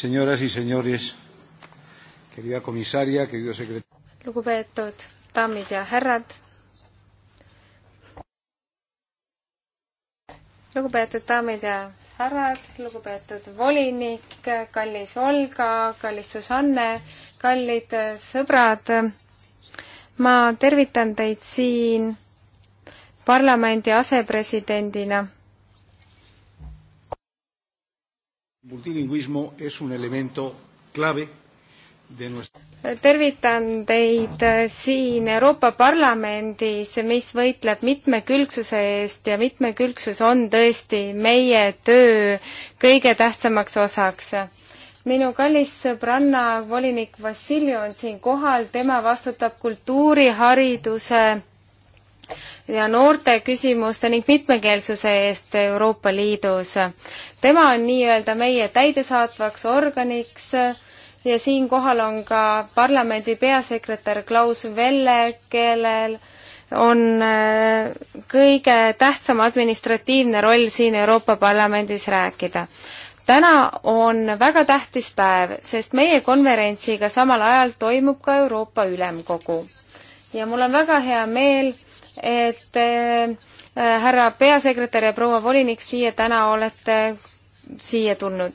señoras y señores, querida komissaria, querido sekretär. lugupeetud daamid ja härrad. lugupeetud daamid ja härrad, lugupeetud volinik, kallis Olga, kallis Susanne, kallid sõbrad. ma tervitan teid siin parlamendi asepresidendina multilingvismo es un elemento clave tervitan teid eh, siin Euroopa Parlamendis, mis võitleb mitmekülgsuse eest ja mitmekülgsus on tõesti meie töö kõige tähtsamaks osaks. minu kallis sõbranna, volinik Vassiljev on siin kohal, tema vastutab kultuuri, hariduse ja noorte küsimuste ning mitmekeelsuse eest Euroopa Liidus. tema on nii-öelda meie täidesaatvaks organiks ja siinkohal on ka parlamendi peasekretär Klaus Velle, kellel on äh, kõige tähtsam administratiivne roll siin Euroopa Parlamendis rääkida täna on väga tähtis päev, sest meie konverentsiga samal ajal toimub ka Euroopa Ülemkogu. ja mul on väga hea meel, et äh, härra peasekretär ja proua volinik siia täna olete siia tulnud.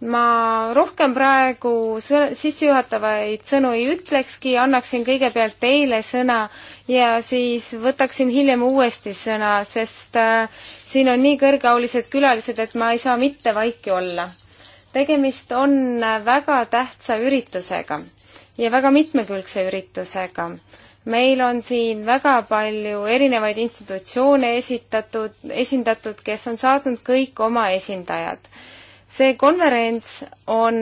ma rohkem praegu sissejuhatavaid sõnu ei ütlekski, annaksin kõigepealt teile sõna ja siis võtaksin hiljem uuesti sõna, sest äh, siin on nii kõrgeaulised külalised, et ma ei saa mitte vaiki olla. tegemist on väga tähtsa üritusega ja väga mitmekülgse üritusega meil on siin väga palju erinevaid institutsioone esitatud, esindatud, kes on saatnud kõik oma esindajad. see konverents on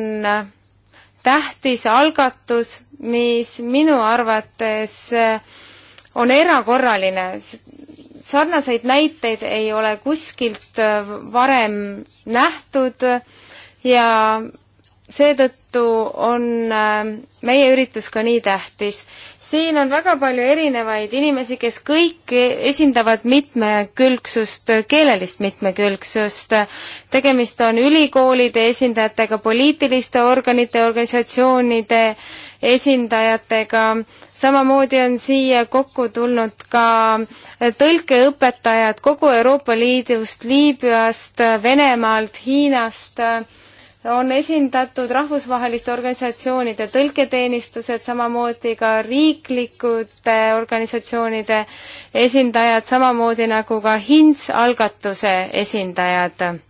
tähtis algatus, mis minu arvates on erakorraline. sarnaseid näiteid ei ole kuskilt varem nähtud ja seetõttu on meie üritus ka nii tähtis siin on väga palju erinevaid inimesi, kes kõik esindavad mitmekülgsust, keelelist mitmekülgsust. tegemist on ülikoolide esindajatega, poliitiliste organite, organisatsioonide esindajatega, samamoodi on siia kokku tulnud ka tõlkeõpetajad kogu Euroopa Liidust, Liibüast, Venemaalt, Hiinast on esindatud rahvusvaheliste organisatsioonide tõlketeenistused, samamoodi ka riiklikude organisatsioonide esindajad, samamoodi nagu ka HINTS algatuse esindajad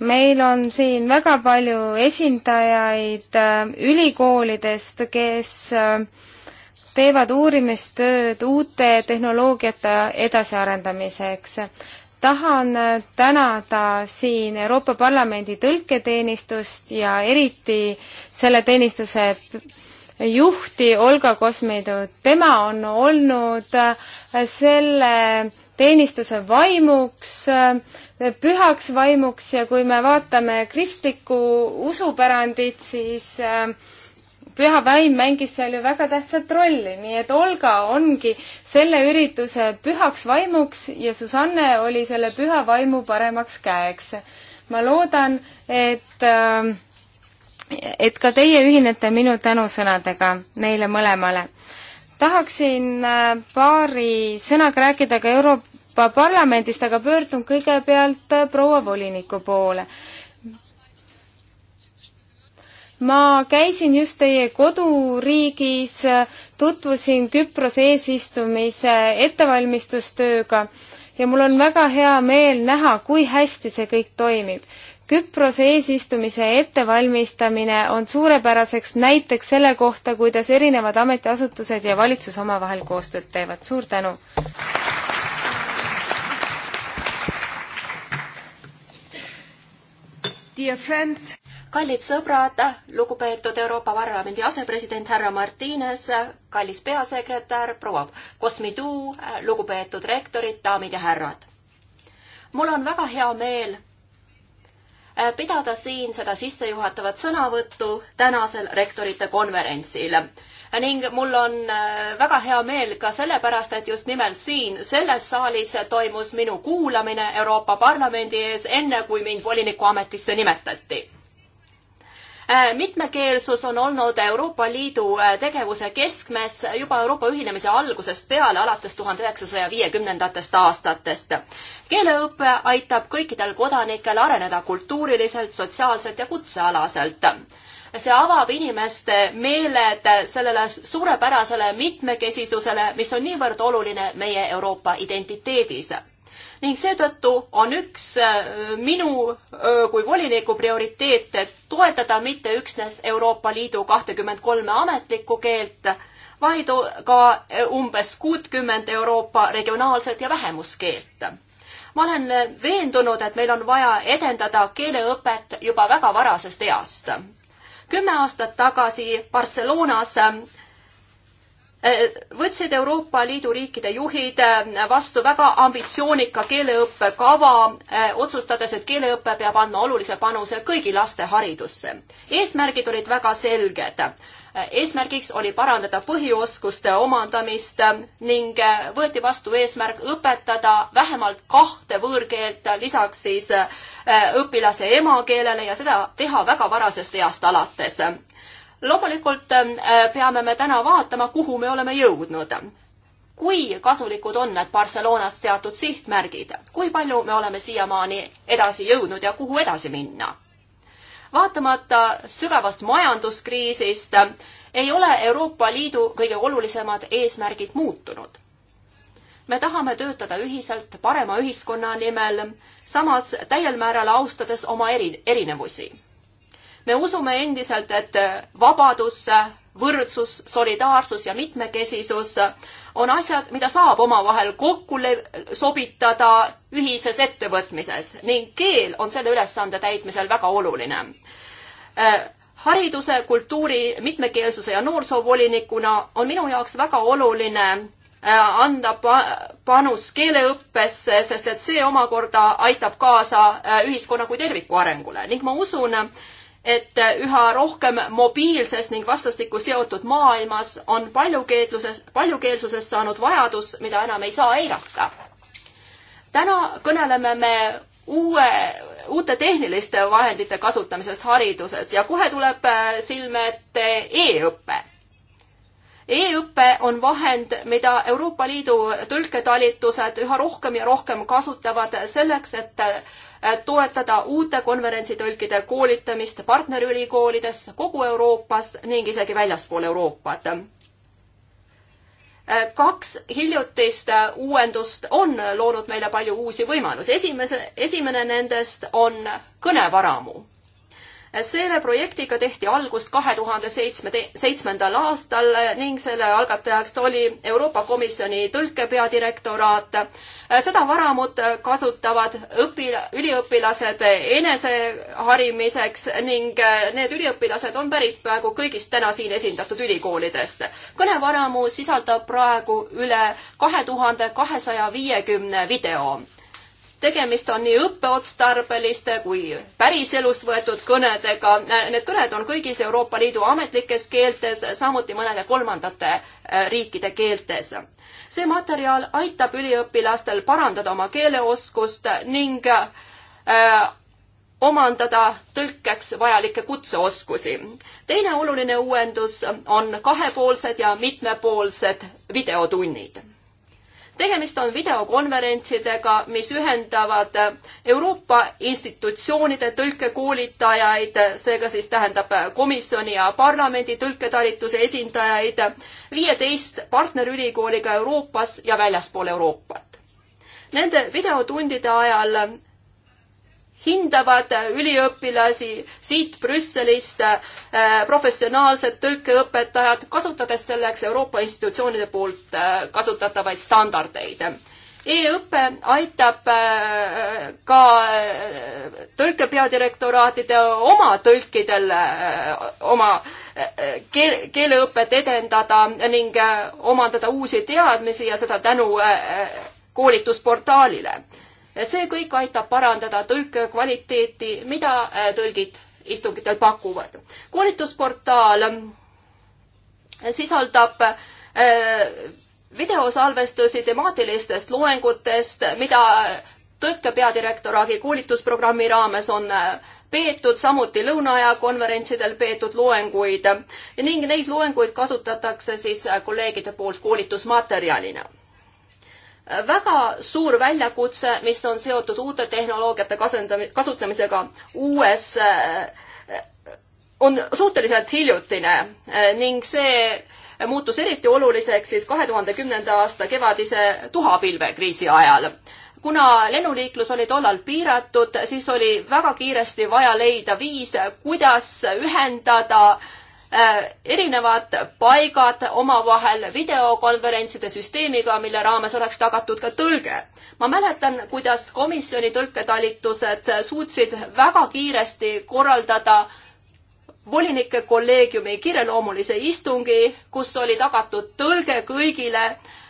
meil on siin väga palju esindajaid äh, ülikoolidest, kes äh, teevad uurimistööd uute tehnoloogiate edasiarendamiseks. tahan tänada siin Euroopa Parlamendi tõlketeenistust ja eriti selle teenistuse juhti Olga Kosmidu, tema on olnud selle teenistuse vaimuks, pühaks vaimuks ja kui me vaatame kristlikku usupärandit, siis äh, Püha Väim mängis seal ju väga tähtsat rolli, nii et Olga ongi selle ürituse pühaks vaimuks ja Susanne oli selle püha vaimu paremaks käeks. ma loodan, et äh, et ka teie ühinete minu tänusõnadega neile mõlemale. tahaksin äh, paari sõnaga rääkida ka Euroopa Parlamendist, aga pöördun kõigepealt äh, proua voliniku poole ma käisin just teie koduriigis, tutvusin Küprose eesistumise ettevalmistustööga ja mul on väga hea meel näha, kui hästi see kõik toimib. Küprose eesistumise ettevalmistamine on suurepäraseks näiteks selle kohta, kuidas erinevad ametiasutused ja valitsus omavahel koostööd teevad. suur tänu! Dear friends! kallid sõbrad, lugupeetud Euroopa Parlamendi asepresident härra Martines, kallis peasekretär proua Kosmidu, lugupeetud rektorid, daamid ja härrad. mul on väga hea meel äh, pidada siin seda sissejuhatavat sõnavõttu tänasel rektorite konverentsil. ning mul on äh, väga hea meel ka sellepärast, et just nimelt siin selles saalis toimus minu kuulamine Euroopa Parlamendi ees, enne kui mind voliniku ametisse nimetati Äh, mitmekeelsus on olnud Euroopa Liidu äh, tegevuse keskmes juba Euroopa ühinemise algusest peale, alates tuhande üheksasaja viiekümnendatest aastatest. keeleõpe aitab kõikidel kodanikel areneda kultuuriliselt, sotsiaalselt ja kutsealaselt see avab inimeste meeled sellele suurepärasele mitmekesisusele, mis on niivõrd oluline meie Euroopa identiteedis ning seetõttu on üks äh, minu äh, kui voliniku prioriteete toetada mitte üksnes Euroopa Liidu kahtekümmet kolme ametlikku keelt, vaid ka äh, umbes kuutkümmend Euroopa regionaalset ja vähemuskeelt. ma olen veendunud, et meil on vaja edendada keeleõpet juba väga varasest east. kümme aastat tagasi Barcelonas Äh, võtsid Euroopa Liidu riikide juhid äh, vastu väga ambitsioonika keeleõppekava, äh, otsustades, et keeleõpe peab andma olulise panuse kõigi laste haridusse. eesmärgid olid väga selged. eesmärgiks oli parandada põhioskuste omandamist ning võeti vastu eesmärk õpetada vähemalt kahte võõrkeelt, lisaks siis õpilase emakeelele ja seda teha väga varasest east alates loomulikult ähm, äh, peame me täna vaatama, kuhu me oleme jõudnud. kui kasulikud on need Barcelonas seatud sihtmärgid, kui palju me oleme siiamaani edasi jõudnud ja kuhu edasi minna? vaatamata sügavast majanduskriisist äh, ei ole Euroopa Liidu kõige olulisemad eesmärgid muutunud me tahame töötada ühiselt parema ühiskonna nimel, samas täiel määral austades oma eri, erinevusi me usume endiselt, et vabadus, võrdsus, solidaarsus ja mitmekesisus on asjad, mida saab omavahel kokku sobitada ühises ettevõtmises ning keel on selle ülesande täitmisel väga oluline äh, hariduse, kultuuri, mitmekeelsuse ja noorsoovoolinikuna on minu jaoks väga oluline äh, anda panus keeleõppesse, sest et see omakorda aitab kaasa äh, ühiskonna kui terviku arengule ning ma usun, et üha rohkem mobiilses ning vastastikku seotud maailmas on paljukeelsuses, paljukeelsusest saanud vajadus, mida enam ei saa eirata. täna kõneleme me uue, uute tehniliste vahendite kasutamisest hariduses ja kohe tuleb äh, silme ette e-õpe E-õpe on vahend, mida Euroopa Liidu tõlketalitused üha rohkem ja rohkem kasutavad selleks, et Äh, toetada uute konverentsitõlkide koolitamist partnerülikoolides kogu Euroopas ning isegi väljaspool Euroopat. Äh, kaks hiljutist uuendust on loonud meile palju uusi võimalusi. esimese, esimene nendest on kõnevaramu selle projektiga tehti algust kahe tuhande seitsme, seitsmendal aastal ning selle algatajaks oli Euroopa Komisjoni tõlkepeadirektoraat. seda varamut kasutavad õpi-, üliõpilased eneseharimiseks ning need üliõpilased on pärit praegu kõigist täna siin esindatud ülikoolidest. kõnevaramu sisaldab praegu üle kahe tuhande kahesaja viiekümne video tegemist on nii õppeotstarbeliste kui päriselust võetud kõnedega. Need kõned on kõigis Euroopa Liidu ametlikes keeltes, samuti mõnede kolmandate äh, riikide keeltes. see materjal aitab üliõpilastel parandada oma keeleoskust ning äh, omandada tõlkeks vajalikke kutseoskusi. teine oluline uuendus on kahepoolsed ja mitmepoolsed videotunnid tegemist on videokonverentsidega, mis ühendavad Euroopa institutsioonide tõlkekoolitajaid, seega siis tähendab komisjoni ja parlamendi tõlketalituse esindajaid, viieteist partnerülikooliga Euroopas ja väljaspool Euroopat. Nende videotundide ajal hindavad üliõpilasi siit Brüsselist, äh, professionaalsed tõlkeõpetajad, kasutades selleks Euroopa institutsioonide poolt äh, kasutatavaid standardeid e-õpe aitab äh, ka tõlke peadirektoraatide oma tõlkidel oma keel, keeleõpet edendada ning omandada uusi teadmisi ja seda tänu koolitusportaalile see kõik aitab parandada tõlke kvaliteeti, mida äh, tõlgid istungitel pakuvad. koolitusportaal äh, sisaldab äh, videosalvestusi temaatilistest loengutest, mida tõlke peadirektoraadi koolitusprogrammi raames on peetud, samuti lõunaaja konverentsidel peetud loenguid ning neid loenguid kasutatakse siis kolleegide poolt koolitusmaterjalina väga suur väljakutse, mis on seotud uute tehnoloogiate kasendami-, kasutamisega uues, äh, on suhteliselt hiljutine äh, ning see muutus eriti oluliseks siis kahe tuhande kümnenda aasta kevadise tuhapilvekriisi ajal. kuna lennuliiklus oli tollal piiratud, siis oli väga kiiresti vaja leida viis, kuidas ühendada äh, Äh, erinevad paigad omavahel videokonverentside süsteemiga, mille raames oleks tagatud ka tõlge. ma mäletan, kuidas komisjoni tõlketalitused suutsid väga kiiresti korraldada volinike kolleegiumi kiireloomulise istungi, kus oli tagatud tõlge kõigile,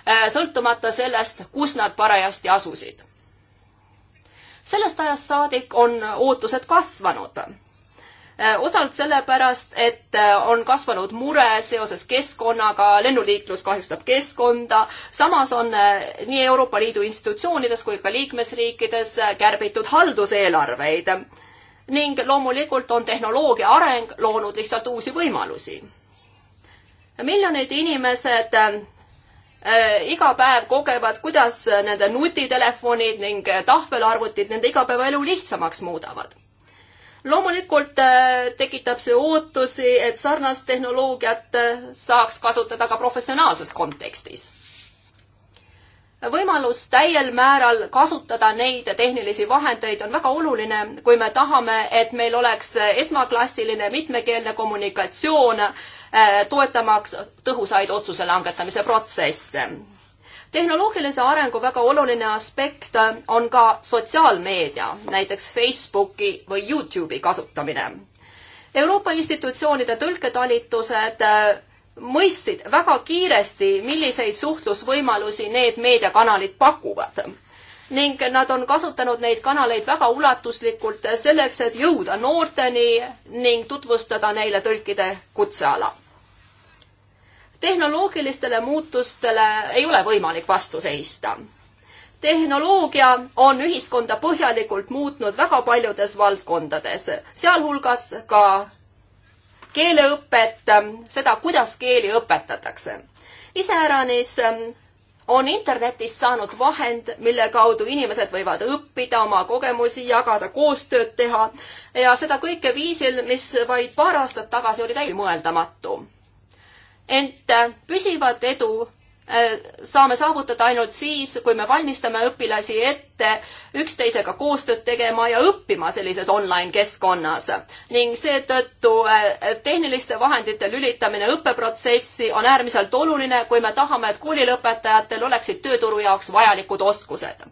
äh, sõltumata sellest, kus nad parajasti asusid. sellest ajast saadik on ootused kasvanud Äh, osalt sellepärast, et äh, on kasvanud mure seoses keskkonnaga, lennuliiklus kahjustab keskkonda, samas on äh, nii Euroopa Liidu institutsioonides kui ka liikmesriikides kärbitud halduseelarveid. ning loomulikult on tehnoloogia areng loonud lihtsalt uusi võimalusi. miljonid inimesed iga päev kogevad, kuidas nende nutitelefonid ning tahvelarvutid nende igapäevaelu lihtsamaks muudavad loomulikult äh, tekitab see ootusi, et sarnast tehnoloogiat äh, saaks kasutada ka professionaalses kontekstis. võimalus täiel määral kasutada neid tehnilisi vahendeid on väga oluline, kui me tahame, et meil oleks äh, esmaklassiline mitmekeelne kommunikatsioon, toetamaks tõhusaid otsuse langetamise protsesse tehnoloogilise arengu väga oluline aspekt äh, on ka sotsiaalmeedia, näiteks Facebooki või Youtube'i kasutamine. Euroopa institutsioonide tõlketalitused äh, mõistsid väga kiiresti, milliseid suhtlusvõimalusi need meediakanalid pakuvad. ning nad on kasutanud neid kanaleid väga ulatuslikult selleks, et jõuda noorteni ning tutvustada neile tõlkide kutseala tehnoloogilistele muutustele ei ole võimalik vastu seista. tehnoloogia on ühiskonda põhjalikult muutnud väga paljudes valdkondades, sealhulgas ka keeleõpet, seda, kuidas keeli õpetatakse. iseäranis ähm, on internetist saanud vahend, mille kaudu inimesed võivad õppida, oma kogemusi jagada, koostööd teha ja seda kõike viisil, mis vaid paar aastat tagasi oli täiesti mõeldamatu ent äh, püsivat edu äh, saame saavutada ainult siis, kui me valmistame õpilasi ette üksteisega koostööd tegema ja õppima sellises online keskkonnas. ning seetõttu äh, tehniliste vahendite lülitamine õppeprotsessi on äärmiselt oluline, kui me tahame, et koolilõpetajatel oleksid tööturu jaoks vajalikud oskused.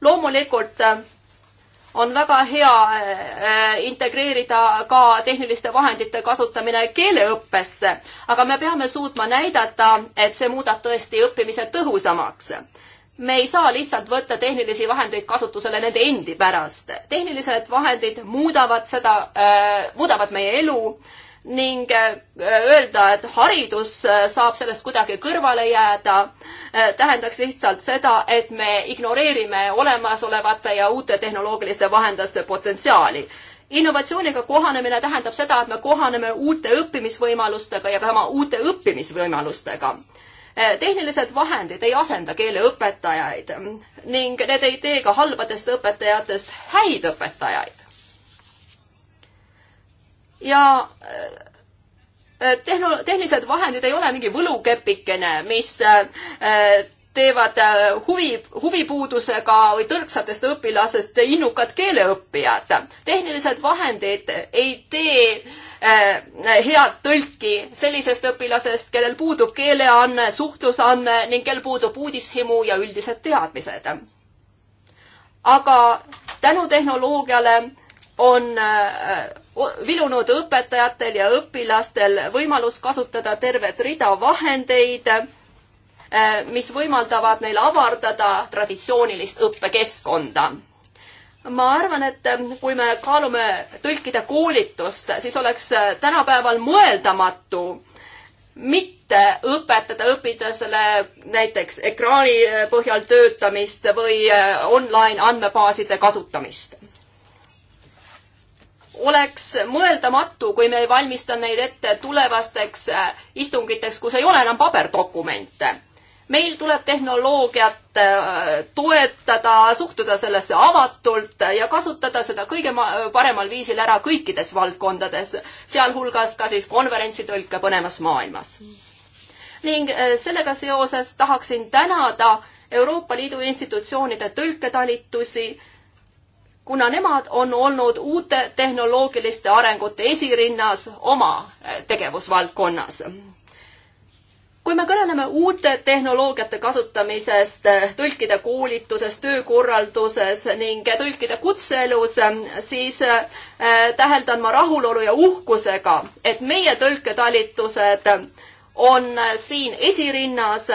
loomulikult on väga hea äh, integreerida ka tehniliste vahendite kasutamine keeleõppesse, aga me peame suutma näidata, et see muudab tõesti õppimise tõhusamaks. me ei saa lihtsalt võtta tehnilisi vahendeid kasutusele nende endi pärast. tehnilised vahendid muudavad seda, äh, muudavad meie elu ning äh, öelda, et haridus äh, saab sellest kuidagi kõrvale jääda, äh, tähendaks lihtsalt seda, et me ignoreerime olemasolevate ja uute tehnoloogiliste vahendaste potentsiaali. innovatsiooniga kohanemine tähendab seda, et me kohaneme uute õppimisvõimalustega ja ka oma uute õppimisvõimalustega tehnilised vahendid ei asenda keeleõpetajaid ning need ei tee ka halbadest õpetajatest häid õpetajaid ja äh, tehno-, tehnilised vahendid ei ole mingi võlukepikene, mis äh, äh, teevad huvi, huvipuudusega või tõrksatest õpilastest innukad keeleõppijad. tehnilised vahendid ei tee eh, head tõlki sellisest õpilasest, kellel puudub keeleanne, suhtlusanne ning kel puudub uudishimu ja üldised teadmised. aga tänu tehnoloogiale on eh, vilunud õpetajatel ja õpilastel võimalus kasutada tervet rida vahendeid, eh, mis võimaldavad neil avardada traditsioonilist õppekeskkonda. ma arvan, et eh, kui me kaalume tõlkide koolitust, siis oleks eh, tänapäeval mõeldamatu mitte õpetada õpilasele näiteks ekraani põhjal töötamist või online andmebaaside kasutamist oleks mõeldamatu, kui me ei valmista neid ette tulevasteks äh, istungiteks, kus ei ole enam paberdokumente. meil tuleb tehnoloogiat äh, toetada, suhtuda sellesse avatult ja kasutada seda kõige paremal viisil ära kõikides valdkondades, sealhulgas ka siis konverentsitõlke põnevas maailmas. ning äh, sellega seoses tahaksin tänada Euroopa Liidu institutsioonide tõlketalitusi kuna nemad on olnud uute tehnoloogiliste arengute esirinnas oma eh, tegevusvaldkonnas. kui me kõneleme uute tehnoloogiate kasutamisest eh, tõlkide koolituses, töökorralduses ning tõlkide kutseelus, eh, siis täheldan ma rahulolu ja uhkusega, et meie tõlketalitused on siin esirinnas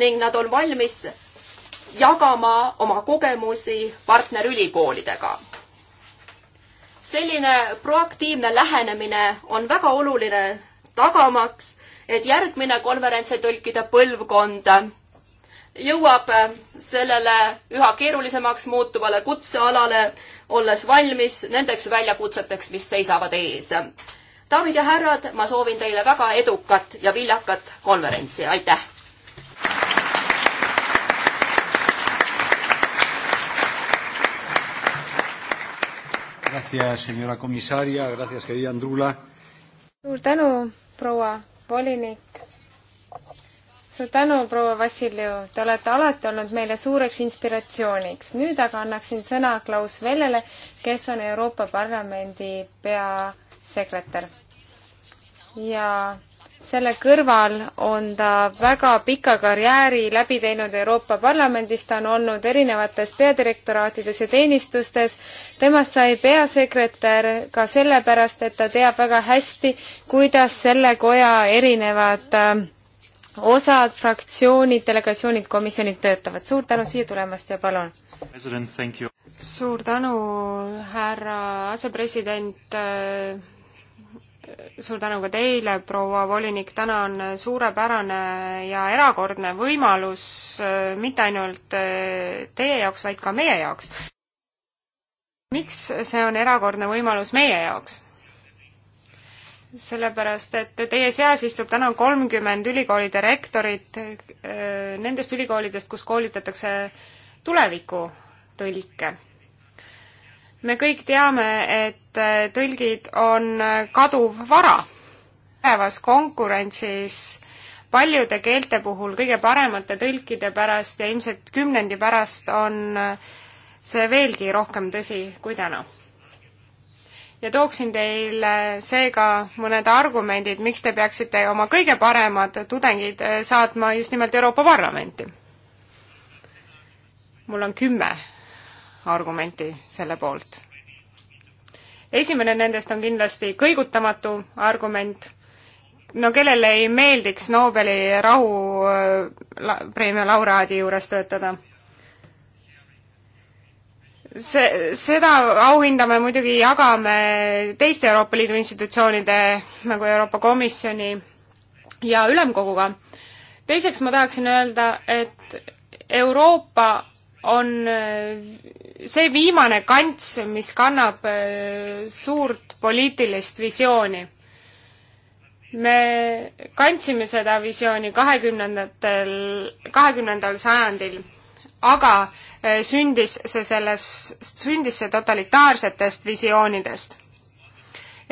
ning nad on valmis jagama oma kogemusi partnerülikoolidega. selline proaktiivne lähenemine on väga oluline tagamaks, et järgmine konverentsitõlkide põlvkond jõuab sellele üha keerulisemaks muutuvale kutsealale, olles valmis nendeks väljakutseteks, mis seisavad ees. daamid ja härrad, ma soovin teile väga edukat ja viljakat konverentsi, aitäh! suur tänu, proua volinik. suur tänu, proua Vassiljev, te olete alati olnud meile suureks inspiratsiooniks. nüüd aga annaksin sõna Klaus Vellele, kes on Euroopa Parlamendi peasekretär ja selle kõrval on ta väga pika karjääri läbi teinud Euroopa Parlamendis, ta on olnud erinevates peadirektoraatides ja teenistustes. temast sai peasekretär ka sellepärast, et ta teab väga hästi, kuidas selle koja erinevad äh, osad, fraktsioonid, delegatsioonid, komisjonid töötavad. suur tänu siia tulemast ja palun! suur tänu, härra asepresident äh, suur tänu ka teile, proua volinik, täna on suurepärane ja erakordne võimalus äh, mitte ainult äh, teie jaoks, vaid ka meie jaoks. miks see on erakordne võimalus meie jaoks? sellepärast, et teie seas istub täna kolmkümmend ülikoolide rektorit äh, nendest ülikoolidest, kus koolitatakse tulevikutõlke. me kõik teame, et et äh, tõlgid on äh, kaduv vara. päevas konkurentsis paljude keelte puhul kõige paremate tõlkide pärast ja ilmselt kümnendi pärast on äh, see veelgi rohkem tõsi kui täna. ja tooksin teile seega mõned argumendid, miks te peaksite oma kõige paremad tudengid saatma just nimelt Euroopa Parlamenti. mul on kümme argumenti selle poolt esimene nendest on kindlasti kõigutamatu argument, no kellele ei meeldiks Nobeli rahupreemia äh, laureaadi juures töötada? see, seda auhinda me muidugi jagame teiste Euroopa Liidu institutsioonide nagu Euroopa Komisjoni ja Ülemkoguga. teiseks ma tahaksin öelda, et Euroopa on äh, see viimane kants, mis kannab äh, suurt poliitilist visiooni. me kandsime seda visiooni kahekümnendatel, kahekümnendal sajandil, aga äh, sündis see selles, sündis see totalitaarsetest visioonidest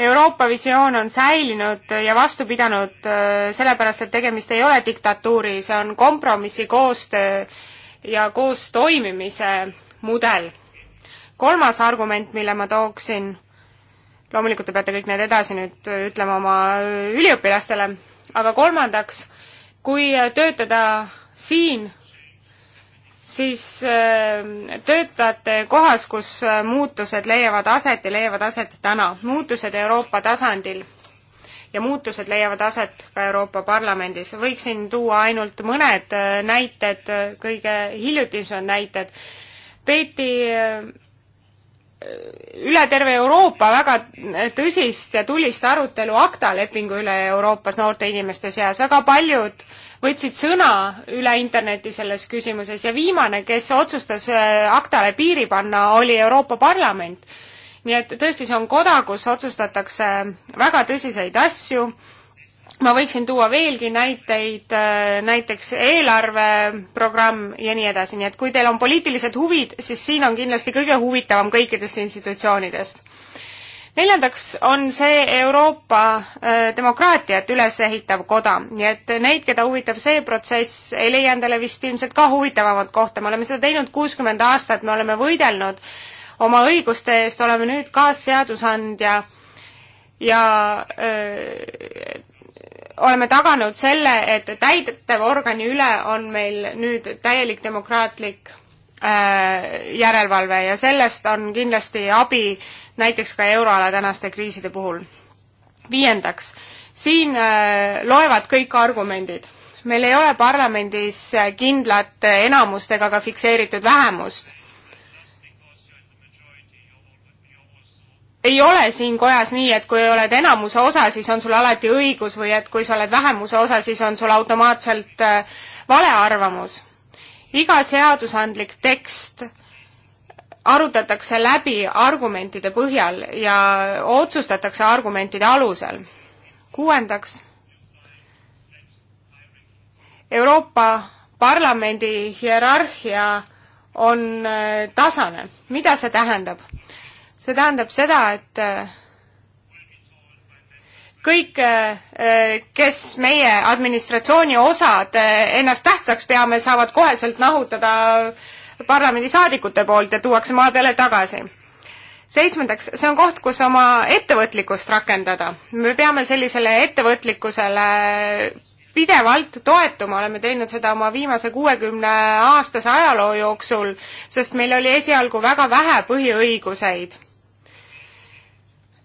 Euroopa visioon on säilinud ja vastu pidanud sellepärast, et tegemist ei ole diktatuuri, see on kompromissi koostöö ja koos toimimise mudel. kolmas argument, mille ma tooksin, loomulikult te peate kõik need edasi nüüd ütlema oma üliõpilastele, aga kolmandaks, kui töötada siin, siis äh, töötate kohas, kus muutused leiavad aset ja leiavad aset täna. muutused Euroopa tasandil ja muutused leiavad aset ka Euroopa Parlamendis. võiksin tuua ainult mõned äh, näited, äh, kõige hiljutisemad näited. peeti äh, üle terve Euroopa väga tõsist ja tulist arutelu ACTA lepingu üle Euroopas noorte inimeste seas. väga paljud võtsid sõna üle interneti selles küsimuses ja viimane, kes otsustas ACTA-le piiri panna, oli Euroopa Parlament nii et tõesti, see on koda, kus otsustatakse väga tõsiseid asju, ma võiksin tuua veelgi näiteid, äh, näiteks eelarveprogramm ja nii edasi, nii et kui teil on poliitilised huvid, siis siin on kindlasti kõige huvitavam kõikidest institutsioonidest neljandaks on see Euroopa äh, demokraatiat üles ehitav koda, nii et neid, keda huvitab see protsess, ei leia endale vist ilmselt ka huvitavamat kohta, me oleme seda teinud kuuskümmend aastat, me oleme võidelnud oma õiguste eest, oleme nüüd kaasseadusandja ja öö, oleme taganud selle, et täidetava organi üle on meil nüüd täielik demokraatlik äh, järelevalve ja sellest on kindlasti abi näiteks ka euroala tänaste kriiside puhul. viiendaks, siin äh, loevad kõik argumendid. meil ei ole parlamendis kindlat enamust ega ka fikseeritud vähemust ei ole siin kojas nii, et kui oled enamuse osa, siis on sul alati õigus või et kui sa oled vähemuse osa, siis on sul automaatselt äh, valearvamus. iga seadusandlik tekst arutatakse läbi argumentide põhjal ja otsustatakse argumentide alusel. kuuendaks, Euroopa Parlamendi hierarhia on äh, tasane. mida see tähendab? see tähendab seda, et äh, kõik, äh, kes meie administratsiooni osad äh, ennast tähtsaks peame, saavad koheselt nahutada parlamendisaadikute poolt ja tuuakse maa peale tagasi. seitsmendaks, see on koht, kus oma ettevõtlikkust rakendada. me peame sellisele ettevõtlikkusele pidevalt toetuma, oleme teinud seda oma viimase kuuekümne aastase ajaloo jooksul, sest meil oli esialgu väga vähe põhiõiguseid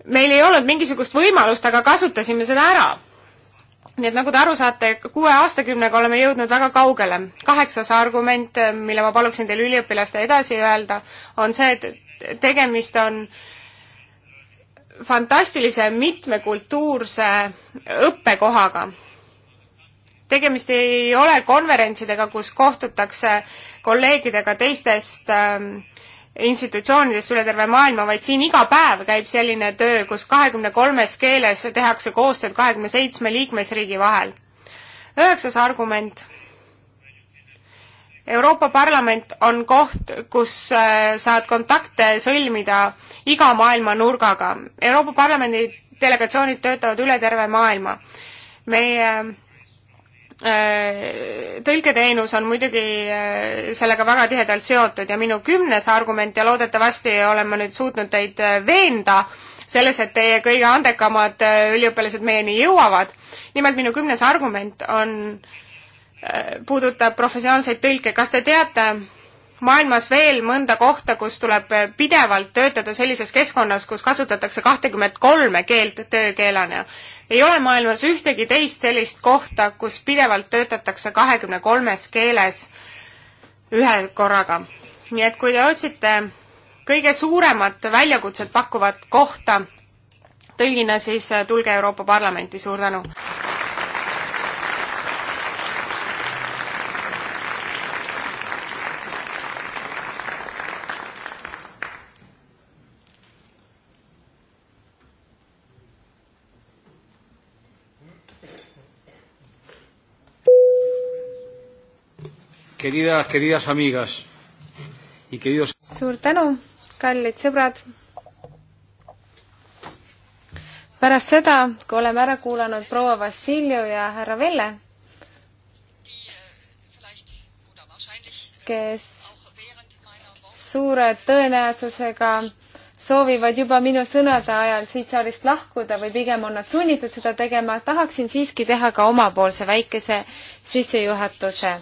meil ei olnud mingisugust võimalust, aga kasutasime seda ära. nii et nagu te aru saate, kuue aastakümnega oleme jõudnud väga kaugele. kaheksas argument, mille ma paluksin teil üliõpilaste edasi öelda, on see, et tegemist on fantastilise mitmekultuurse õppekohaga tegemist ei ole konverentsidega, kus kohtutakse kolleegidega teistest ähm, institutsioonidest üle terve maailma, vaid siin iga päev käib selline töö, kus kahekümne kolmes keeles tehakse koostööd kahekümne seitsme liikmesriigi vahel. üheksas argument. Euroopa Parlament on koht, kus äh, saad kontakte sõlmida iga maailma nurgaga. Euroopa Parlamendi delegatsioonid töötavad üle terve maailma. meie äh, Äh, tõlketeenus on muidugi äh, sellega väga tihedalt seotud ja minu kümnes argument ja loodetavasti olen ma nüüd suutnud teid äh, veenda selles, et teie kõige andekamad üliõpilased meieni jõuavad. nimelt minu kümnes argument on, puudutab professionaalseid tõlke. kas te teate, maailmas veel mõnda kohta, kus tuleb pidevalt töötada sellises keskkonnas, kus kasutatakse kahtekümmet kolme keelt töökeelena. ei ole maailmas ühtegi teist sellist kohta, kus pidevalt töötatakse kahekümne kolmes keeles ühe korraga. nii et kui te otsite kõige suuremat väljakutset pakkuvat kohta tõlgina, siis tulge Euroopa Parlamenti, suur tänu! Queridas, queridas amigas y queridos... suur tänu, kallid sõbrad. pärast seda, kui oleme ära kuulanud proua Vassiljev ja härra Velle, kes suure tõenäosusega soovivad juba minu sõnade ajal siit saalist lahkuda või pigem on nad sunnitud seda tegema, tahaksin siiski teha ka omapoolse väikese sissejuhatuse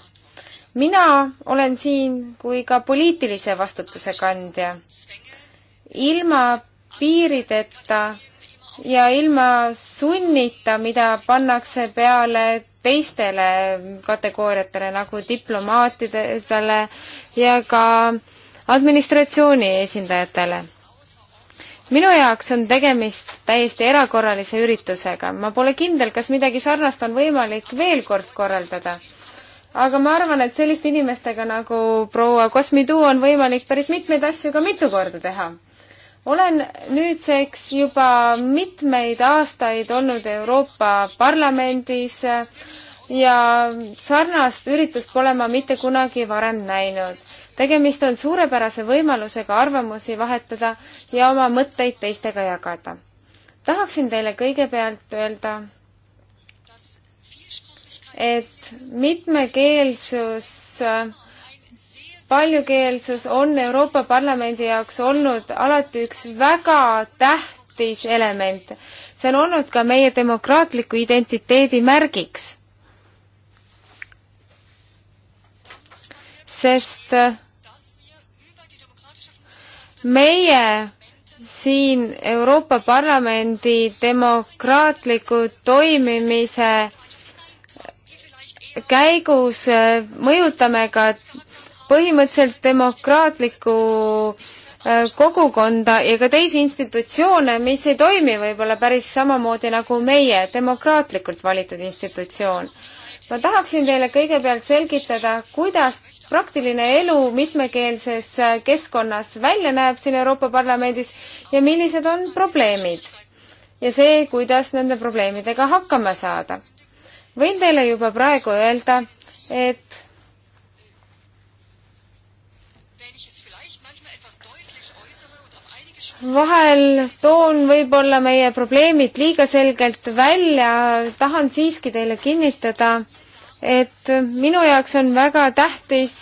mina olen siin kui ka poliitilise vastutuse kandja. ilma piirideta ja ilma sunnita, mida pannakse peale teistele kategooriatele nagu diplomaatidele ja ka administratsiooni esindajatele minu jaoks on tegemist täiesti erakorralise üritusega. ma pole kindel, kas midagi sarnast on võimalik veel kord korraldada aga ma arvan, et selliste inimestega nagu proua Kosmidu on võimalik päris mitmeid asju ka mitu korda teha. olen nüüdseks juba mitmeid aastaid olnud Euroopa Parlamendis ja sarnast üritust pole ma mitte kunagi varem näinud. tegemist on suurepärase võimalusega arvamusi vahetada ja oma mõtteid teistega jagada. tahaksin teile kõigepealt öelda et mitmekeelsus paljukeelsus on Euroopa Parlamendi jaoks olnud alati üks väga tähtis element. see on olnud ka meie demokraatliku identiteedi märgiks. sest meie siin Euroopa Parlamendi demokraatliku toimimise käigus äh, mõjutame ka põhimõtteliselt demokraatlikku äh, kogukonda ja ka teisi institutsioone, mis ei toimi võib-olla päris samamoodi nagu meie, demokraatlikult valitud institutsioon. ma tahaksin teile kõigepealt selgitada, kuidas praktiline elu mitmekeelses äh, keskkonnas välja näeb siin Euroopa Parlamendis ja millised on probleemid ja see, kuidas nende probleemidega hakkama saada võin teile juba praegu öelda, et vahel toon võib-olla meie probleemid liiga selgelt välja, tahan siiski teile kinnitada, et minu jaoks on väga tähtis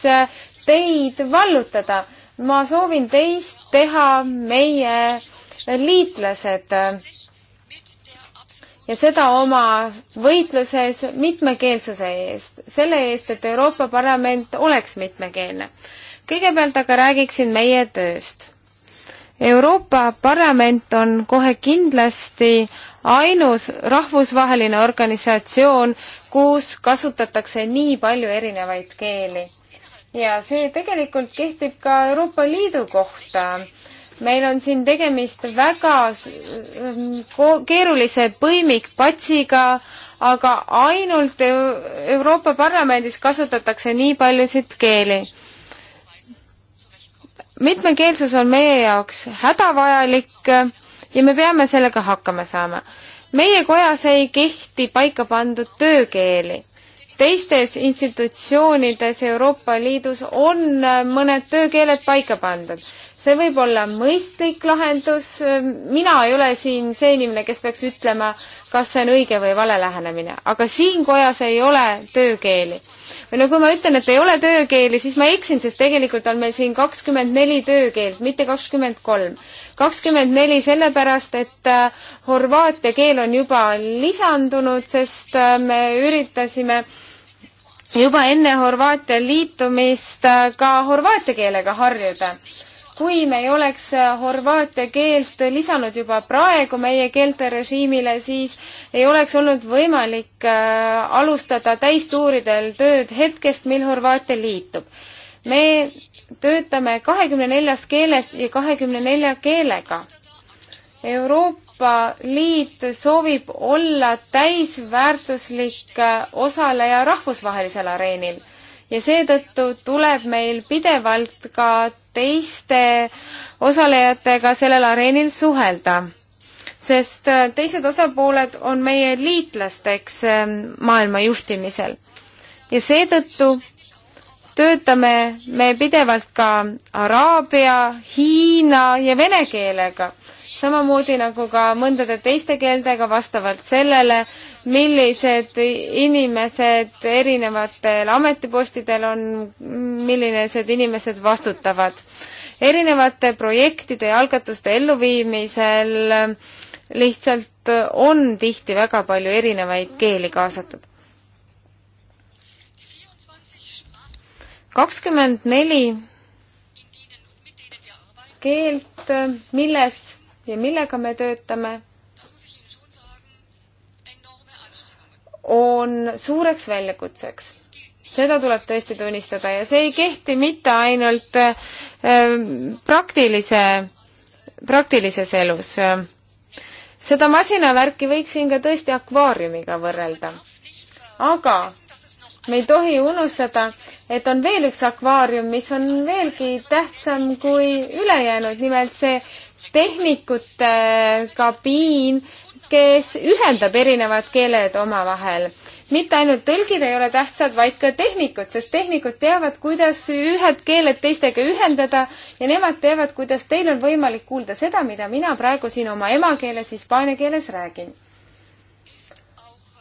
teid vallutada. ma soovin teist teha meie liitlased ja seda oma võitluses mitmekeelsuse eest, selle eest, et Euroopa Parlament oleks mitmekeelne. kõigepealt aga räägiksin meie tööst. Euroopa Parlament on kohe kindlasti ainus rahvusvaheline organisatsioon, kus kasutatakse nii palju erinevaid keeli. ja see tegelikult kehtib ka Euroopa Liidu kohta meil on siin tegemist väga keerulise põimikpatsiga, aga ainult Euroopa Parlamendis kasutatakse nii paljusid keeli. mitmekeelsus on meie jaoks hädavajalik ja me peame sellega hakkama saama. meie kojas ei kehti paika pandud töökeeli teistes institutsioonides Euroopa Liidus on mõned töökeeled paika pandud see võib olla mõistlik lahendus, mina ei ole siin see inimene, kes peaks ütlema, kas see on õige või vale lähenemine, aga siin kojas ei ole töökeeli. või no kui ma ütlen, et ei ole töökeeli, siis ma eksin, sest tegelikult on meil siin kakskümmend neli töökeelt, mitte kakskümmend kolm. kakskümmend neli sellepärast, et äh, horvaatia keel on juba lisandunud, sest äh, me üritasime juba enne Horvaatia liitumist äh, ka horvaatia keelega harjuda kui me ei oleks äh, horvaatia keelt lisanud juba praegu meie keelterežiimile, siis ei oleks olnud võimalik äh, alustada täistuuridel tööd hetkest, mil Horvaatia liitub. me töötame kahekümne neljas keeles ja kahekümne nelja keelega. Euroopa Liit soovib olla täisväärtuslik äh, osaleja rahvusvahelisel areenil ja seetõttu tuleb meil pidevalt ka teiste osalejatega sellel areenil suhelda, sest äh, teised osapooled on meie liitlasteks ähm, maailma juhtimisel. ja seetõttu töötame me pidevalt ka araabia, hiina ja vene keelega samamoodi nagu ka mõndade teiste keeltega vastavalt sellele, millised inimesed erinevatel ametipostidel on, millised inimesed vastutavad. erinevate projektide ja algatuste elluviimisel lihtsalt on tihti väga palju erinevaid keeli kaasatud. kakskümmend neli keelt, milles ja millega me töötame, on suureks väljakutseks. seda tuleb tõesti tunnistada ja see ei kehti mitte ainult ähm, praktilise, praktilises elus. seda masinavärki võiks siin ka tõesti akvaariumiga võrrelda. aga me ei tohi unustada, et on veel üks akvaarium, mis on veelgi tähtsam kui ülejäänud, nimelt see tehnikute kabiin, kes ühendab erinevad keeled omavahel. mitte ainult tõlgid ei ole tähtsad, vaid ka tehnikud, sest tehnikud teavad, kuidas ühed keeled teistega ühendada ja nemad teavad, kuidas teil on võimalik kuulda seda, mida mina praegu siin oma emakeeles, hispaania keeles räägin.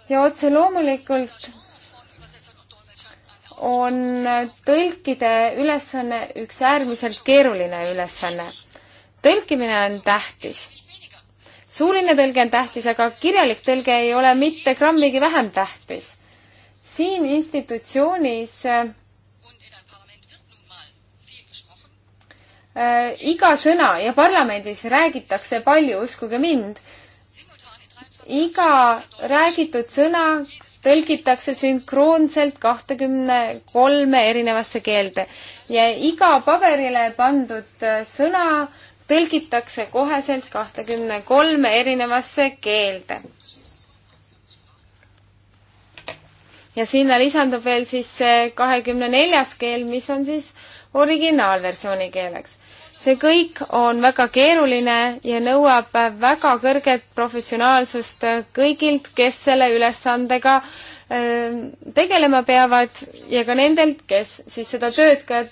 ja otse loomulikult on tõlkide ülesanne üks äärmiselt keeruline ülesanne tõlkimine on tähtis. suuline tõlge on tähtis, aga kirjalik tõlge ei ole mitte grammigi vähem tähtis. siin institutsioonis äh, iga sõna ja parlamendis räägitakse palju, uskuge mind, iga räägitud sõna tõlgitakse sünkroonselt kahtekümne kolme erinevasse keelde ja iga paberile pandud äh, sõna tõlgitakse koheselt kahtekümne kolme erinevasse keelde. ja sinna lisandub veel siis see kahekümne neljas keel, mis on siis originaalversiooni keeleks. see kõik on väga keeruline ja nõuab väga kõrget professionaalsust kõigilt, kes selle ülesandega ähm, tegelema peavad ja ka nendelt, kes siis seda tööd ka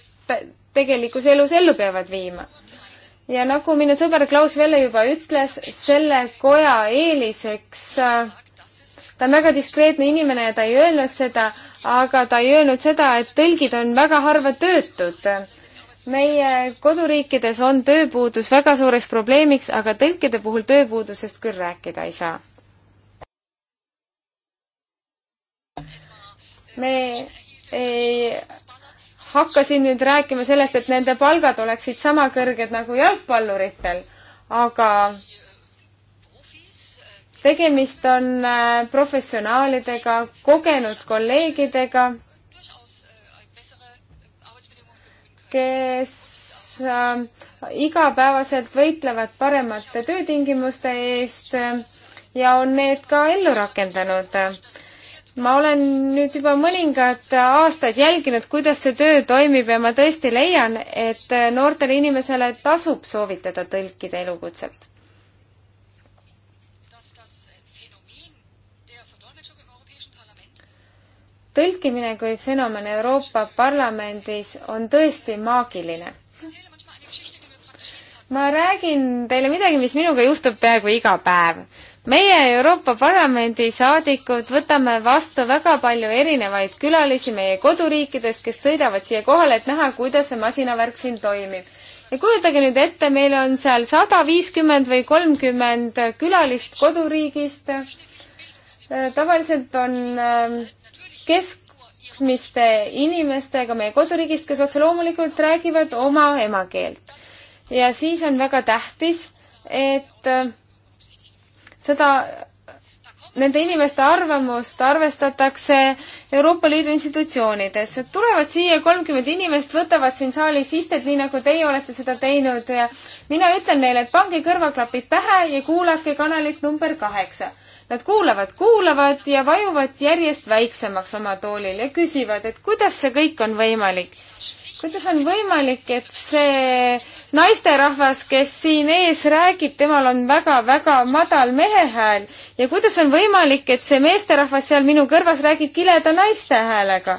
tegelikus elus ellu peavad viima ja nagu minu sõber Klaus Velle juba ütles, selle koja eeliseks äh, ta on väga diskreetne inimene ja ta ei öelnud seda, aga ta ei öelnud seda, et tõlgid on väga harva töötud. meie koduriikides on tööpuudus väga suureks probleemiks, aga tõlkide puhul tööpuudusest küll rääkida ei saa. me ei hakkasin nüüd rääkima sellest, et nende palgad oleksid sama kõrged nagu jalgpalluritel, aga tegemist on äh, professionaalidega, kogenud kolleegidega, kes äh, igapäevaselt võitlevad paremate töötingimuste eest ja on need ka ellu rakendanud ma olen nüüd juba mõningad aastad jälginud, kuidas see töö toimib ja ma tõesti leian, et noortele inimesele tasub soovitada tõlkida elukutset. tõlkimine kui fenomen Euroopa Parlamendis on tõesti maagiline. ma räägin teile midagi, mis minuga juhtub peaaegu iga päev meie Euroopa Parlamendi saadikud võtame vastu väga palju erinevaid külalisi meie koduriikidest, kes sõidavad siia kohale, et näha, kuidas see masinavärk siin toimib. ja kujutage nüüd ette, meil on seal sada viiskümmend või kolmkümmend külalist koduriigist. Äh, tavaliselt on ähm, keskmiste inimestega meie koduriigist, kes otse loomulikult räägivad oma emakeelt. ja siis on väga tähtis, et äh, seda nende inimeste arvamust arvestatakse Euroopa Liidu institutsioonides. tulevad siia kolmkümmend inimest, võtavad siin saalis istet, nii nagu teie olete seda teinud ja mina ütlen neile, et pange kõrvaklapid pähe ja kuulake kanalit number kaheksa. Nad kuulavad, kuulavad ja vajuvad järjest väiksemaks oma toolil ja küsivad, et kuidas see kõik on võimalik kuidas on võimalik, et see naisterahvas, kes siin ees räägib, temal on väga-väga madal mehehääl ja kuidas on võimalik, et see meesterahvas seal minu kõrvas räägib kileda naiste häälega?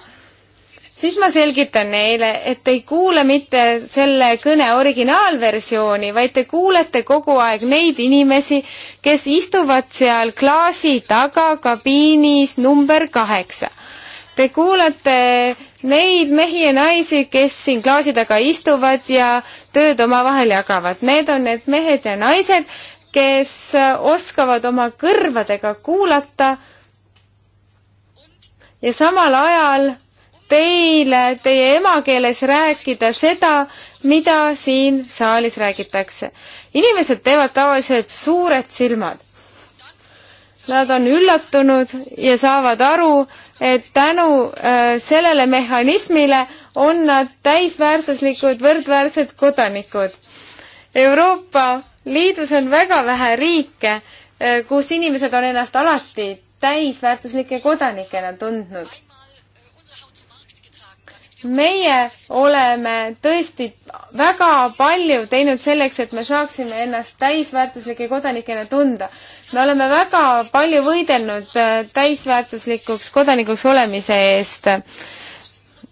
siis ma selgitan neile, et ei kuule mitte selle kõne originaalversiooni, vaid te kuulete kogu aeg neid inimesi, kes istuvad seal klaasi taga kabiinis number kaheksa Te kuulate neid mehi ja naisi, kes siin klaasi taga istuvad ja tööd omavahel jagavad. Need on need mehed ja naised, kes oskavad oma kõrvadega kuulata ja samal ajal teile teie emakeeles rääkida seda, mida siin saalis räägitakse. inimesed teevad tavaliselt suured silmad. Nad on üllatunud ja saavad aru, et tänu äh, sellele mehhanismile on nad täisväärtuslikud võrdväärsed kodanikud. Euroopa Liidus on väga vähe riike, äh, kus inimesed on ennast alati täisväärtuslike kodanikena tundnud meie oleme tõesti väga palju teinud selleks, et me saaksime ennast täisväärtuslike kodanikena tunda. me oleme väga palju võidelnud äh, täisväärtuslikuks kodanikuks olemise eest.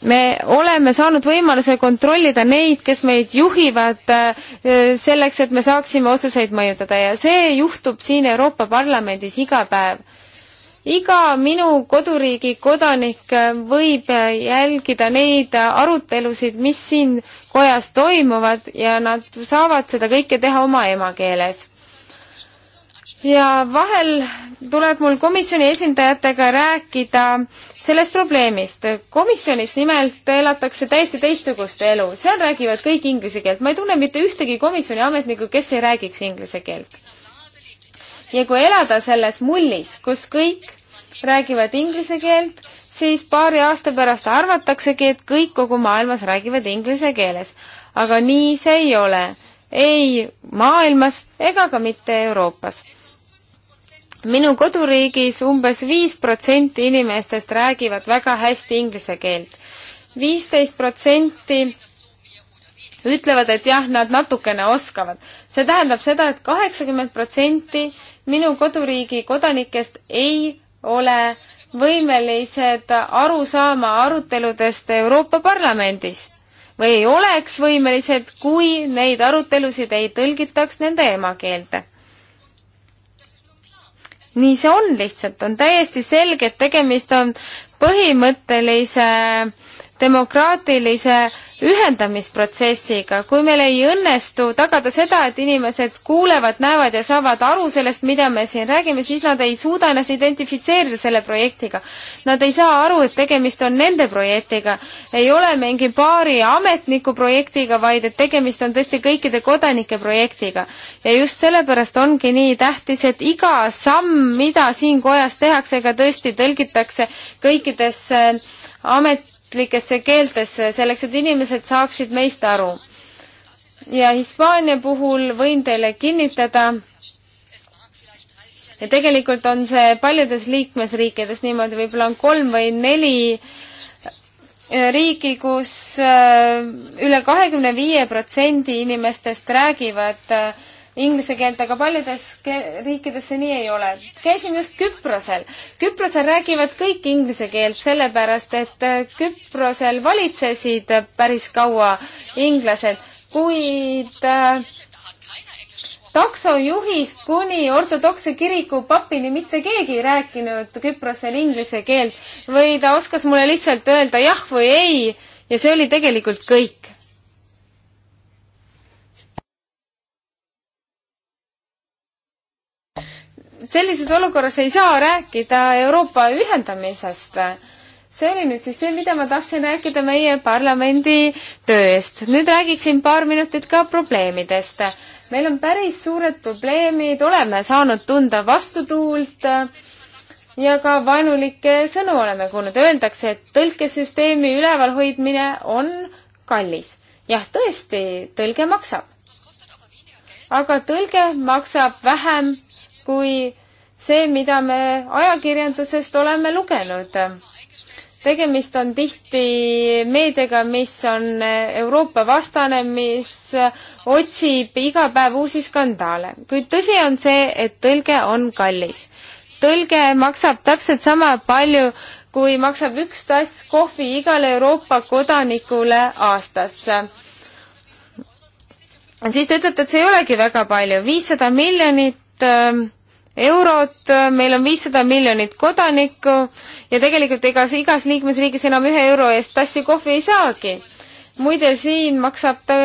me oleme saanud võimaluse kontrollida neid, kes meid juhivad äh, selleks, et me saaksime otsuseid mõjutada ja see juhtub siin Euroopa Parlamendis iga päev iga minu koduriigi kodanik äh, võib äh, jälgida neid äh, arutelusid, mis siin kojas toimuvad ja nad saavad seda kõike teha oma emakeeles. ja vahel tuleb mul komisjoni esindajatega rääkida sellest probleemist. komisjonis nimelt elatakse täiesti teistsugust elu, seal räägivad kõik inglise keelt, ma ei tunne mitte ühtegi komisjoni ametnikku, kes ei räägiks inglise keelt ja kui elada selles mullis, kus kõik räägivad inglise keelt, siis paari aasta pärast arvataksegi, et kõik kogu maailmas räägivad inglise keeles. aga nii see ei ole. ei maailmas ega ka mitte Euroopas. minu koduriigis umbes viis protsenti inimestest räägivad väga hästi inglise keelt. viisteist protsenti ütlevad, et jah, nad natukene oskavad, see tähendab seda et, et kaheksakümmend protsenti minu koduriigi kodanikest ei ole võimelised aru saama aruteludest Euroopa Parlamendis või ei oleks võimelised, kui neid arutelusid ei tõlgitaks nende emakeelde. nii see on lihtsalt, on täiesti selge, et tegemist on põhimõttelise äh, demokraatilise ühendamisprotsessiga, kui meil ei õnnestu tagada seda, et inimesed kuulevad, näevad ja saavad aru sellest, mida me siin räägime, siis nad ei suuda ennast identifitseerida selle projektiga. Nad ei saa aru, et tegemist on nende projektiga. ei ole mingi paari ametniku projektiga, vaid et tegemist on tõesti kõikide kodanike projektiga. ja just sellepärast ongi nii tähtis, et iga samm, mida siin kojas tehakse, ka tõesti tõlgitakse kõikidesse äh, amet-, riiklikesse keeltesse, selleks et inimesed saaksid meist aru. ja Hispaania puhul võin teile kinnitada, ja tegelikult on see paljudes liikmesriikides niimoodi, võib-olla on kolm või neli äh, riigi, kus äh, üle kahekümne viie protsendi inimestest räägivad äh, inglise keelt, aga paljudes riikides see nii ei ole. käisin just Küprosel. Küprosel räägivad kõik inglise keelt, sellepärast et äh, Küprosel valitsesid päris kaua inglased, kuid äh, taksojuhist kuni ortodoksse kiriku papini mitte keegi ei rääkinud Küprosel inglise keelt või ta oskas mulle lihtsalt öelda jah või ei ja see oli tegelikult kõik. sellises olukorras ei saa rääkida Euroopa ühendamisest. see oli nüüd siis see, mida ma tahtsin rääkida meie parlamendi tööst. nüüd räägiksin paar minutit ka probleemidest. meil on päris suured probleemid, oleme saanud tunda vastutuult ja ka vaenulikke sõnu oleme kuulnud. Öeldakse, et tõlkesüsteemi ülevalhoidmine on kallis. jah, tõesti, tõlge maksab. aga tõlge maksab vähem kui see, mida me ajakirjandusest oleme lugenud. tegemist on tihti meediaga, mis on Euroopa vastane, mis otsib iga päev uusi skandaale, kuid tõsi on see, et tõlge on kallis. tõlge maksab täpselt sama palju, kui maksab üks tass kohvi igale Euroopa kodanikule aastas siis te ütlete, et see ei olegi väga palju, viissada miljonit ähm, eurot, meil on viissada miljonit kodanikku ja tegelikult ega igas liikmesriigis enam ühe euro eest tassi kohvi ei saagi. muide, siin maksab ta,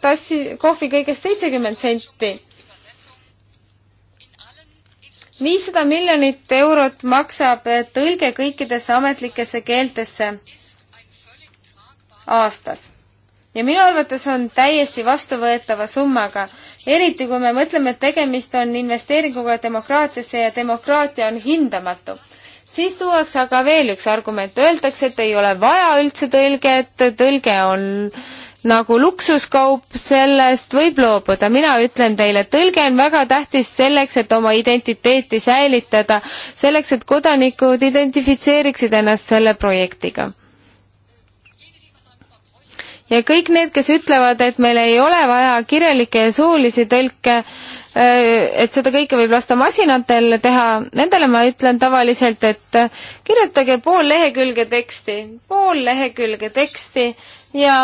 tassi kohvi kõigest seitsekümmend senti. viissada miljonit eurot maksab tõlge kõikidesse ametlikesse keeltesse aastas ja minu arvates on täiesti vastuvõetava summaga eriti kui me mõtleme, et tegemist on investeeringuga demokraatiasse ja demokraatia on hindamatu. siis tuuakse aga veel üks argument, öeldakse, et ei ole vaja üldse tõlget, tõlge on nagu luksuskaup, sellest võib loobuda. mina ütlen teile, tõlge on väga tähtis selleks, et oma identiteeti säilitada, selleks, et kodanikud identifitseeriksid ennast selle projektiga ja kõik need, kes ütlevad, et meil ei ole vaja kirjalikke ja suulisi tõlke, äh, et seda kõike võib lasta masinatel teha, nendele ma ütlen tavaliselt, et äh, kirjutage pool lehekülge teksti, pool lehekülge teksti ja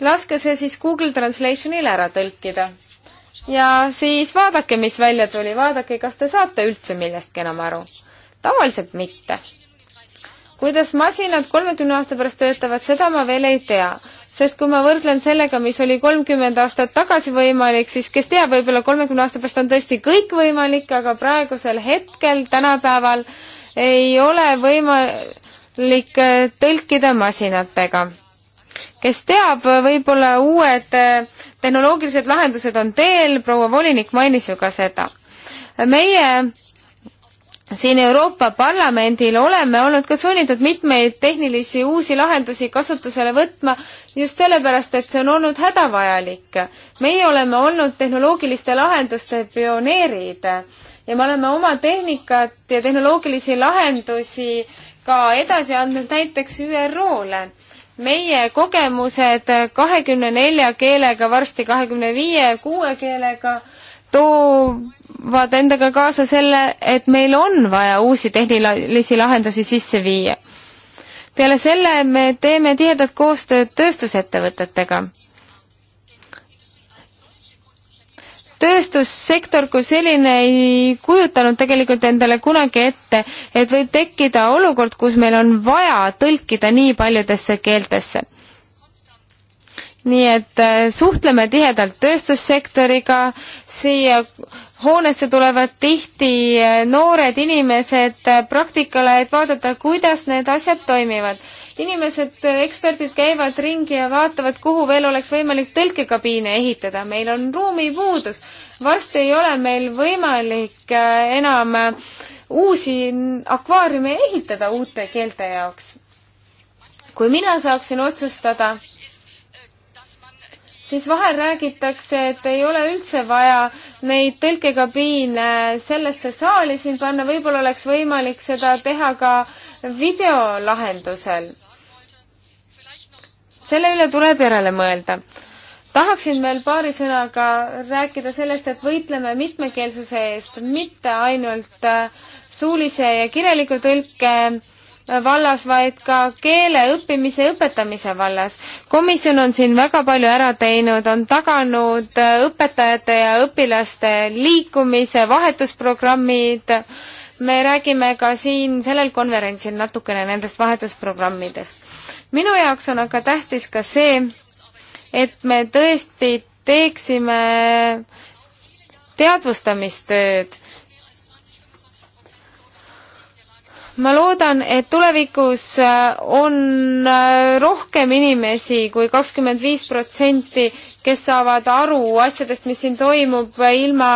laske see siis Google Translationil ära tõlkida. ja siis vaadake, mis välja tuli, vaadake, kas te saate üldse millestki enam aru. tavaliselt mitte kuidas masinad kolmekümne aasta pärast töötavad, seda ma veel ei tea. sest kui ma võrdlen sellega, mis oli kolmkümmend aastat tagasi võimalik, siis kes teab, võib-olla kolmekümne aasta pärast on tõesti kõik võimalik, aga praegusel hetkel, tänapäeval ei ole võimalik äh, tõlkida masinatega kes teab, võib-olla uued äh, tehnoloogilised lahendused on teel, proua volinik mainis ju ka seda. meie siin Euroopa Parlamendil oleme olnud ka sunnitud mitmeid tehnilisi uusi lahendusi kasutusele võtma just sellepärast, et see on olnud hädavajalik. meie oleme olnud tehnoloogiliste lahenduste pioneerid ja me oleme oma tehnikat ja tehnoloogilisi lahendusi ka edasi andnud näiteks ÜRO-le meie kogemused kahekümne nelja keelega, varsti kahekümne viie, kuue keelega toovad endaga kaasa selle, et meil on vaja uusi tehnilisi lahendusi sisse viia. peale selle me teeme tihedat koostööd tööstusettevõtetega. tööstussektor kui selline ei kujutanud tegelikult endale kunagi ette, et võib tekkida olukord, kus meil on vaja tõlkida nii paljudesse keeltesse nii et äh, suhtleme tihedalt tööstussektoriga, siia hoonesse tulevad tihti äh, noored inimesed äh, praktikale, et vaadata, kuidas need asjad toimivad. inimesed, eksperdid käivad ringi ja vaatavad, kuhu veel oleks võimalik tõlkekabiine ehitada, meil on ruumipuudus. varsti ei ole meil võimalik enam uusi akvaariume ehitada uute keelte jaoks. kui mina saaksin otsustada, siis vahel räägitakse, et ei ole üldse vaja neid tõlkekabiine sellesse saali siin panna, võib-olla oleks võimalik seda teha ka videolahendusel. selle üle tuleb järele mõelda. tahaksin veel paari sõnaga rääkida sellest, et võitleme mitmekeelsuse eest, mitte ainult äh, suulise ja kirjaliku tõlke vallas, vaid ka keele õppimise ja õpetamise vallas. komisjon on siin väga palju ära teinud, on taganud äh, õpetajate ja õpilaste liikumise, vahetusprogrammid, me räägime ka siin sellel konverentsil natukene nendest vahetusprogrammidest. minu jaoks on aga tähtis ka see, et me tõesti teeksime teadvustamistööd ma loodan, et tulevikus äh, on äh, rohkem inimesi kui kakskümmend viis protsenti, kes saavad aru asjadest, mis siin toimub äh, ilma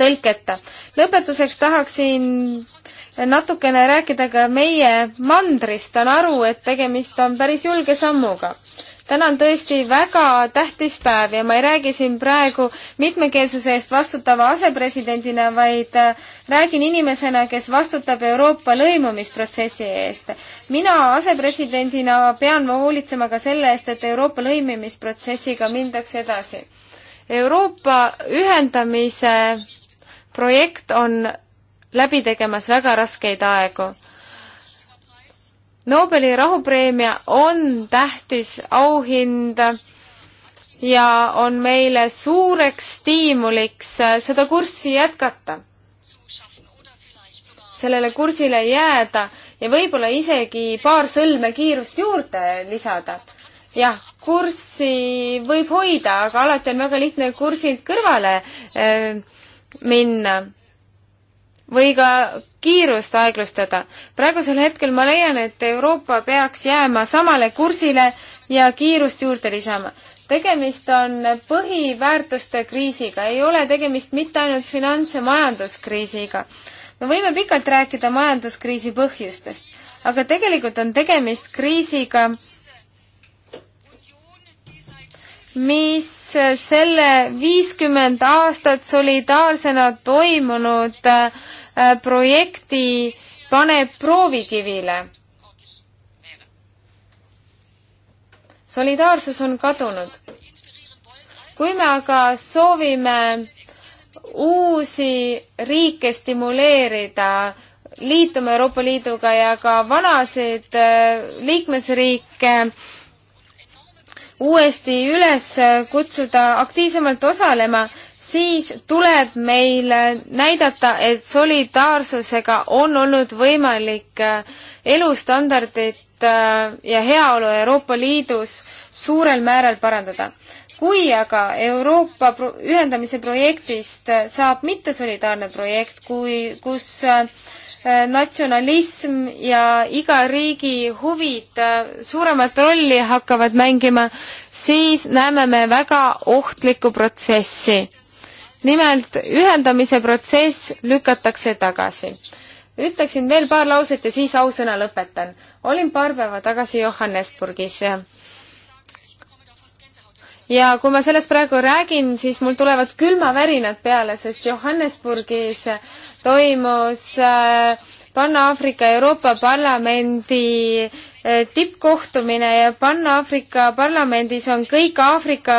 tõlketa. lõpetuseks tahaksin natukene rääkida ka meie mandrist, saan aru, et tegemist on päris julge sammuga täna on tõesti väga tähtis päev ja ma ei räägi siin praegu mitmekeelsuse eest vastutava asepresidendina, vaid äh, räägin inimesena, kes vastutab Euroopa lõimumisprotsessi eest. mina asepresidendina pean hoolitsema ka selle eest, et Euroopa lõimimisprotsessiga mindaks edasi. Euroopa ühendamise projekt on läbi tegemas väga raskeid aegu Nobeli rahupreemia on tähtis auhind ja on meile suureks stiimuliks äh, seda kurssi jätkata, sellele kursile jääda ja võib-olla isegi paar sõlme kiirust juurde lisada. jah, kurssi võib hoida, aga alati on väga lihtne kursilt kõrvale äh, minna või ka kiirust aeglustada. praegusel hetkel ma leian, et Euroopa peaks jääma samale kursile ja kiirust juurde lisama. tegemist on põhiväärtuste kriisiga, ei ole tegemist mitte ainult finants- ja majanduskriisiga. me võime pikalt rääkida majanduskriisi põhjustest, aga tegelikult on tegemist kriisiga, mis selle viiskümmend aastat solidaarsena toimunud äh, projekti paneb proovikivile. solidaarsus on kadunud. kui me aga soovime uusi riike stimuleerida, liituma Euroopa Liiduga ja ka vanasid äh, liikmesriike uuesti üles kutsuda aktiivsemalt osalema, siis tuleb meil näidata, et solidaarsusega on olnud võimalik äh, elustandardit äh, ja heaolu Euroopa Liidus suurel määral parandada kui aga Euroopa pro ühendamise projektist äh, saab mittesolidaarne projekt, kui, kus äh, natsionalism ja iga riigi huvid äh, suuremat rolli hakkavad mängima, siis näeme me väga ohtlikku protsessi. nimelt ühendamise protsess lükatakse tagasi. ütleksin veel paar lauset ja siis ausõna lõpetan. olin paar päeva tagasi Johannesburgis ja kui ma sellest praegu räägin, siis mul tulevad külmavärinad peale, sest Johannesburgis toimus äh, Panna-Aafrika Euroopa Parlamendi äh, tippkohtumine ja Panna-Aafrika parlamendis on kõik Aafrika,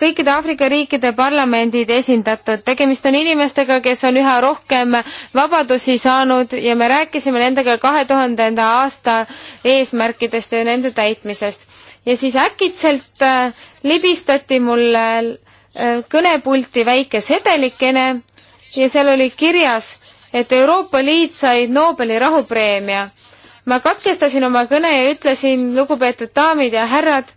kõikide Aafrika riikide parlamendid esindatud. tegemist on inimestega, kes on üha rohkem vabadusi saanud ja me rääkisime nendega kahe tuhandenda aasta eesmärkidest ja nende täitmisest ja siis äkitselt äh, libistati mulle äh, kõnepulti väike sedelikene ja seal oli kirjas, et Euroopa Liit sai Nobeli rahupreemia. ma katkestasin oma kõne ja ütlesin, lugupeetud daamid ja härrad,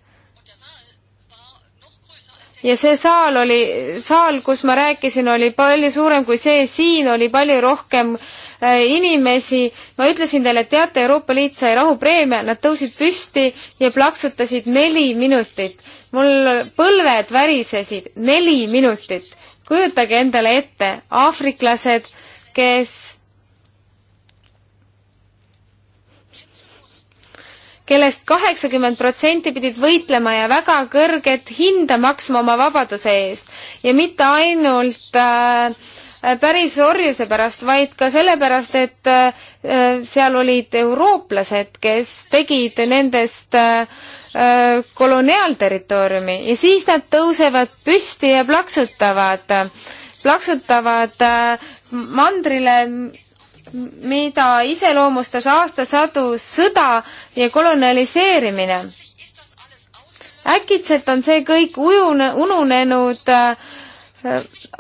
ja see saal oli, saal, kus ma rääkisin, oli palju suurem kui see siin, oli palju rohkem äh, inimesi. ma ütlesin teile, et teate, Euroopa Liit sai rahupreemia, nad tõusid püsti ja plaksutasid neli minutit. mul põlved värisesid, neli minutit. kujutage endale ette, aafriklased, kes kellest kaheksakümmend protsenti pidid võitlema ja väga kõrget hinda maksma oma vabaduse eest ja mitte ainult äh, päris orjuse pärast, vaid ka sellepärast, et äh, seal olid eurooplased, kes tegid nendest äh, äh koloniaalterritooriumi ja siis nad tõusevad püsti ja plaksutavad, plaksutavad äh, mandrile mida iseloomustas aastasadu sõda ja kolonialiseerimine. äkitselt on see kõik ujune, ununenud äh,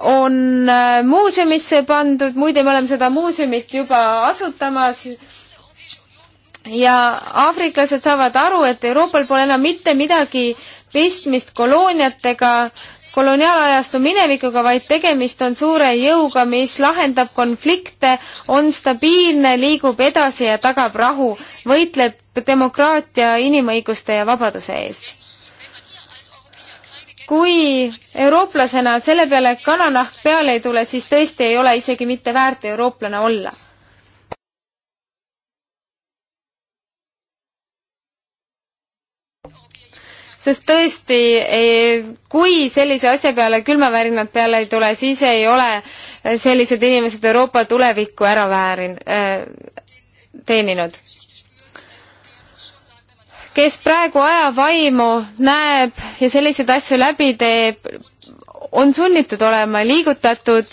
on äh, muuseumisse pandud, muide, me oleme seda muuseumit juba asutamas ja aafriklased saavad aru, et Euroopal pole enam mitte midagi pistmist kolooniatega koloniaalajastu minevikuga, vaid tegemist on suure jõuga, mis lahendab konflikte, on stabiilne, liigub edasi ja tagab rahu, võitleb demokraatia, inimõiguste ja vabaduse eest. kui eurooplasena selle peale kananahk peale ei tule, siis tõesti ei ole isegi mitte väärt eurooplane olla sest tõesti, kui sellise asja peale külmavärinad peale ei tule, siis ei ole sellised inimesed Euroopa tulevikku ära väärin- äh,, teeninud kes praegu ajavaimu näeb ja selliseid asju läbi teeb, on sunnitud olema liigutatud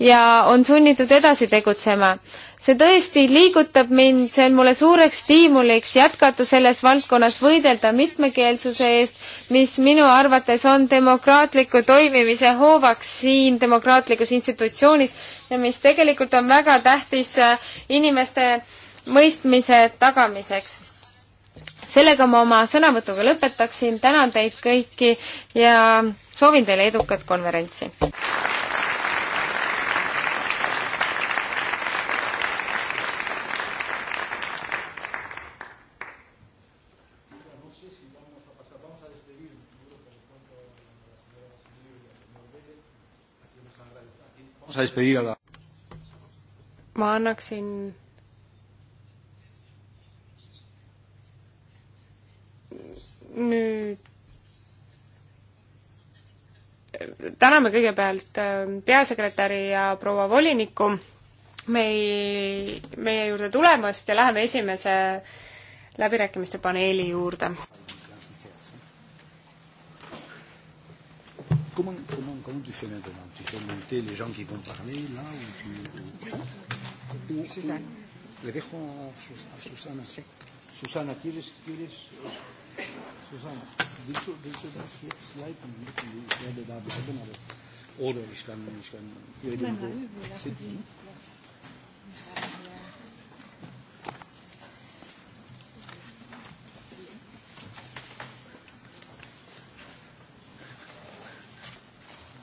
ja on sunnitud edasi tegutsema. see tõesti liigutab mind, see on mulle suureks stiimuliks jätkata selles valdkonnas, võidelda mitmekeelsuse eest, mis minu arvates on demokraatliku toimimise hoovaks siin demokraatlikus institutsioonis ja mis tegelikult on väga tähtis äh, inimeste mõistmise tagamiseks sellega ma oma sõnavõtuga lõpetaksin, tänan teid kõiki ja soovin teile edukat konverentsi! ma annaksin nüüd täname kõigepealt ähm, peasekretäri ja proua volinikku mei-, meie juurde tulemast ja läheme esimese läbirääkimiste paneeli juurde. Comment, comment, comment tu fais maintenant remonter les gens qui vont parler là ou tu, ou, oui. Susana. Le eh, dejo a Susana. Sí. Susana, ¿quieres, quieres Susana, willst du, willst du das jetzt leiten? Ich werde da bleiben, aber oder ich kann, ich kann irgendwo nein, nein, sitzen. Die.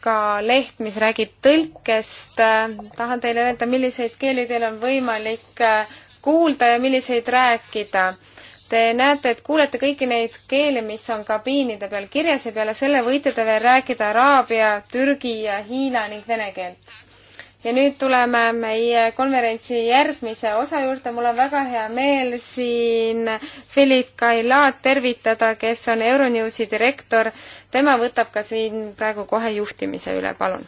ka leht, mis räägib tõlkest. Äh, tahan teile öelda, milliseid keeli teil on võimalik äh, kuulda ja milliseid rääkida. Te näete, et kuulete kõiki neid keeli, mis on kabiinide peal kirjas ja peale selle võite te veel rääkida araabia, türgi ja hiina ning vene keelt ja nüüd tuleme meie konverentsi järgmise osa juurde. mul on väga hea meel siin Philip Kailaat tervitada, kes on Euronewsi direktor. tema võtab ka siin praegu kohe juhtimise üle, palun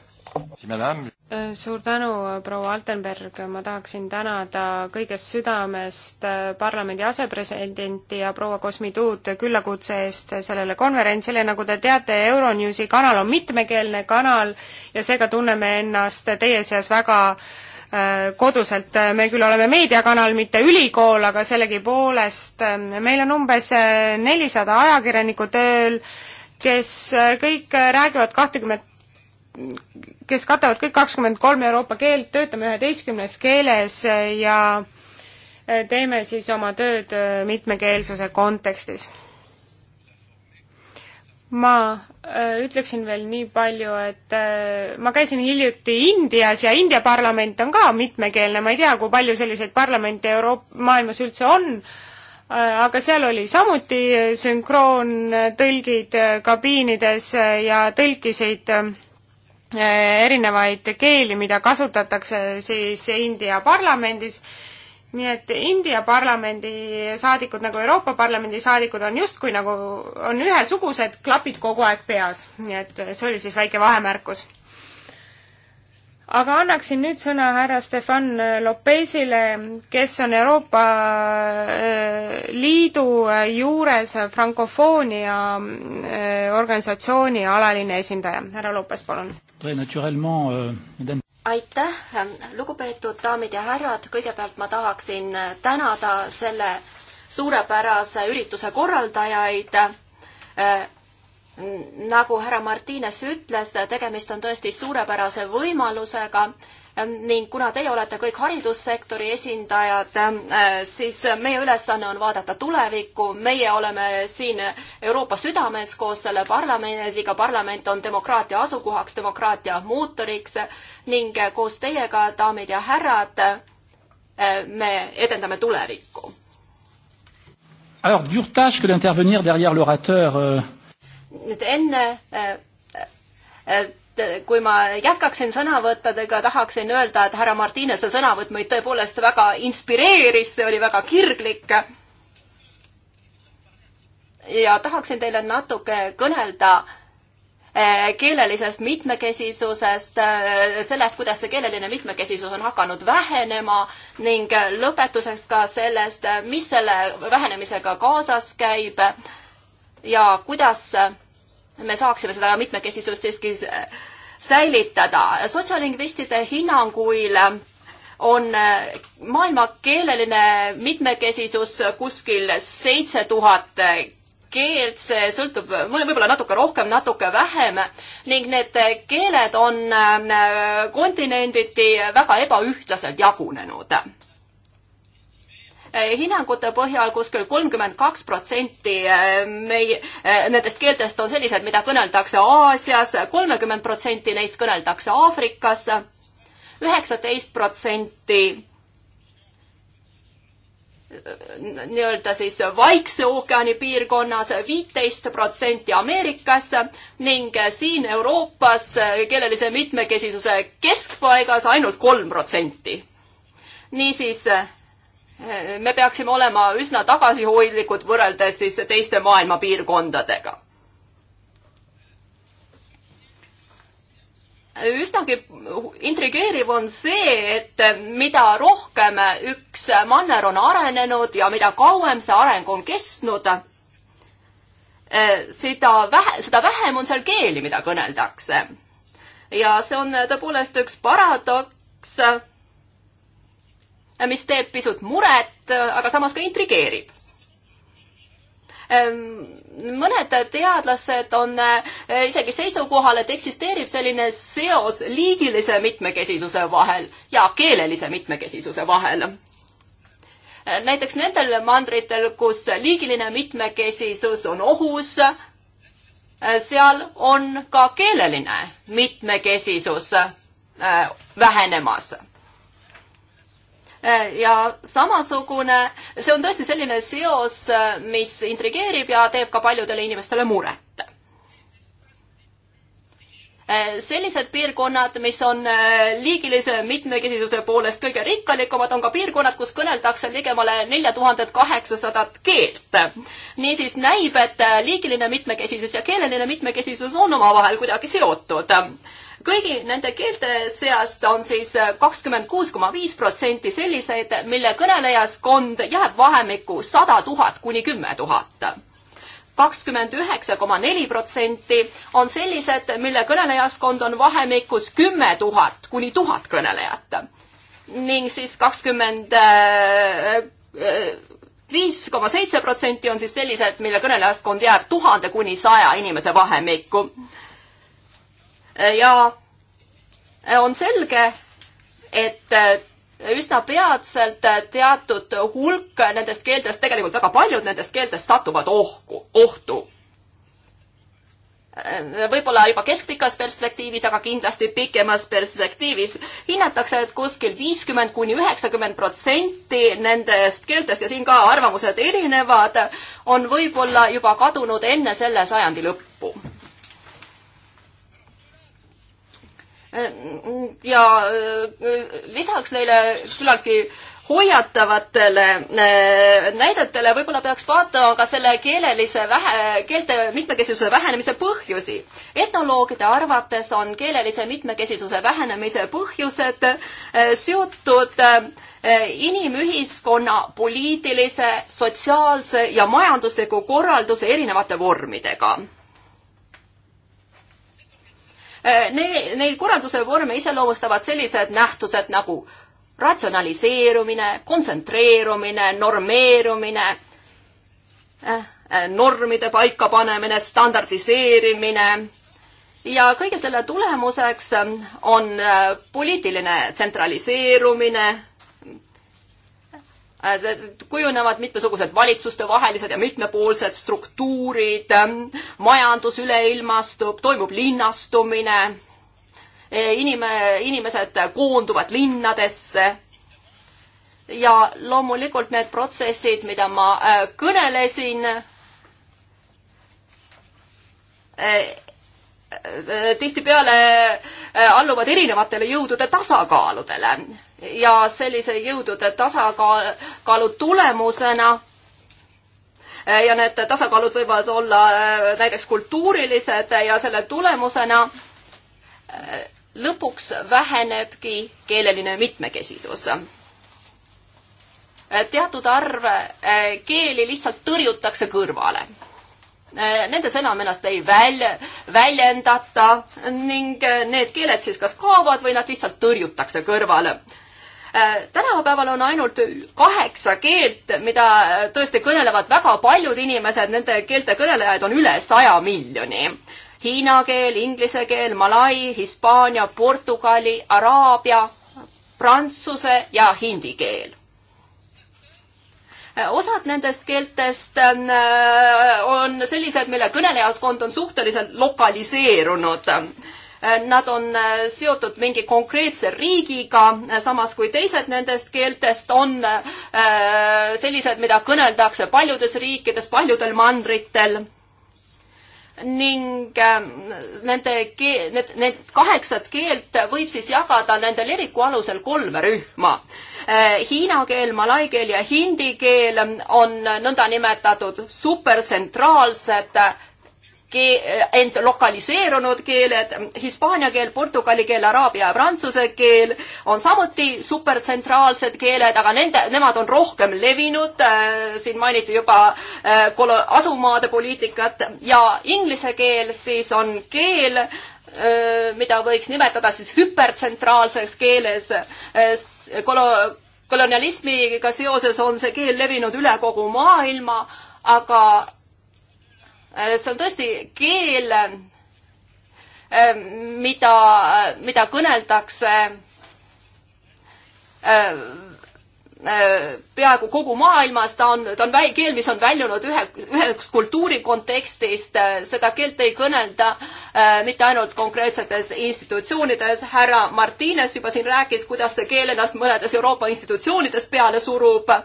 Äh, suur tänu, äh, proua Altenberg, ma tahaksin tänada kõigest südamest äh, parlamendi asepresidenti ja proua Kosmituud küllakutse eest sellele konverentsile, nagu te teate, Euronewsi kanal on mitmekeelne kanal ja seega tunneme ennast teie seas väga koduselt, me küll oleme meediakanal, mitte ülikool, aga sellegipoolest meil on umbes nelisada ajakirjanikku tööl, kes kõik räägivad kahtekümmet kes katavad kõik kakskümmend kolm Euroopa keelt, töötame üheteistkümnes keeles äh, ja äh, teeme siis oma tööd äh, mitmekeelsuse kontekstis. ma ütleksin veel nii palju, et ma käisin hiljuti Indias ja India parlament on ka mitmekeelne, ma ei tea, kui palju selliseid parlamente Euroop-, maailmas üldse on, aga seal oli samuti sünkroontõlgid kabiinides ja tõlkisid Äh, erinevaid keeli, mida kasutatakse siis India parlamendis. nii et India parlamendi saadikud nagu Euroopa Parlamendi saadikud on justkui nagu, on ühesugused, klapid kogu aeg peas. nii et see oli siis väike vahemärkus aga annaksin nüüd sõna härra Stefan Lopezile, kes on Euroopa äh, Liidu äh, juures frankofoonia äh, organisatsiooni alaline esindaja. härra Lopez, palun. Euh, aitäh, lugupeetud daamid ja härrad, kõigepealt ma tahaksin tänada selle suurepärase ürituse korraldajaid nagu härra Martines ütles, tegemist on tõesti suurepärase võimalusega ning kuna teie olete kõik haridussektori esindajad, siis meie ülesanne on vaadata tulevikku, meie oleme siin Euroopa südames koos selle parlamendiga, parlament on demokraatia asukohaks, demokraatia mootoriks ning koos teiega, daamid ja härrad, me edendame tulevikku. Alors, dure tâche que d'intervenir derrière l'orateur euh, nüüd enne äh, äh, äh, kui ma jätkaksin sõnavõttudega, tahaksin öelda, et härra Martinese sõnavõtt meid tõepoolest väga inspireeris, see oli väga kirglik. ja tahaksin teile natuke kõnelda keelelisest mitmekesisusest, sellest, kuidas see keeleline mitmekesisus on hakanud vähenema ning lõpetuseks ka sellest, mis selle vähenemisega kaasas käib ja kuidas me saaksime seda mitmekesisust siiski säilitada. sotsialingvistide hinnanguil on maailma keeleline mitmekesisus kuskil seitse tuhat keelt, see sõltub võib-olla natuke rohkem, natuke vähem ning need keeled on kontinenditi väga ebaühtlaselt jagunenud Eh, hinnangute põhjal kuskil kolmkümmend kaks protsenti eh, meie, eh, nendest keeltest on sellised, mida kõneldakse Aasias, kolmekümmend protsenti neist kõneldakse Aafrikas, üheksateist protsenti nii-öelda siis Vaikse ookeani piirkonnas viiteist protsenti Ameerikas ning siin Euroopas keelelise mitmekesisuse keskpaigas ainult kolm protsenti. niisiis me peaksime olema üsna tagasihoidlikud võrreldes siis teiste maailma piirkondadega. üsnagi intrigeeriv on see, et mida rohkem üks manner on arenenud ja mida kauem see areng on kestnud, seda vähe, seda vähem on seal keeli, mida kõneldakse. ja see on tõepoolest üks paradoks mis teeb pisut muret, aga samas ka intrigeerib ehm, mõned teadlased on eh, isegi seisukohal, et eksisteerib selline seos liigilise mitmekesisuse vahel ja keelelise mitmekesisuse vahel. Eh, näiteks nendel mandritel, kus liigiline mitmekesisus on ohus, eh, seal on ka keeleline mitmekesisus vähenemas Äh, ja samasugune, see on tõesti selline seos, äh, mis intrigeerib ja teeb ka paljudele inimestele muret. Äh, sellised piirkonnad, mis on liigilise mitmekesisuse poolest kõige rikkalikumad, on ka piirkonnad, kus kõneldakse ligemale nelja tuhandet kaheksasadat keelt. niisiis näib, et liigiline mitmekesisus ja keeleline mitmekesisus on omavahel kuidagi seotud kõigi nende keelte seast on siis kakskümmend kuus koma viis protsenti selliseid, mille kõnelejaskond jääb vahemikku sada tuhat kuni kümme tuhat kakskümmend üheksa koma neli protsenti on sellised, mille kõnelejaskond on vahemikus kümme tuhat kuni tuhat kõnelejat. ning siis kakskümmend äh, viis koma seitse protsenti on siis sellised, mille kõnelejaskond jääb tuhande kuni saja inimese vahemikku ja äh, on selge, et äh, üsna peatselt äh, teatud hulk nendest keeltest, tegelikult väga paljud nendest keeltest satuvad ohku, ohtu. võib-olla juba keskpikas perspektiivis, aga kindlasti pikemas perspektiivis hinnatakse, et kuskil viiskümmend kuni üheksakümmend protsenti nendest keeltest ja siin ka arvamused erinevad, on võib-olla juba kadunud enne selle sajandi lõppu ja äh, lisaks neile küllaltki hoiatavatele äh, näidetele võib-olla peaks vaatama ka selle keelelise vähe, keelte mitmekesisuse vähenemise põhjusi. etnoloogide arvates on keelelise mitmekesisuse vähenemise põhjused äh, seotud inimühiskonna poliitilise, sotsiaalse ja majandusliku korralduse erinevate vormidega Äh, ne-, neid korralduse vorme iseloomustavad sellised nähtused nagu ratsionaliseerumine, kontsentreerumine, normeerumine, äh, äh, normide paikapanemine, standardiseerimine ja kõige selle tulemuseks ähm, on poliitiline tsentraliseerumine Äh, kujunevad mitmesugused valitsustevahelised ja mitmepoolsed struktuurid, ähm, majandus üleilmastub, toimub linnastumine, e, inime, inimesed koonduvad linnadesse ja loomulikult need protsessid, mida ma äh, kõnelesin, e, e, tihtipeale alluvad erinevatele jõudude tasakaaludele ja sellise jõudude tasakaalu tulemusena eh, ja need tasakaalud võivad olla eh, näiteks kultuurilised eh, ja selle tulemusena lõpuks vähenebki keeleline mitmekesisus. teatud arv keeli lihtsalt tõrjutakse kõrvale. Nendes enam ennast ei välja, väljendata ning need keeled siis kas kaovad või nad lihtsalt tõrjutakse kõrvale Äh, tänapäeval on ainult kaheksa keelt, mida äh, tõesti kõnelevad väga paljud inimesed, nende keelte kõnelejaid on üle saja miljoni. Hiina keel, inglise keel, malai, hispaania, portugali, araabia, prantsuse ja hindi keel äh, osad nendest keeltest ähm, on sellised, mille kõnelejaskond on suhteliselt lokaliseerunud Äh, nad on äh, seotud mingi konkreetse riigiga, äh, samas kui teised nendest keeltest on sellised, mida kõneldakse paljudes riikides, paljudel mandritel ning ähm, nende keel, need, need kaheksat keelt võib siis jagada nende leviku alusel kolme rühma. Hiina keel, malai keel ja hindi keel on nõndanimetatud supertsentraalsed ent lokaliseerunud keeled, hispaania keel, portugali keel, araabia ja prantsuse keel on samuti supertsentraalsed keeled, aga nende, nemad on rohkem levinud, äh, siin mainiti juba äh, kolo-, asumaade poliitikat ja inglise keel siis on keel, äh, mida võiks nimetada siis hüpertsentraalseks keeles kolo-, kolonialismiga seoses on see keel levinud üle kogu maailma, aga Äh, see on tõesti keel, äh, mida, mida kõneldakse äh, peaaegu kogu maailmas, ta on, ta on väi-, keel, mis on väljunud ühe, üheks kultuuri kontekstist, seda keelt ei kõnelda äh, mitte ainult konkreetsetes institutsioonides, härra Martines juba siin rääkis, kuidas see keel ennast mõnedes Euroopa institutsioonides peale surub äh,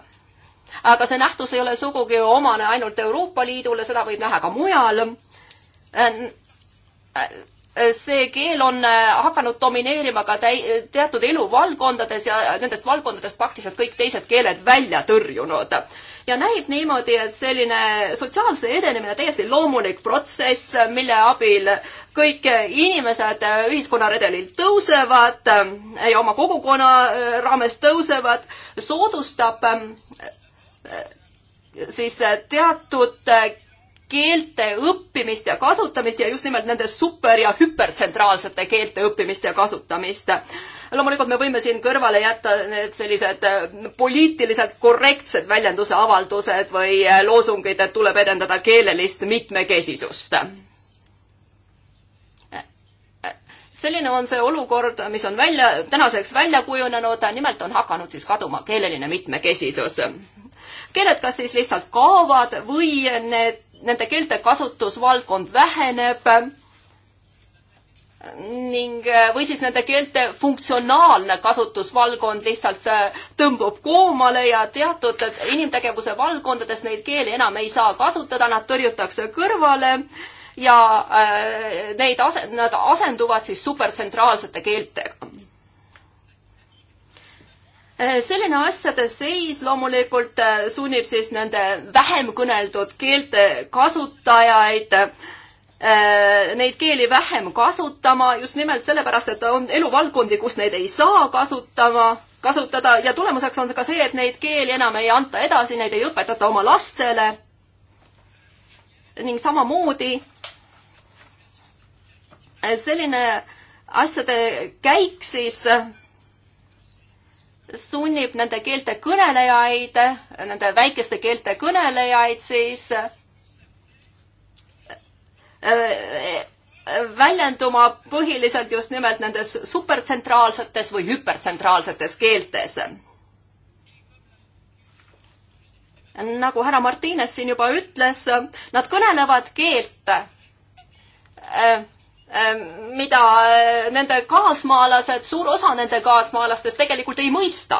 aga see nähtus ei ole sugugi omane ainult Euroopa Liidule, seda võib näha ka mujal. Äh, äh, see keel on äh, hakanud domineerima ka täi-, teatud eluvaldkondades ja nendest valdkondadest praktiliselt kõik teised keeled välja tõrjunud. ja näib niimoodi, et selline sotsiaalse edenemine on täiesti loomulik protsess, mille abil kõik inimesed ühiskonnaredelil tõusevad ja oma kogukonna raames tõusevad, soodustab Äh, siis äh, teatud äh, keelte õppimist ja kasutamist ja just nimelt nende super- ja hüpertsentraalsete keelte õppimist ja kasutamist. loomulikult me võime siin kõrvale jätta need sellised poliitiliselt korrektsed väljenduse avaldused või loosungid, et tuleb edendada keelelist mitmekesisust. selline on see olukord, mis on välja, tänaseks välja kujunenud, nimelt on hakanud siis kaduma keeleline mitmekesisus keeled kas siis lihtsalt kaovad või need, nende keelte kasutusvaldkond väheneb ning, äh, või siis nende keelte funktsionaalne kasutusvaldkond lihtsalt äh, tõmbub koomale ja teatud äh, inimtegevuse valdkondades neid keeli enam ei saa kasutada, nad tõrjutakse kõrvale ja äh, neid ase-, nad asenduvad siis supertsentraalsete keeltega Äh, selline asjade seis loomulikult äh, sunnib siis nende vähem kõneldud keelte kasutajaid äh, neid keeli vähem kasutama just nimelt sellepärast, et on eluvaldkondi, kus neid ei saa kasutama, kasutada ja tulemuseks on ka see, et neid keeli enam ei anta edasi, neid ei õpetata oma lastele. ning samamoodi selline asjade käik siis äh, sunnib nende keelte kõnelejaid, nende väikeste keelte kõnelejaid siis äh, väljenduma põhiliselt just nimelt nendes supertsentraalsetes või hüpertsentraalsetes keeltes. nagu härra Martines siin juba ütles, nad kõnelevad keelt, äh, Ähm, mida äh, nende kaasmaalased, suur osa nende kaasmaalastest tegelikult ei mõista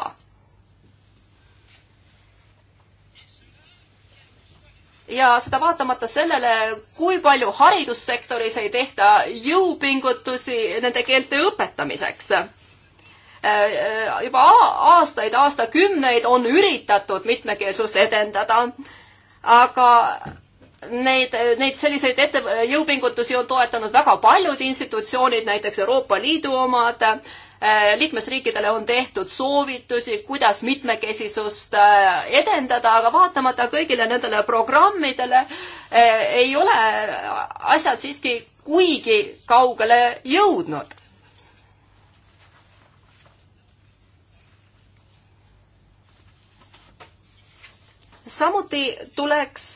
ja seda vaatamata sellele, kui palju haridussektoris ei tehta jõupingutusi nende keelte õpetamiseks. Äh, äh, juba aastaid, aastakümneid on üritatud mitmekeelsust edendada, aga Neid, neid selliseid ette, jõupingutusi on toetanud väga paljud institutsioonid, näiteks Euroopa Liidu omad. Äh, liikmesriikidele on tehtud soovitusi, kuidas mitmekesisust äh, edendada, aga vaatamata kõigile nendele programmidele äh, ei ole asjad siiski kuigi kaugele jõudnud. samuti tuleks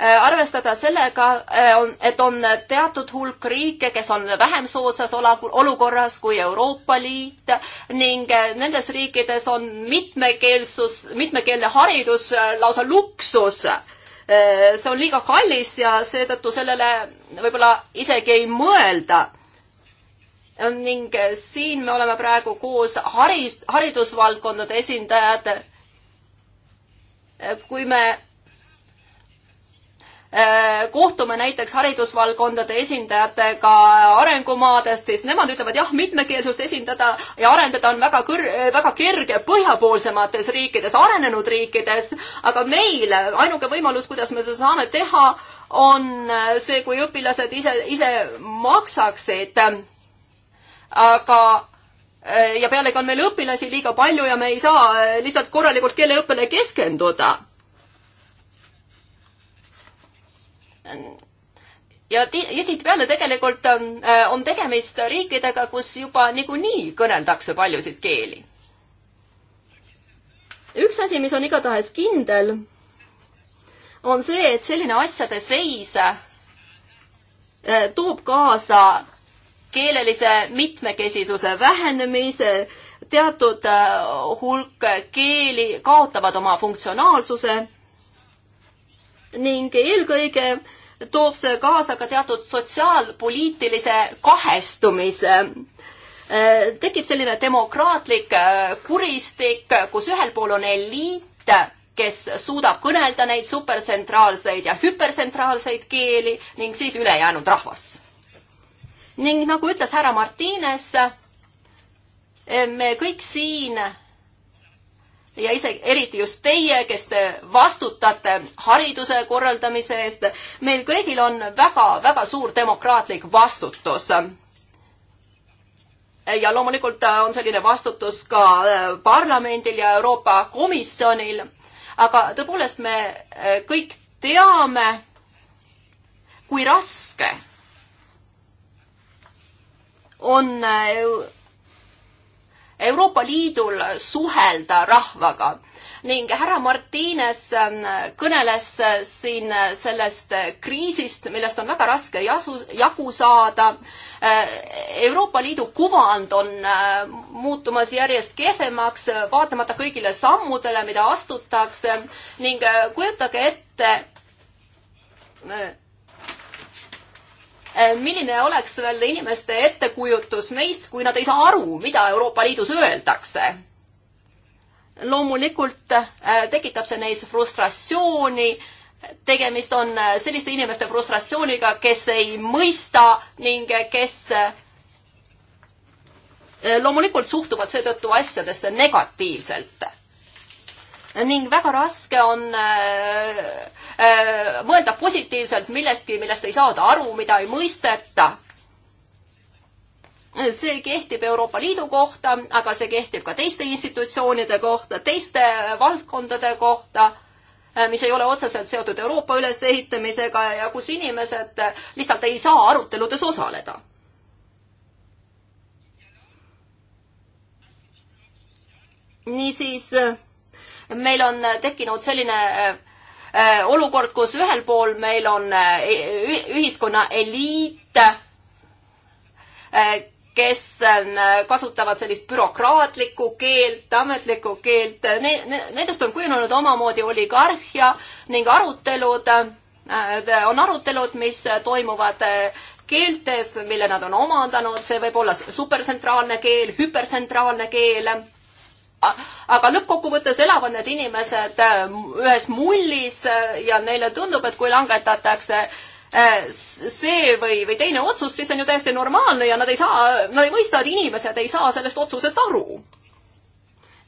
Äh, arvestada sellega, äh, et on teatud hulk riike, kes on vähem soodsas olukorras kui Euroopa Liit ning äh, nendes riikides on mitmekeelsus, mitmekeelne haridus lausa luksus see on liiga kallis ja seetõttu sellele võib-olla isegi ei mõelda. ning siin me oleme praegu koos haris, haridusvaldkondade esindajad. kui me Äh, kohtume näiteks haridusvaldkondade esindajatega arengumaadest, siis nemad ütlevad jah, mitmekeelsust esindada ja arendada on väga kõr-, äh, väga kerge põhjapoolsemates riikides, arenenud riikides, aga meil ainuke võimalus, kuidas me seda saame teha, on äh, see, kui õpilased ise, ise maksaksid. aga ja pealegi on meil õpilasi liiga palju ja me ei saa lihtsalt korralikult keeleõppele keskenduda Ähm, ja tihtipeale tegelikult ähm, äh, on tegemist riikidega, kus juba niikuinii kõneldakse paljusid keeli. üks asi, mis on igatahes kindel, on see, et selline asjade seis äh, toob kaasa keelelise mitmekesisuse vähenemise, teatud äh, hulk keeli kaotavad oma funktsionaalsuse ning eelkõige toob see kaasa ka teatud sotsiaalpoliitilise kahestumise tekib selline demokraatlik äh, kuristik, kus ühel pool on eliit, kes suudab kõnelda neid supertsentraalseid ja hüpertsentraalseid keeli ning siis ülejäänud rahvas. ning nagu ütles härra Martines, me kõik siin ja isegi eriti just teie, kes te vastutate hariduse korraldamise eest. meil kõigil on väga-väga suur demokraatlik vastutus. ja loomulikult on selline vastutus ka äh, parlamendil ja Euroopa Komisjonil. aga tõepoolest me äh, kõik teame, kui raske on äh, Euroopa Liidul suhelda rahvaga ning härra Martines ähm, kõneles äh, siin äh, sellest äh, kriisist, millest on väga raske jasu, jagu saada. Euroopa Liidu kuvand on muutumas järjest kehvemaks, vaatamata kõigile sammudele, mida astutakse ning kujutage ette, Äh, milline oleks veel inimeste ettekujutus meist, kui nad ei saa aru, mida Euroopa Liidus öeldakse? loomulikult äh, tekitab see neis frustratsiooni, tegemist on äh, selliste inimeste frustratsiooniga, kes ei mõista ning kes loomulikult suhtuvad seetõttu asjadesse negatiivselt. ning väga raske on äh, Äh, mõelda positiivselt millestki, millest ei saada aru, mida ei mõisteta. see kehtib Euroopa Liidu kohta, aga see kehtib ka teiste institutsioonide kohta, teiste valdkondade kohta äh, mis ei ole otseselt seotud Euroopa ülesehitamisega ja kus inimesed lihtsalt ei saa aruteludes osaleda niisiis äh, meil on tekkinud selline Äh, olukord, kus ühel pool meil on äh, ühiskonna eliit, äh, kes kasutavad sellist bürokraatlikku keelt, ametlikku keelt ne,, ne, nendest on kujunenud omamoodi oligarhia ning arutelud, on arutelud, mis toimuvad keeltes, mille nad on omandanud, see võib olla supertsentraalne keel, hüpertsentraalne keel aga lõppkokkuvõttes elavad need inimesed äh, ühes mullis äh, ja neile tundub, et kui langetatakse äh, see või, või teine otsus, siis on ju täiesti normaalne ja nad ei saa, nad ei mõista, et inimesed ei saa sellest otsusest aru.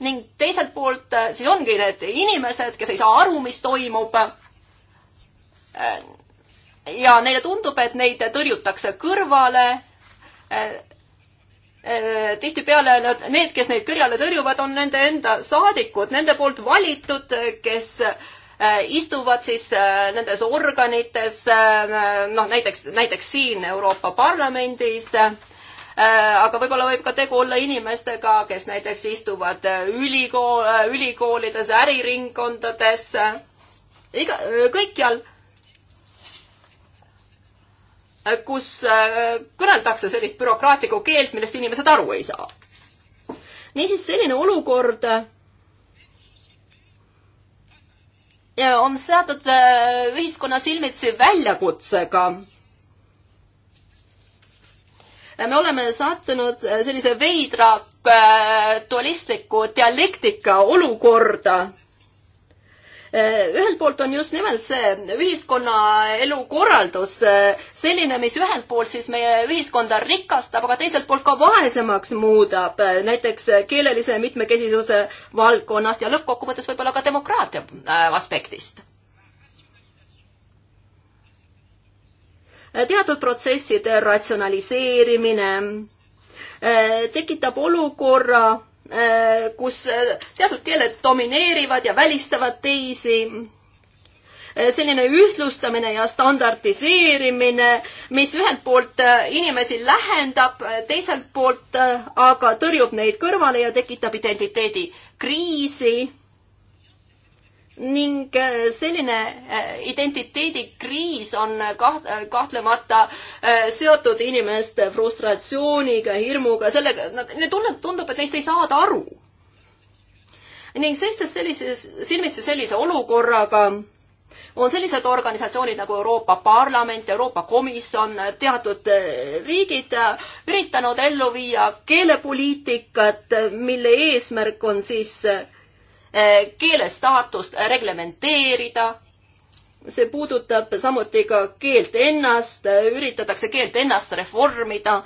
ning teiselt poolt siis ongi need inimesed, kes ei saa aru, mis toimub. ja neile tundub, et neid tõrjutakse kõrvale Äh, tihtipeale nad, need, kes neid kõrjale tõrjuvad, on nende enda saadikud, nende poolt valitud, kes äh, istuvad siis äh, nendes organites, noh näiteks, näiteks siin Euroopa Parlamendis, aga võib-olla võib ka tegu olla inimestega, kes näiteks istuvad ülikool, ülikoolides, äriringkondades, iga, kõikjal kus äh, kõneldakse sellist bürokraatlikku keelt, millest inimesed aru ei saa. niisiis, selline olukord äh, on seatud äh, ühiskonna silmitsi väljakutsega. me oleme sattunud sellise veidra dualistliku dialektika olukorda Eh, ühelt poolt on just nimelt see ühiskonnaelu korraldus eh, selline, mis ühelt poolt siis meie ühiskonda rikastab, aga teiselt poolt ka vaesemaks muudab, eh, näiteks keelelise mitmekesisuse valdkonnast ja lõppkokkuvõttes võib-olla ka demokraatia aspektist teatud protsesside ratsionaliseerimine tekitab olukorra, Äh, kus äh, teatud keeled domineerivad ja välistavad teisi äh, selline ühtlustamine ja standardiseerimine, mis ühelt poolt inimesi lähendab, teiselt poolt aga tõrjub neid kõrvale ja tekitab identiteedikriisi ning äh, selline äh, identiteedikriis on kaht-, äh, kahtlemata seotud inimeste frustratsiooniga, hirmuga, sellega, nad, neile tunneb, tundub, et neist ei saada aru. ning seistes sellises, silmitsi sellise olukorraga, on sellised organisatsioonid nagu Euroopa Parlament, Euroopa Komisjon, teatud riigid üritanud ellu viia keelepoliitikat, mille eesmärk on siis äh, Eh, keele staatust reglementeerida. see puudutab samuti ka keelt ennast, eh, üritatakse keelt ennast reformida.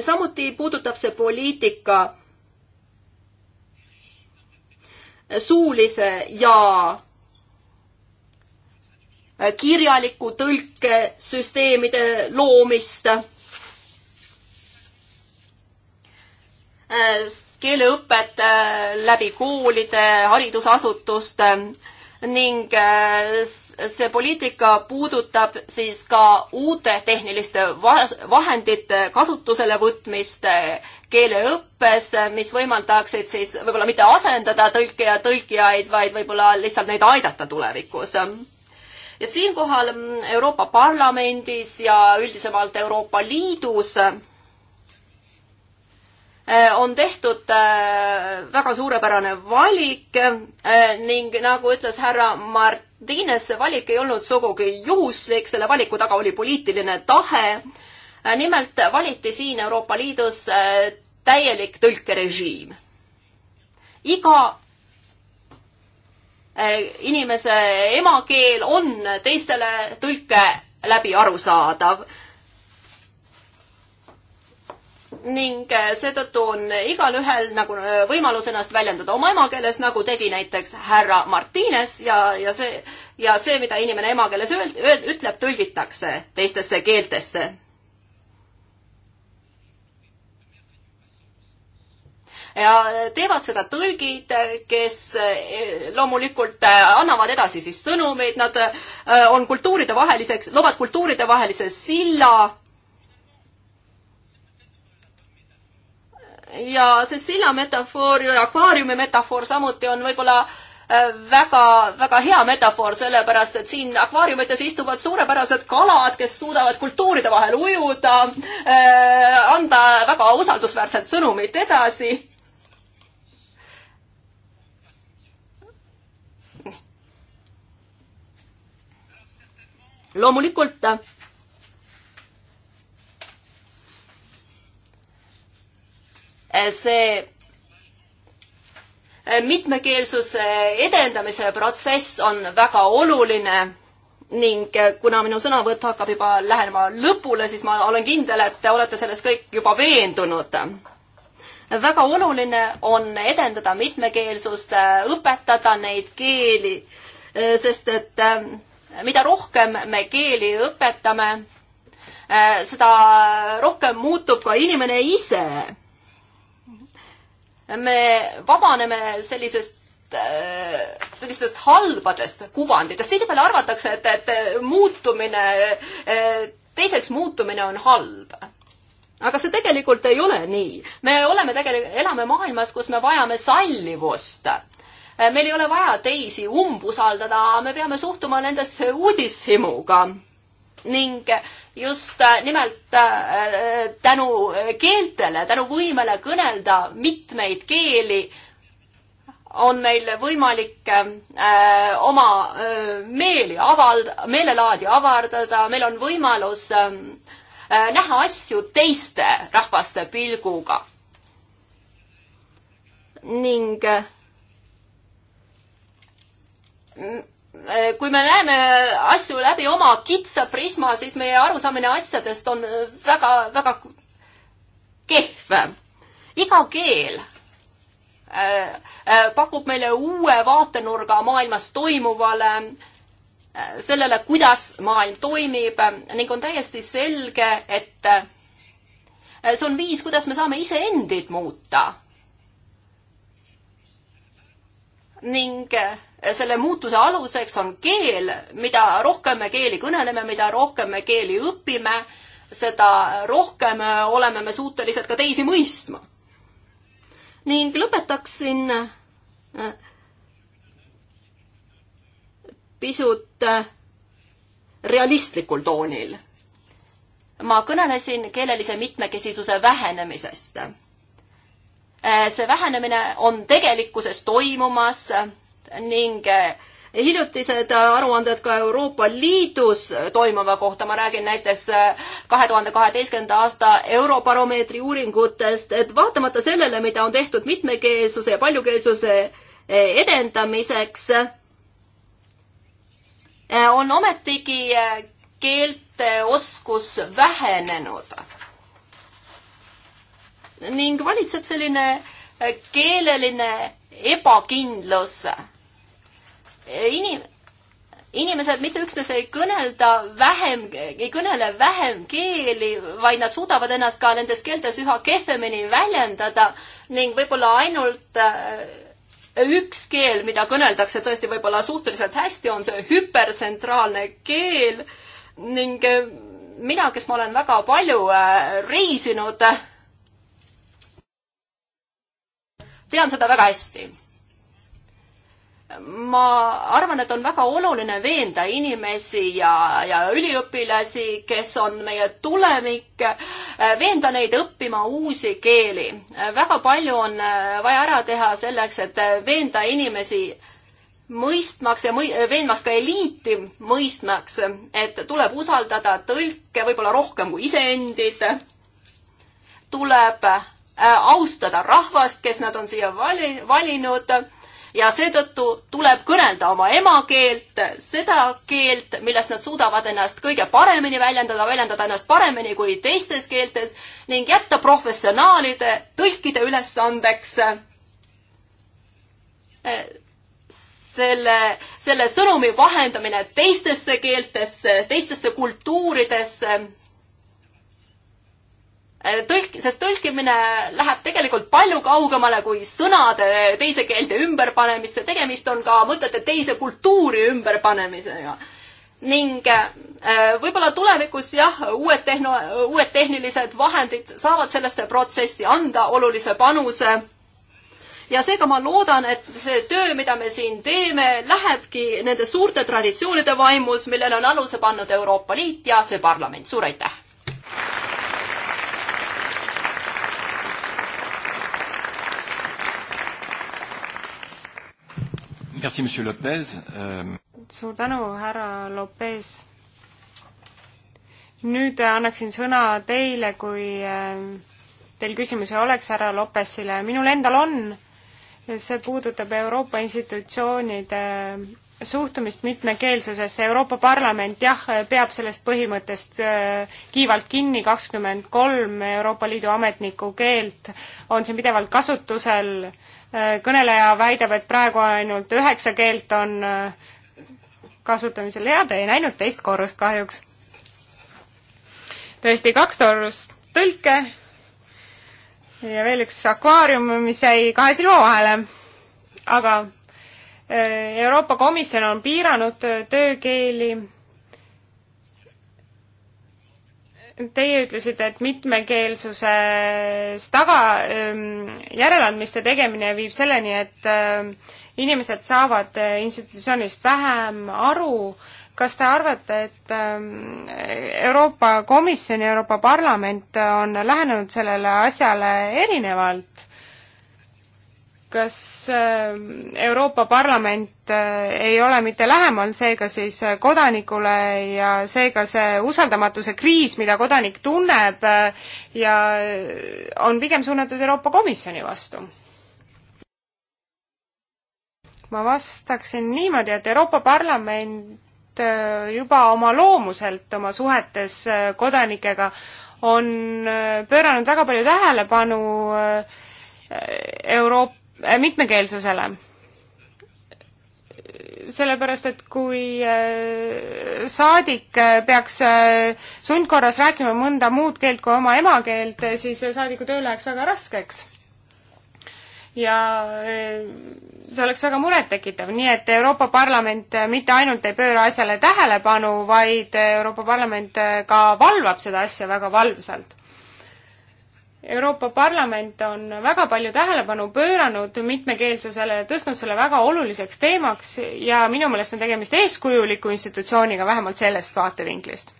samuti puudutab see poliitika suulise ja kirjaliku tõlkesüsteemide loomist Äh, keeleõpet äh, läbi koolide, haridusasutuste ning äh, see poliitika puudutab siis ka uute tehniliste vahendite kasutusele võtmist keeleõppes, mis võimaldaksid siis võib-olla mitte asendada tõlke ja tõlkijaid, vaid võib-olla lihtsalt neid aidata tulevikus. ja siinkohal mm, Euroopa Parlamendis ja üldisemalt Euroopa Liidus Eh, on tehtud eh, väga suurepärane valik eh, ning nagu ütles härra Martines, see valik ei olnud sugugi juhuslik, selle valiku taga oli poliitiline tahe. nimelt valiti siin Euroopa Liidus täielik tõlkerežiim. iga inimese emakeel on teistele tõlke läbi arusaadav ning äh, seetõttu on igalühel nagu äh, võimalus ennast väljendada oma emakeeles, nagu tegi näiteks härra Martines ja, ja see, ja see, mida inimene emakeeles öel-, öel, ütleb, tõlgitakse teistesse keeltesse. ja teevad seda tõlgid, kes äh, loomulikult annavad edasi siis sõnumeid, nad on kultuuridevaheliseks, loovad kultuuridevahelise silla ja see silla metafoor ja akvaariumi metafoor samuti on võib-olla äh, väga, väga hea metafoor, sellepärast et siin akvaariumites istuvad suurepärased kalad, kes suudavad kultuuride vahel ujuda eh,, anda väga usaldusväärset sõnumit edasi. loomulikult äh, see mitmekeelsuse edendamise protsess on väga oluline ning kuna minu sõnavõtt hakkab juba lähenema lõpule, siis ma olen kindel, et te olete selles kõik juba veendunud. väga oluline on edendada mitmekeelsust, õpetada neid keeli, sest et eh, mida rohkem me keeli õpetame, eh, seda rohkem muutub ka inimene ise me vabaneme sellisest äh, sellistest halbadest kuvanditest, tihtipeale arvatakse, et, et muutumine, äh, teiseks muutumine on halb aga see tegelikult ei ole nii. me oleme tegelikult, elame maailmas, kus me vajame sallivust. meil ei ole vaja teisi umbusaldada, me peame suhtuma nendesse uudishimuga ning just äh, nimelt äh, tänu keeltele, tänu võimele kõnelda mitmeid keeli, on meil võimalik äh, oma äh, meeli avald-, meelelaadi avardada, meil on võimalus äh, äh näha asju teiste rahvaste pilguga. ning äh, Äh, kui me näeme asju läbi oma kitsa prisma, siis meie arusaamine asjadest on äh, väga, väga kehv. iga keel äh, pakub meile uue vaatenurga maailmas toimuvale, sellele, kuidas maailm toimib ning on täiesti selge, et see on viis, kuidas me saame iseendid muuta. ning selle muutuse aluseks on keel, mida rohkem me keeli kõneleme, mida rohkem me keeli õpime, seda rohkem äh, oleme me suutelised ka teisi mõistma. ning lõpetaksin äh, pisut äh, realistlikul toonil. ma kõnelesin keelelise mitmekesisuse vähenemisest see vähenemine on tegelikkuses toimumas ning eh, hiljutised aruanded ka Euroopa Liidus toimuva kohta, ma räägin näiteks eh, kahe tuhande kaheteistkümnenda aasta Eurobaromeetri uuringutest, et vaatamata sellele, mida on tehtud mitmekeelsuse ja paljukeelsuse eh, edendamiseks, on ometigi keelte oskus vähenenud. ning valitseb selline keeleline ebakindlus inim-, inimesed mitte üksnes ei kõnelda vähem, ei kõnele vähem keeli, vaid nad suudavad ennast ka nendes keeltes üha kehvemini väljendada ning võib-olla ainult äh, üks keel, mida kõneldakse tõesti võib-olla suhteliselt hästi, on see hüpertsentraalne keel ning äh, mina, kes ma olen väga palju äh, reisinud, tean seda väga hästi ma arvan, et on väga oluline veenda inimesi ja, ja üliõpilasi, kes on meie tulevik, veenda neid õppima uusi keeli. väga palju on vaja ära teha selleks, et veenda inimesi mõistmaks ja mõi-, veenmaks ka eliiti mõistmaks, et tuleb usaldada tõlke võib-olla rohkem kui iseendid, tuleb äh, austada rahvast, kes nad on siia vali-, valinud ja seetõttu tuleb kõnelda oma emakeelt, seda keelt, milles nad suudavad ennast kõige paremini väljendada, väljendada ennast paremini kui teistes keeltes ning jätta professionaalide, tõlkide ülesandeks eh, selle, selle sõnumi vahendamine teistesse keeltesse, teistesse kultuuridesse Äh, tõlk, sest tõlkimine läheb tegelikult palju kaugemale kui sõnade teise keelde ümberpanemisse, tegemist on ka mõtete teise kultuuri ümberpanemisega. ning äh, võib-olla tulevikus jah, uued tehno-, uued tehnilised vahendid saavad sellesse protsessi anda olulise panuse ja seega ma loodan, et see töö, mida me siin teeme, lähebki nende suurte traditsioonide vaimus, millele on aluse pannud Euroopa Liit ja see parlament. suur aitäh! Merci, monsieur Lopez ähm.... suur tänu, härra Lopez. nüüd äh, annaksin sõna teile, kui äh, teil küsimusi oleks härra Lopesile. minul endal on, see puudutab Euroopa institutsioonide suhtumist mitmekeelsusesse, Euroopa Parlament jah, peab sellest põhimõttest äh, kiivalt kinni, kakskümmend kolm Euroopa Liidu ametniku keelt on siin pidevalt kasutusel, äh, kõneleja väidab, et praegu ainult üheksa keelt on äh, kasutamisel, jaa, te ei näinud teist korrust kahjuks. tõesti, kaks korrust tõlke ja veel üks akvaarium, mis jäi kahe silma vahele, aga Äh, Euroopa Komisjon on piiranud äh, töökeeli. Teie ütlesite, et mitmekeelsuses taga ähm, järeleandmiste tegemine viib selleni, et äh, inimesed saavad institutsioonist vähem aru. kas te arvate, et ähm, Euroopa Komisjon ja Euroopa Parlament on lähenenud sellele asjale erinevalt? kas äh, Euroopa Parlament äh, ei ole mitte lähemal seega siis äh, kodanikule ja seega see usaldamatuse kriis, mida kodanik tunneb ja on pigem suunatud Euroopa Komisjoni vastu? ma vastaksin niimoodi, et Euroopa Parlament juba oma loomuselt oma suhetes kodanikega on pööranud väga palju tähelepanu Euroopa Äh, mitmekeelsusele. sellepärast, et kui äh, saadik äh, peaks sundkorras rääkima mõnda muud keelt kui oma emakeelt, siis saadiku töö läheks väga raskeks. ja see oleks väga murettekitav, nii et Euroopa Parlament mitte ainult ei pööra asjale tähelepanu, vaid Euroopa Parlament ka valvab seda asja väga valvsalt Euroopa Parlament on väga palju tähelepanu pööranud mitmekeelsusele ja tõstnud selle väga oluliseks teemaks ja minu meelest on tegemist eeskujuliku institutsiooniga, vähemalt sellest vaatevinklist.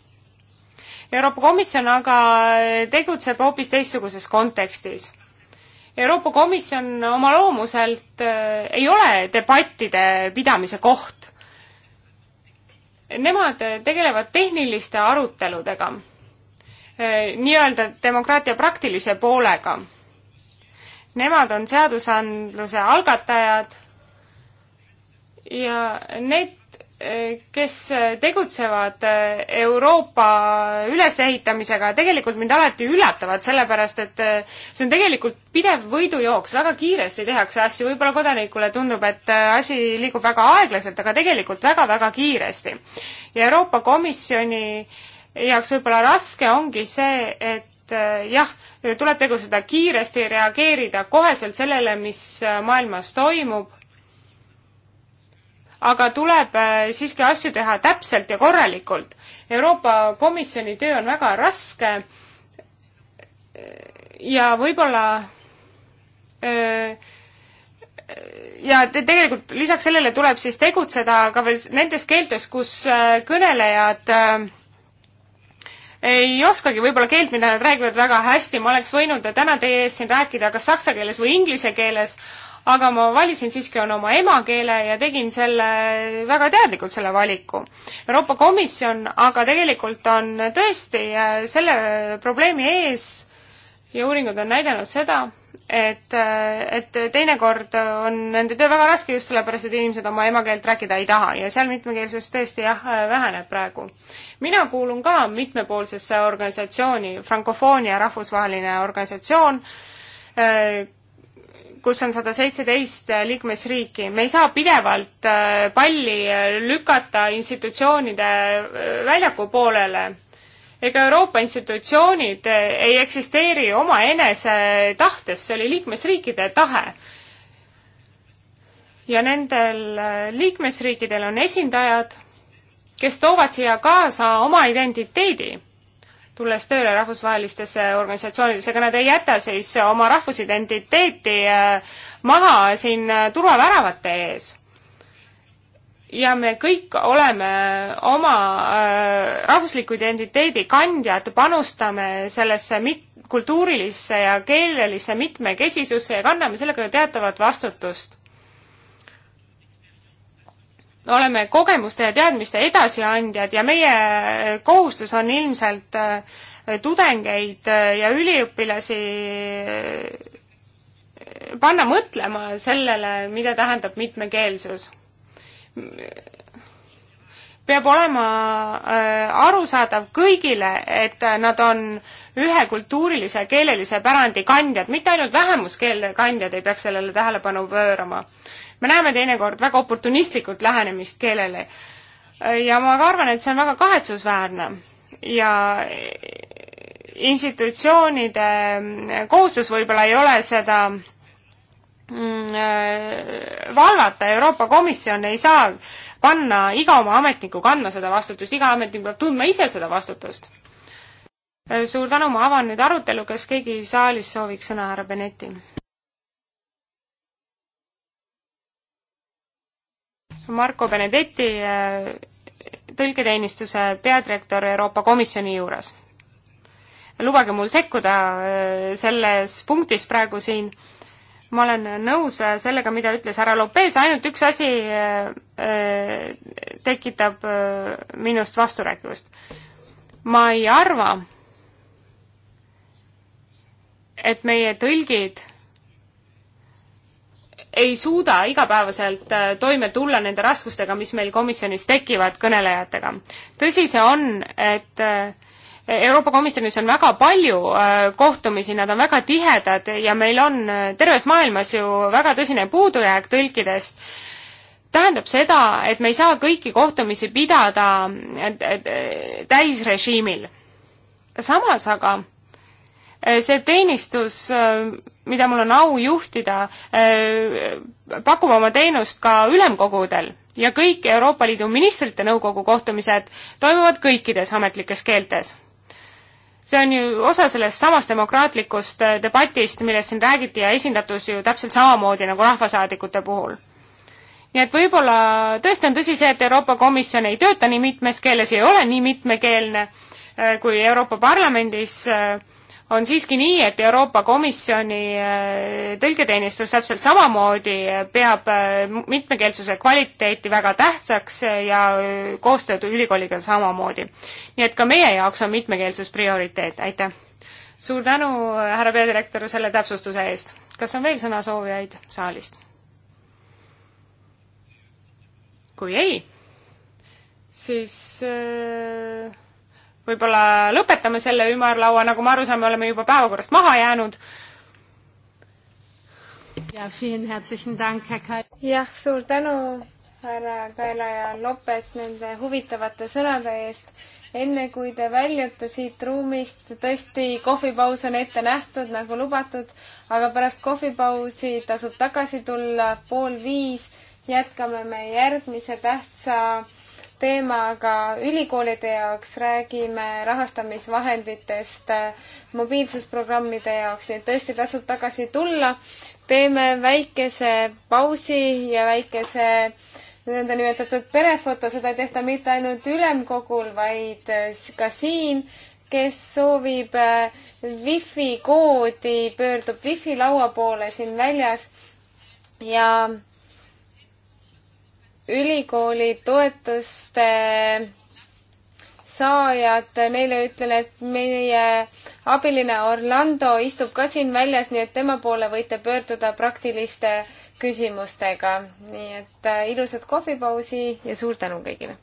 Euroopa Komisjon aga tegutseb hoopis teistsuguses kontekstis. Euroopa Komisjon oma loomuselt äh, ei ole debattide pidamise koht. Nemad tegelevad tehniliste aruteludega Eh, nii-öelda demokraatia praktilise poolega. Nemad on seadusandluse algatajad ja need, eh, kes tegutsevad eh, Euroopa ülesehitamisega, tegelikult mind alati üllatavad, sellepärast et see on tegelikult pidev võidujooks, väga kiiresti tehakse asju, võib-olla kodanikule tundub, et asi liigub väga aeglaselt, aga tegelikult väga-väga kiiresti. ja Euroopa Komisjoni äh, jaoks võib-olla raske ongi see, et eh, jah, tuleb tegutseda kiiresti, reageerida koheselt sellele, mis eh, maailmas toimub, aga tuleb eh, siiski asju teha täpselt ja korralikult. Euroopa Komisjoni töö on väga raske ja võib-olla ja te tegelikult lisaks sellele tuleb siis tegutseda ka veel nendes keeltes, kus kõnelejad äh, ei oskagi võib-olla keelt, mida nad räägivad väga hästi, ma oleks võinud täna teie ees siin rääkida kas saksa keeles või inglise keeles, aga ma valisin siiski on oma emakeele ja tegin selle väga teadlikult, selle valiku. Euroopa Komisjon aga tegelikult on tõesti äh, selle probleemi ees, ja uuringud on näidanud seda, et, et teinekord on nende töö väga raske just sellepärast, et inimesed oma emakeelt rääkida ei taha ja seal mitmekeelsus tõesti jah, väheneb praegu. mina kuulun ka mitmepoolsesse organisatsiooni, Frankofoonia rahvusvaheline organisatsioon, kus on sada seitseteist liikmesriiki. me ei saa pidevalt palli lükata institutsioonide väljaku poolele ega Euroopa institutsioonid eh, ei eksisteeri omaenese tahtes, see oli liikmesriikide tahe. ja nendel eh, liikmesriikidel on esindajad, kes toovad siia kaasa oma identiteedi, tulles tööle rahvusvahelistesse organisatsioonidesse, ega nad ei jäta siis oma rahvusidentiteeti eh, maha siin turvaväravate ees ja me kõik oleme oma äh, rahvusliku identiteedi kandjad, panustame sellesse mit-, kultuurilisse ja keelelisse mitmekesisusse ja kanname sellega teatavat vastutust. oleme kogemuste ja teadmiste edasiandjad ja meie kohustus on ilmselt äh, tudengeid äh, ja üliõpilasi äh, panna mõtlema sellele, mida tähendab mitmekeelsus peab olema äh, arusaadav kõigile, et äh, nad on ühe kultuurilise ja keelelise pärandi kandjad, mitte ainult vähemuskeelde kandjad ei peaks sellele tähelepanu pöörama. me näeme teinekord väga oportunistlikult lähenemist keelele äh, ja ma ka arvan, et see on väga kahetsusväärne ja institutsioonide kohustus võib-olla ei ole seda Mm, äh, valvata, Euroopa Komisjon ei saa panna iga oma ametniku kandma seda vastutust, iga ametnik peab tundma ise seda vastutust. Äh, suur tänu, ma avan nüüd arutelu, kas keegi saalis sooviks sõna, härra Benetti? Marko Benedetti, äh, tõlketeenistuse peadirektor Euroopa Komisjoni juures. lubage mul sekkuda selles punktis praegu siin ma olen nõus äh, sellega, mida ütles härra Lopez, ainult üks asi äh, äh, tekitab minust vasturääkivust. ma ei arva, et meie tõlgid ei suuda igapäevaselt toime tulla nende raskustega, mis meil komisjonis tekivad kõnelejatega. tõsi see on, et äh, Euroopa Komisjonis on väga palju äh, kohtumisi, nad on väga tihedad ja meil on äh, terves maailmas ju väga tõsine puudujääk tõlkidest tähendab seda, et me ei saa kõiki kohtumisi pidada äh, täisrežiimil. samas aga see teenistus, mida mul on au juhtida, pakub oma teenust ka ülemkogudel ja kõik Euroopa Liidu ministrite nõukogu kohtumised toimuvad kõikides ametlikes keeltes see on ju osa sellest samast demokraatlikust äh, debatist, millest siin räägiti ja esindatus ju täpselt samamoodi nagu rahvasaadikute puhul. nii et võib-olla tõesti on tõsi see, et Euroopa Komisjon ei tööta nii mitmes keeles, ei ole nii mitmekeelne äh, kui Euroopa Parlamendis äh, on siiski nii, et Euroopa Komisjoni äh, tõlketeenistus täpselt samamoodi äh, peab äh, mitmekeelsuse kvaliteeti väga tähtsaks ja koostööd ülikooliga samamoodi. nii et ka meie jaoks on mitmekeelsus prioriteet, aitäh! suur tänu, härra peadirektor, selle täpsustuse eest. kas on veel sõnasoovijaid saalist? kui ei, siis äh võib-olla lõpetame selle ümarlaua, nagu ma aru saan, me oleme juba päevakorrast maha jäänud. jah, suur tänu, härra Kaela ja Lopes nende huvitavate sõnade eest. enne kui te väljute siit ruumist, tõesti kohvipaus on ette nähtud nagu lubatud, aga pärast kohvipausi tasub tagasi tulla pool viis, jätkame me järgmise tähtsa teema, aga ülikoolide jaoks räägime rahastamisvahenditest äh, mobiilsusprogrammide jaoks, nii et tõesti tasub tagasi tulla. teeme väikese pausi ja väikese nõndanimetatud perefoto, seda ei tehta mitte ainult ülemkogul, vaid äh, ka siin, kes soovib äh, wifi koodi, pöördub wifi laua poole siin väljas ja ülikooli toetuste saajad, neile ütlen, et meie abiline Orlando istub ka siin väljas, nii et tema poole võite pöörduda praktiliste küsimustega. nii et äh, ilusat kohvipausi ja suur tänu kõigile!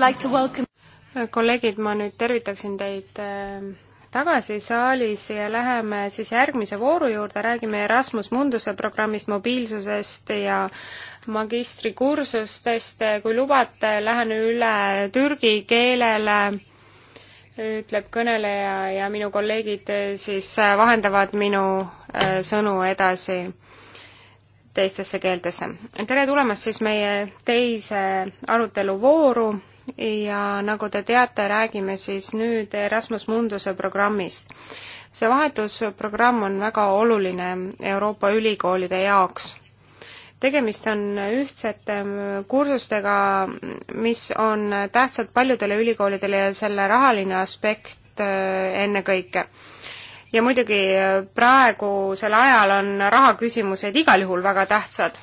Like welcome... kolleegid, ma nüüd tervitaksin teid äh, tagasi saalis ja läheme siis järgmise vooru juurde, räägime Erasmus Munduse programmist, mobiilsusest ja magistrikursustest. kui lubate, lähen üle türgi keelele, ütleb kõneleja ja minu kolleegid äh, siis äh, vahendavad minu sõnu edasi teistesse keeltesse. tere tulemast siis meie teise aruteluvooru ja nagu te teate, räägime siis nüüd Erasmus Munduse programmist. see vahetusprogramm on väga oluline Euroopa ülikoolide jaoks. tegemist on ühtsete kursustega, mis on tähtsad paljudele ülikoolidele ja selle rahaline aspekt äh, ennekõike ja muidugi äh, praegusel ajal on rahaküsimused igal juhul väga tähtsad.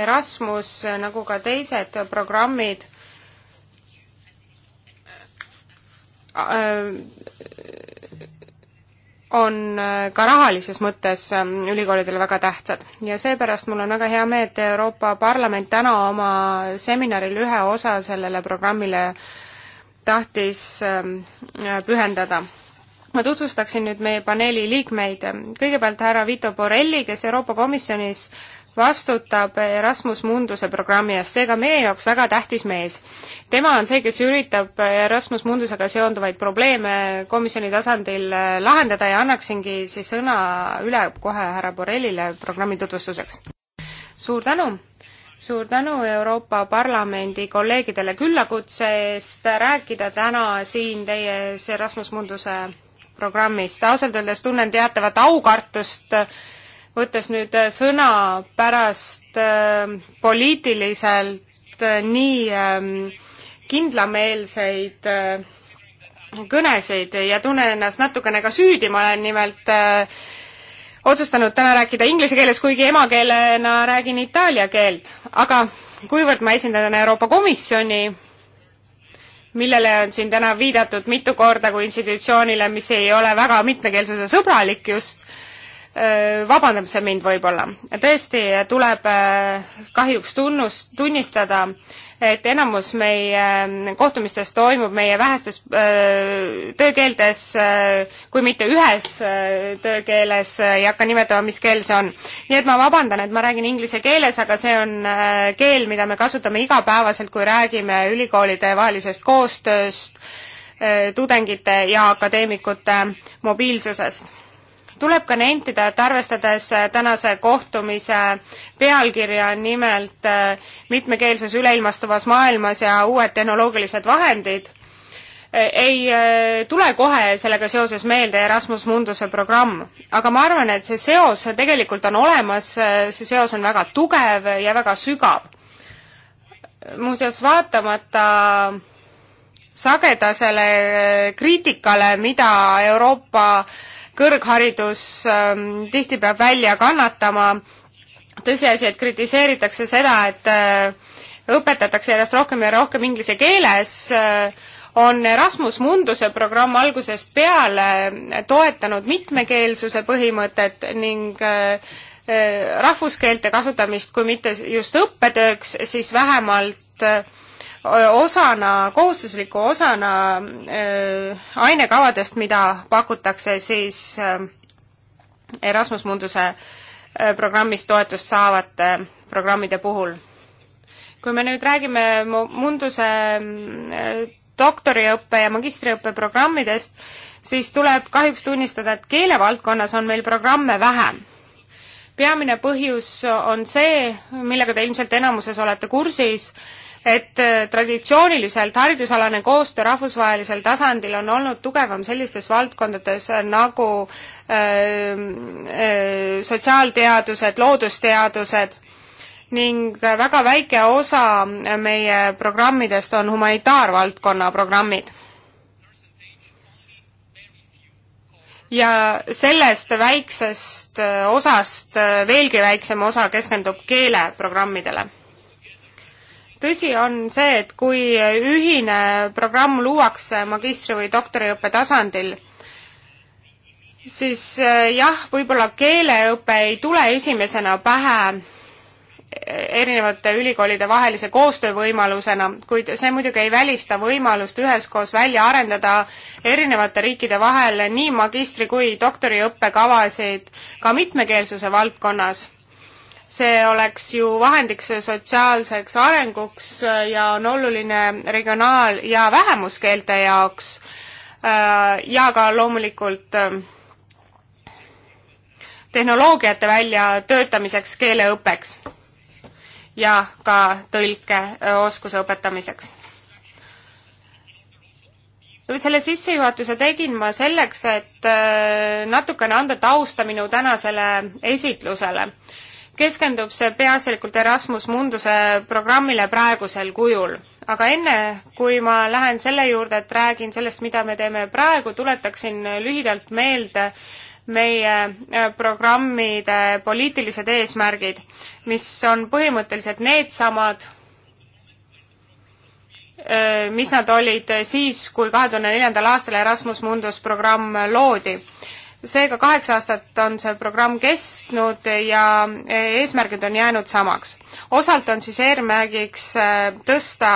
Erasmus, äh, nagu ka teised programmid, äh, on ka rahalises mõttes ähm, ülikoolidele väga tähtsad ja seepärast mul on väga hea meel, et Euroopa Parlament täna oma seminaril ühe osa sellele programmile tahtis ähm, pühendada ma tutvustaksin nüüd meie paneeli liikmeid. kõigepealt härra Vito Borelli, kes Euroopa Komisjonis vastutab Erasmus Munduse programmi eest, seega meie jaoks väga tähtis mees. tema on see, kes üritab Erasmus Mundusega seonduvaid probleeme komisjoni tasandil lahendada ja annaksingi siis sõna üle kohe härra Borellile programmi tutvustuseks. suur tänu! suur tänu Euroopa Parlamendi kolleegidele küllakutse eest rääkida täna siin teie ees Erasmus Munduse programmist. ausalt öeldes tunnen teatavat aukartust, võttes nüüd äh, sõna pärast äh, poliitiliselt äh, nii äh, kindlameelseid äh, kõnesid ja tunnen ennast natukene ka süüdi, ma olen nimelt äh, otsustanud täna rääkida inglise keeles, kuigi emakeelena räägin itaalia keelt, aga kuivõrd ma esindan Euroopa Komisjoni, millele on siin täna viidatud mitu korda kui institutsioonile, mis ei ole väga mitmekeelsuse sõbralik just, vabandab see mind võib-olla. tõesti, tuleb kahjuks tunnus, tunnistada, et enamus meie ähm, kohtumistest toimub meie vähestes äh, töökeeltes, äh, kui mitte ühes äh, töökeeles, ei hakka nimetama, mis keel see on. nii et ma vabandan, et ma räägin inglise keeles, aga see on keel, mida me kasutame igapäevaselt, kui räägime ülikoolide vahelisest koostööst, tudengite ja akadeemikute mobiilsusest tuleb ka nentida, et arvestades äh, tänase kohtumise pealkirja nimelt äh, mitmekeelsus üleilmastuvas maailmas ja uued tehnoloogilised vahendid, äh, ei tule kohe sellega seoses meelde Erasmus Munduse programm, aga ma arvan, et see seos tegelikult on olemas, see seos on väga tugev ja väga sügav. muuseas, vaatamata sagedasele kriitikale, mida Euroopa äh, kõrgharidus ähm, tihti peab välja kannatama. tõsiasi, et kritiseeritakse seda, et äh, õpetatakse järjest rohkem ja rohkem inglise keeles, äh, on Erasmus Munduse programm algusest peale toetanud mitmekeelsuse põhimõtet ning äh, rahvuskeelte kasutamist, kui mitte just õppetööks, siis vähemalt äh, osana, kohustusliku osana ainekavadest, mida pakutakse siis Erasmus Munduse programmis toetust saavate programmide puhul. kui me nüüd räägime Munduse doktoriõppe ja magistriõppe programmidest, siis tuleb kahjuks tunnistada, et keelevaldkonnas on meil programme vähem peamine põhjus on see, millega te ilmselt enamuses olete kursis, et äh, traditsiooniliselt haridusalane koostöö rahvusvahelisel tasandil on olnud tugevam sellistes valdkondades nagu äh, äh, sotsiaalteadused, loodusteadused ning väga väike osa meie programmidest on humanitaarvaldkonna programmid. ja sellest väiksest äh, osast äh, veelgi väiksem osa keskendub keeleprogrammidele tõsi on see, et kui ühine programm luuakse magistri- või doktoriõppe tasandil, siis eh, jah, võib-olla keeleõpe ei tule esimesena pähe eh, erinevate ülikoolide vahelise koostöövõimalusena, kuid see muidugi ei välista võimalust üheskoos välja arendada erinevate riikide vahel nii magistri- kui doktoriõppekavasid ka mitmekeelsuse valdkonnas see oleks ju vahendiks sotsiaalseks arenguks äh, ja on oluline regionaal- ja vähemuskeelte jaoks äh, ja ka loomulikult äh, tehnoloogiate väljatöötamiseks, keeleõppeks ja ka tõlkeoskuse õpetamiseks selle sissejuhatuse tegin ma selleks, et natukene anda tausta minu tänasele esitlusele keskendub see peaasjalikult Erasmus Munduse programmile praegusel kujul. aga enne, kui ma lähen selle juurde, et räägin sellest, mida me teeme praegu, tuletaksin lühidalt meelde meie äh, programmide poliitilised eesmärgid, mis on põhimõtteliselt needsamad, äh, mis nad olid siis, kui kahe tuhande neljandal aastal Erasmus Mundus programm loodi seega kaheksa aastat on see programm kestnud ja eesmärgid on jäänud samaks. osalt on siis eesmärgiks äh, tõsta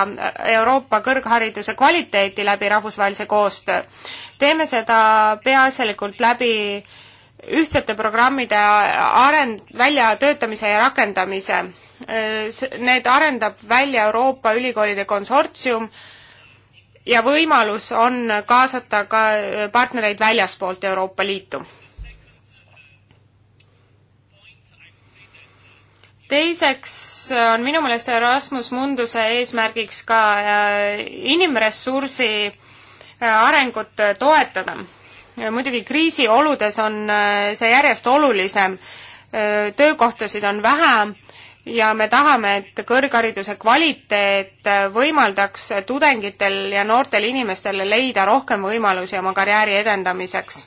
Euroopa kõrghariduse kvaliteeti läbi rahvusvahelise koostöö. teeme seda peaasjalikult läbi ühtsete programmide arend-, väljatöötamise ja rakendamise. Äh, need arendab välja Euroopa ülikoolide konsortsium, ja võimalus on kaasata ka partnereid väljaspoolt Euroopa Liitu. teiseks on minu meelest Erasmus Munduse eesmärgiks ka äh, inimressursi äh, arengut toetada. muidugi kriisioludes on äh, see järjest olulisem, töökohtasid on vähe ja me tahame, et kõrghariduse kvaliteet võimaldaks tudengitel ja noortel inimestel leida rohkem võimalusi oma karjääri edendamiseks.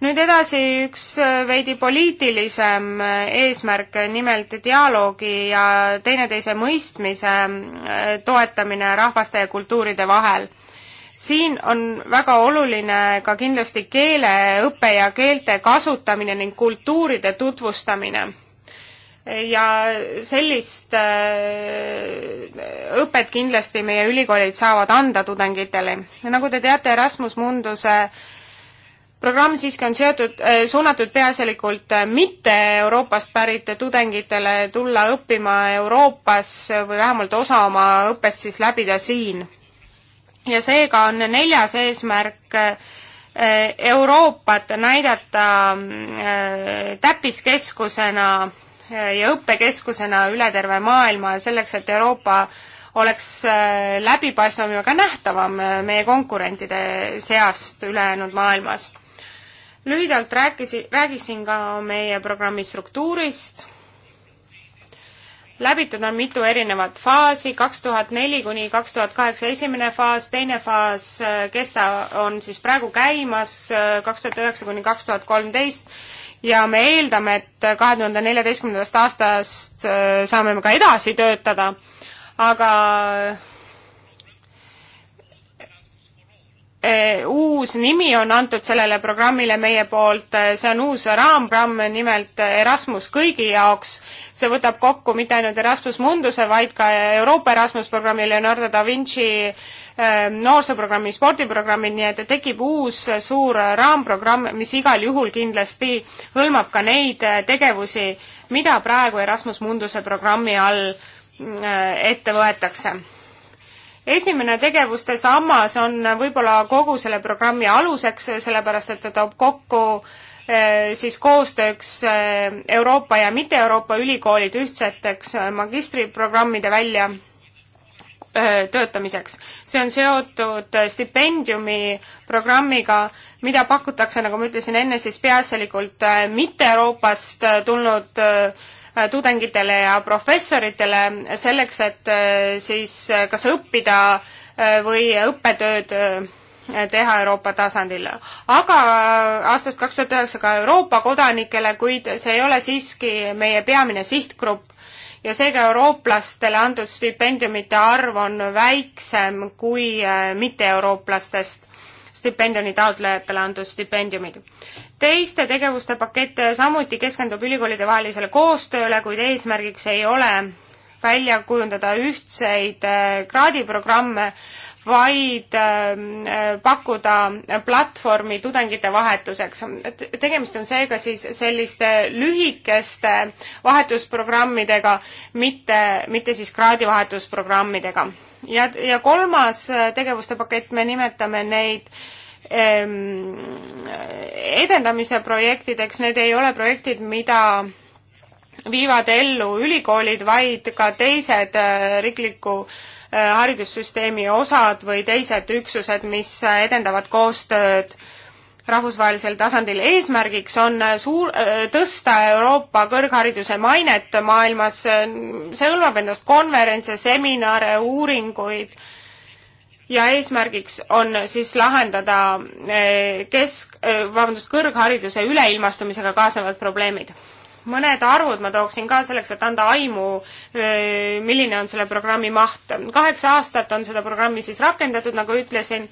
nüüd edasi üks veidi poliitilisem eesmärk, nimelt dialoogi ja teineteise mõistmise toetamine rahvaste ja kultuuride vahel siin on väga oluline ka kindlasti keeleõpe ja keelte kasutamine ning kultuuride tutvustamine ja sellist äh, õpet kindlasti meie ülikoolid saavad anda tudengitele. nagu te teate, Erasmus Munduse programm siiski on seotud, äh, suunatud peaasjalikult äh, mitte Euroopast pärit tudengitele tulla õppima Euroopas või vähemalt osa oma õppest siis läbida siin. ja seega on neljas eesmärk Euroopat näidata täppiskeskusena ja õppekeskusena üle terve maailma selleks, et Euroopa oleks äh, läbipaistvam ja ka nähtavam äh, meie konkurentide seast ülejäänud maailmas. lühidalt rääkisin, räägiksin ka meie programmi struktuurist. läbitud on mitu erinevat faasi, kaks tuhat neli kuni kaks tuhat kaheksa esimene faas, teine faas äh, kesta, on siis praegu käimas, kaks tuhat üheksa kuni kaks tuhat kolmteist ja me eeldame, et kahe tuhande neljateistkümnendast aastast äh, saame me ka edasi töötada, aga Eh, uus nimi on antud sellele programmile meie poolt, eh, see on uus raamprogramm, nimelt Erasmus kõigi jaoks. see võtab kokku mitte ainult Erasmus Munduse, vaid ka Euroopa Erasmus programmi, Leonardo da Vinci eh, noorsooprogrammi, spordiprogrammid, nii et tekib uus suur raamprogramm, mis igal juhul kindlasti hõlmab ka neid tegevusi, mida praegu Erasmus Munduse programmi all mm, ette võetakse esimene tegevuste sammas on võib-olla kogu selle programmi aluseks, sellepärast et ta toob kokku eh, siis koostööks eh, Euroopa ja mitte Euroopa ülikoolid ühtseteks eh, magistriprogrammide välja Äh, töötamiseks. see on seotud äh, stipendiumi programmiga, mida pakutakse, nagu ma ütlesin enne, siis peaasjalikult äh, mitte Euroopast tulnud tudengitele ja professoritele selleks, et siis kas õppida või õppetööd teha Euroopa tasandil. aga aastast kaks tuhat üheksa ka Euroopa kodanikele, kuid see ei ole siiski meie peamine sihtgrupp ja seega eurooplastele antud stipendiumite arv on väiksem kui äh, mitte-eurooplastest stipendiumi taotlejatele antud stipendiumid. teiste tegevuste pakett samuti keskendub ülikoolide vahelisele koostööle, kuid eesmärgiks ei ole välja kujundada ühtseid äh, kraadiprogramme, vaid ähm, äh, pakkuda platvormi tudengite vahetuseks. tegemist on seega siis selliste lühikeste vahetusprogrammidega, mitte, mitte siis kraadivahetusprogrammidega. ja, ja kolmas äh, tegevuste pakett, me nimetame neid ähm, edendamise projektideks, need ei ole projektid, mida viivad ellu ülikoolid, vaid ka teised äh, riikliku Äh, haridussüsteemi osad või teised üksused, mis edendavad koostööd rahvusvahelisel tasandil. eesmärgiks on äh, suur, äh, tõsta Euroopa kõrghariduse mainet maailmas, see hõlmab endast konverentse, seminare, uuringuid ja eesmärgiks on siis lahendada kesk, vabandust, kõrghariduse üleilmastumisega kaasnevad probleemid mõned arvud ma tooksin ka selleks, et anda aimu, milline on selle programmi maht. kaheksa aastat on seda programmi siis rakendatud, nagu ütlesin,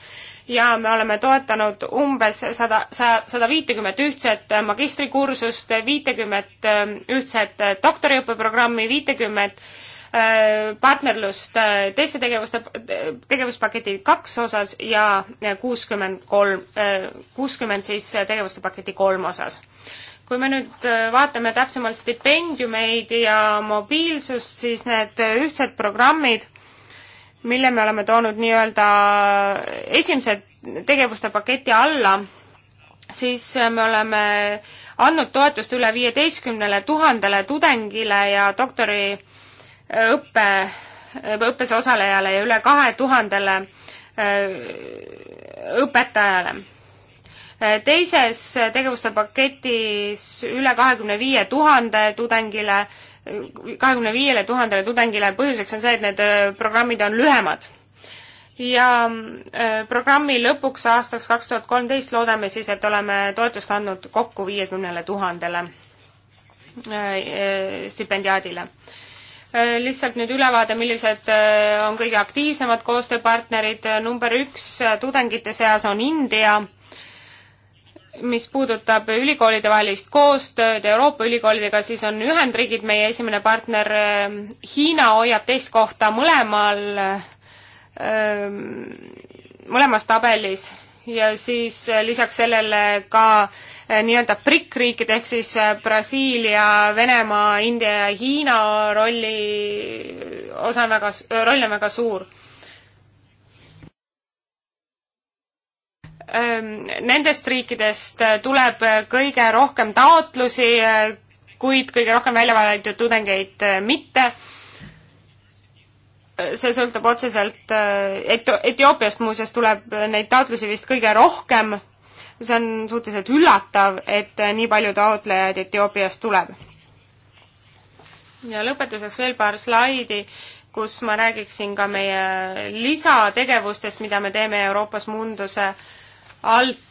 ja me oleme toetanud umbes sada, saja, sada viitekümmet ühtset magistrikursust, viitekümmet ühtset doktoriõppeprogrammi, viitekümmet partnerlust teiste tegevuste, tegevuspaketi kaks osas ja kuuskümmend kolm, kuuskümmend siis tegevuste paketi kolm osas kui me nüüd äh, vaatame täpsemalt stipendiumeid ja mobiilsust, siis need äh, ühtsed programmid, mille me oleme toonud nii-öelda äh, esimese tegevuste paketi alla, siis me oleme andnud toetust üle viieteistkümnele tuhandele tudengile ja doktoriõppe, õppes osalejale ja üle kahe tuhandele õpetajale teises tegevuste paketis üle kahekümne viie tuhande tudengile, kahekümne viiele tuhandele tudengile, põhjuseks on see, et need äh, programmid on lühemad. ja äh, programmi lõpuks aastaks kaks tuhat kolmteist loodame siis, et oleme toetust andnud kokku viiekümnele tuhandele äh, stipendiaadile lihtsalt nüüd ülevaade, millised on kõige aktiivsemad koostööpartnerid, number üks tudengite seas on India mis puudutab ülikoolide vahelist koostööd Euroopa ülikoolidega, siis on Ühendriigid meie esimene partner, ähm, Hiina hoiab teist kohta mõlemal, ähm, mõlemas tabelis ja siis äh, lisaks sellele ka äh, nii-öelda BRIC riikide ehk siis äh, Brasiilia, Venemaa, India ja Hiina rolli, osa on väga, roll on väga suur nendest riikidest äh, tuleb äh, kõige rohkem taotlusi, äh, kuid kõige rohkem välja valitud tudengeid mitte. see sõltub otseselt Et, Etioopiast muuseas tuleb neid taotlusi vist kõige rohkem. see on suhteliselt üllatav, et nii palju taotlejaid Etioopiast tuleb. ja lõpetuseks veel paar slaidi kus ma räägiksin ka meie lisategevustest, mida me teeme Euroopas Munduse äh, alt.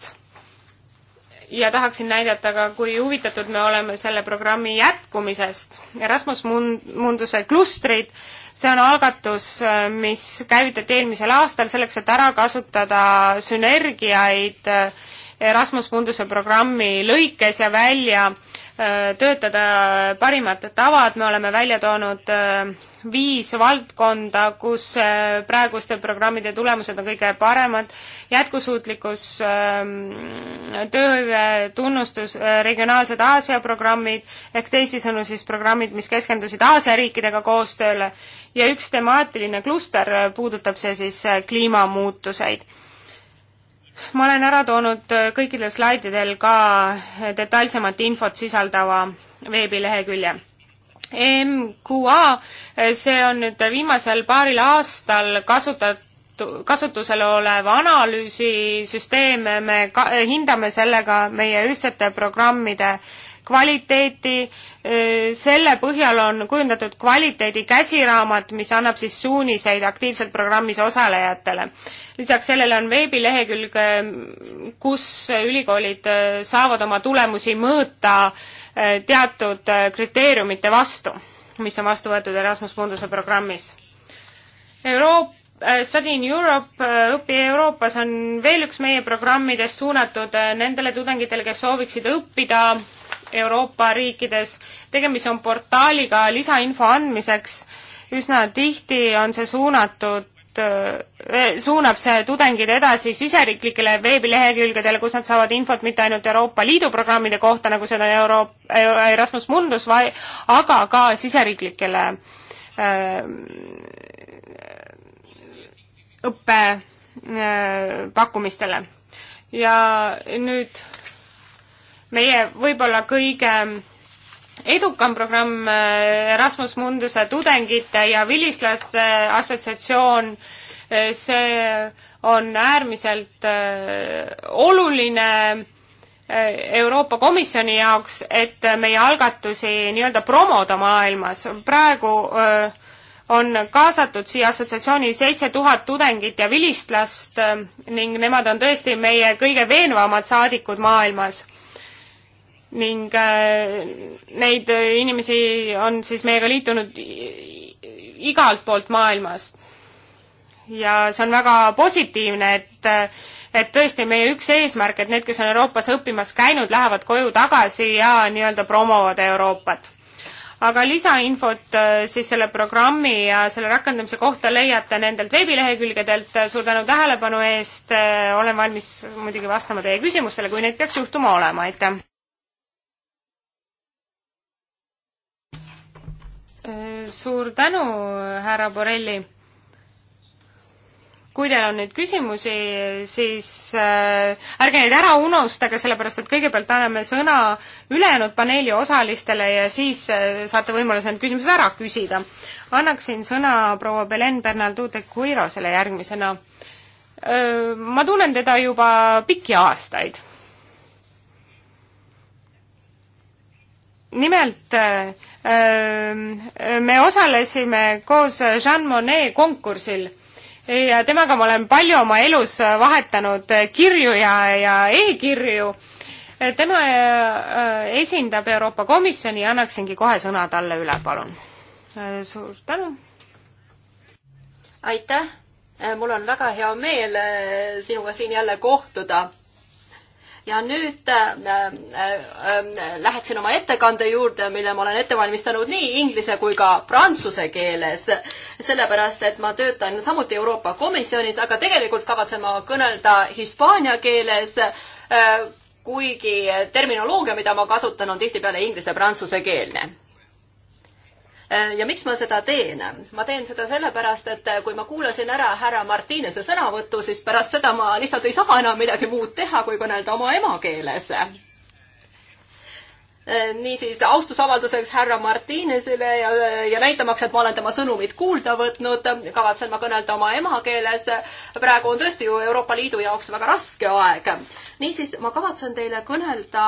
ja tahaksin näidata ka, kui huvitatud me oleme selle programmi jätkumisest. Erasmus Munduse klustrid, see on algatus, mis käivitati eelmisel aastal selleks, et ära kasutada sünergiaid Erasmus Munduse programmi lõikes ja välja äh, Äh, töötada parimad tavad, me oleme välja toonud äh, viis valdkonda, kus äh, praeguste programmide tulemused on kõige paremad, jätkusuutlikkus, ähm, tööhõive, tunnustus, regionaalsed Aasia programmid, ehk teisisõnu siis programmid, mis keskendusid Aasia riikidega koostööle ja üks temaatiline kluster puudutab see siis kliimamuutuseid ma olen ära toonud äh, kõikidel slaididel ka detailsemat infot sisaldava veebilehekülje. MQA, äh, see on nüüd viimasel paaril aastal kasutatud kasutusel olev analüüsisüsteem, me ka, hindame sellega meie ühtsete programmide kvaliteeti, selle põhjal on kujundatud kvaliteedi käsiraamat, mis annab siis suuniseid aktiivselt programmis osalejatele. lisaks sellele on veebilehekülg, kus ülikoolid saavad oma tulemusi mõõta teatud kriteeriumite vastu, mis on vastu võetud Erasmus Munduse programmis. Euroopa äh, Study in Europe, äh, õpi Euroopas on veel üks meie programmidest suunatud äh, nendele tudengitele, kes sooviksid õppida Euroopa riikides. tegemist on portaaliga lisainfo andmiseks. üsna tihti on see suunatud suunab see tudengid edasi siseriiklikele veebilehekülgedele, kus nad saavad infot mitte ainult Euroopa Liidu programmide kohta, nagu seda on Euro-, Erasmus Mundus, aga ka siseriiklikele õppepakkumistele. ja nüüd meie võib-olla kõige edukam programm äh, Erasmus Munduse tudengite ja vilistlaste äh, assotsiatsioon, äh, see on äärmiselt oluline Euroopa Komisjoni jaoks, et meie algatusi nii-öelda promoda maailmas. praegu on kaasatud siia assotsiatsiooni seitse tuhat tudengit ja vilistlast ning nemad on tõesti meie kõige veenvamad saadikud maailmas ning äh, neid inimesi on siis meiega liitunud igalt poolt maailmast. ja see on väga positiivne, et, et tõesti meie üks eesmärk, et need, kes on Euroopas õppimas käinud, lähevad koju tagasi ja nii-öelda promovad Euroopat. aga lisainfot äh, siis selle programmi ja selle rakendamise kohta leiate nendelt veebilehekülgedelt. suur tänu tähelepanu eest, äh, olen valmis muidugi vastama teie küsimustele, kui neid peaks juhtuma olema, aitäh! suur tänu, härra Borrelli. kui teil on nüüd küsimusi, siis äh, ärge neid ära unustage, sellepärast et kõigepealt anname sõna ülejäänud paneeli osalistele ja siis äh, saate võimaluse need küsimused ära küsida. annaksin sõna proua Belen Bernaldute Cuirosele järgmisena äh,. ma tunnen teda juba pikki aastaid. nimelt äh, Ehm, me osalesime koos Jean Monnet konkursil ja temaga ma olen palju oma elus vahetanud kirju ja, ja e-kirju. tema äh, esindab Euroopa Komisjoni ja annaksingi kohe sõna talle üle, palun. Äh, suur tänu. aitäh, äh, mul on väga hea meel sinuga siin jälle kohtuda ja nüüd äh, äh, äh, läheksin oma ettekande juurde, mille ma olen ette valmistanud nii inglise kui ka prantsuse keeles, sellepärast et ma töötan samuti Euroopa Komisjonis, aga tegelikult kavatsen ma kõnelda hispaania keeles äh,, kuigi terminoloogia, mida ma kasutan, on tihtipeale inglise-prantsuse keelne Äh, ja miks ma seda teen? ma teen seda sellepärast, et äh, kui ma kuulasin ära härra Martinese sõnavõtu, siis pärast seda ma lihtsalt ei saa enam midagi muud teha, kui kõnelda oma emakeeles. Äh, niisiis austusavalduseks härra Martinesile ja, ja näitamaks, et ma olen tema sõnumit kuulda võtnud, kavatsen ma kõnelda oma emakeeles. praegu on tõesti ju Euroopa Liidu jaoks väga raske aeg. niisiis, ma kavatsen teile kõnelda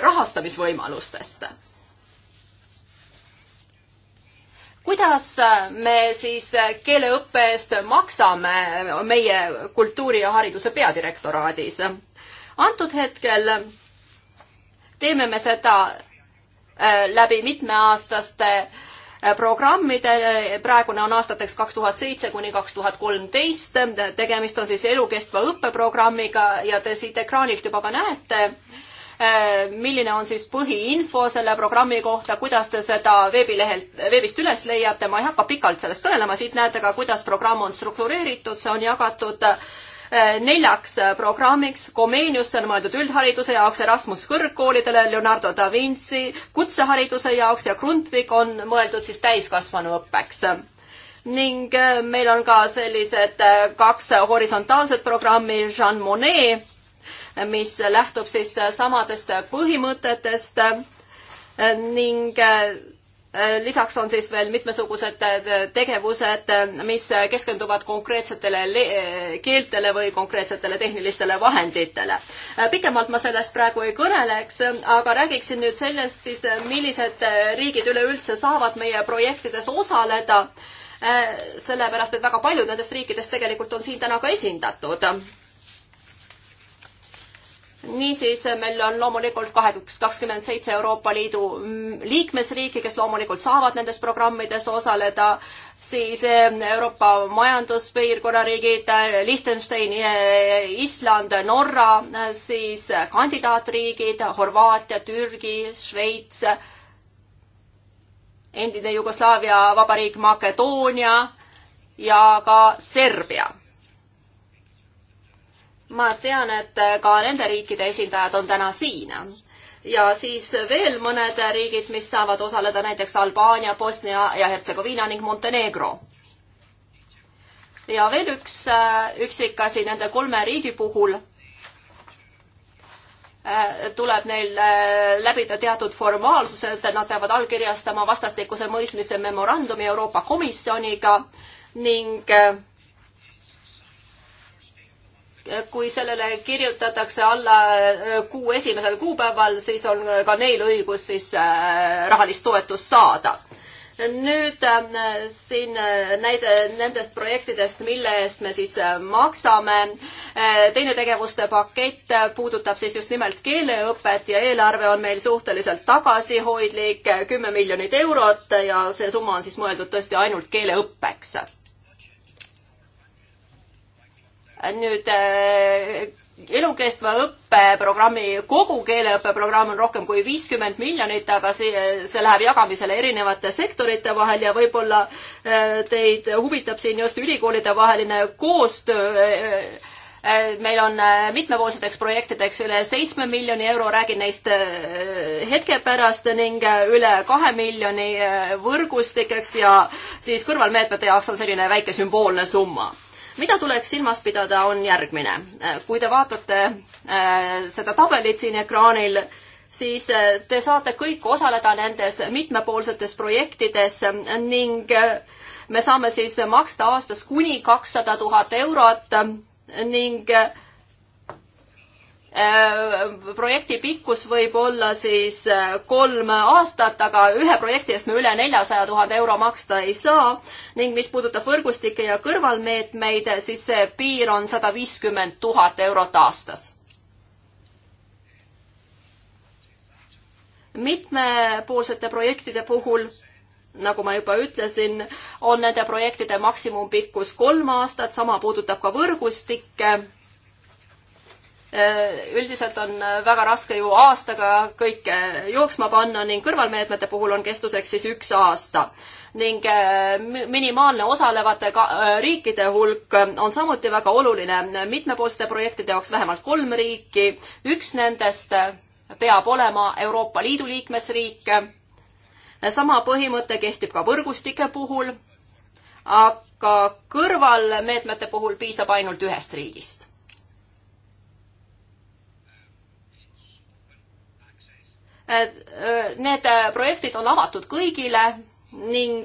rahastamisvõimalustest kuidas äh, me siis äh, keeleõppe eest maksame meie kultuuri ja hariduse peadirektoraadis? antud hetkel teeme me seda äh, läbi mitmeaastaste programmide, praegune on aastateks kaks tuhat seitse kuni kaks tuhat kolmteist, tegemist on siis elukestva õppeprogrammiga ja te siit ekraanilt juba ka näete, Äh, milline on siis põhiinfo selle programmi kohta, kuidas te seda veebilehelt, veebist üles leiate, ma ei hakka pikalt sellest kõnelema, siit näete ka, kuidas programm on struktureeritud, see on jagatud äh, neljaks programmiks, Comenius on mõeldud üldhariduse jaoks, Erasmus kõrgkoolidele, Leonardo da Vinci kutsehariduse jaoks ja Grundtvig on mõeldud siis täiskasvanu õppeks ning äh, meil on ka sellised kaks horisontaalset programmi, Jean Monnet mis lähtub siis samadest põhimõtetest ning eh, lisaks on siis veel mitmesugused eh, tegevused, eh, mis keskenduvad konkreetsetele keeltele või konkreetsetele tehnilistele vahenditele. pikemalt ma sellest praegu ei kõneleks, aga räägiksin nüüd sellest siis, millised riigid üleüldse saavad meie projektides osaleda, sellepärast et väga paljud nendest riikidest tegelikult on siin täna ka esindatud niisiis, meil on loomulikult kahekümne, kakskümmend seitse Euroopa Liidu mm, liikmesriiki, kes loomulikult saavad nendes programmides osaleda, siis eh, Euroopa Majanduspiirkonna riigid, eh, Liechtenstein, eh, Island, Norra, siis kandidaatriigid, Horvaatia, Türgi, Šveits, endine Jugoslaavia vabariik Makedoonia ja ka Serbia ma tean, et äh, ka nende riikide esindajad on täna siin. ja siis veel mõned riigid, mis saavad osaleda, näiteks Albaania, Bosnia ja Hertsegoviina ning Montenegro. ja veel üks äh, üksikasi nende kolme riigi puhul äh, tuleb neil läbida teatud formaalsused, nad peavad allkirjastama vastastikuse mõistmise memorandumi Euroopa Komisjoniga ning kui sellele kirjutatakse alla äh, kuu esimesel kuupäeval, siis on ka neil õigus siis äh, rahalist toetust saada. nüüd äh, siin näide nendest projektidest, mille eest me siis maksame. teine tegevuste pakett puudutab siis just nimelt keeleõpet ja eelarve on meil suhteliselt tagasihoidlik, kümme miljonit eurot ja see summa on siis mõeldud tõesti ainult keeleõppeks nüüd äh, elukestva õppeprogrammi, kogu keeleõppeprogramm on rohkem kui viiskümmend miljonit, aga see, see läheb jagamisele erinevate sektorite vahel ja võib-olla äh, teid huvitab siin just ülikoolide vaheline koostöö. Äh, meil on mitmepoolseteks projektideks üle seitsme miljoni euro, räägin neist hetke pärast ning üle kahe miljoni võrgustikeks ja siis kõrvalmeetmete jaoks on selline väike sümboolne summa mida tuleks silmas pidada, on järgmine. Äh, kui te vaatate äh, seda tabelit siin ekraanil, siis äh, te saate kõik osaleda nendes mitmepoolsetes projektides ning me saame siis maksta aastas kuni kakssada tuhat eurot ning Äh, projekti pikkus võib olla siis äh, kolm aastat, aga ühe projekti eest me üle neljasaja tuhande euro maksta ei saa ning mis puudutab võrgustikke ja kõrvalmeetmeid, siis see piir on sada viiskümmend tuhat eurot aastas. mitmepoolsete projektide puhul nagu ma juba ütlesin, on nende projektide maksimumpikkus kolm aastat, sama puudutab ka võrgustikke Äh, üldiselt on äh, väga raske ju aastaga kõike jooksma panna ning kõrvalmeetmete puhul on kestuseks siis üks aasta. ning äh, minimaalne osalevate riikide hulk on samuti väga oluline mitmepoolsete projektide jaoks vähemalt kolm riiki. üks nendest peab olema Euroopa Liidu liikmesriik. sama põhimõte kehtib ka võrgustike puhul, aga kõrvalmeetmete puhul piisab ainult ühest riigist Äh, äh, need äh, projektid on avatud kõigile ning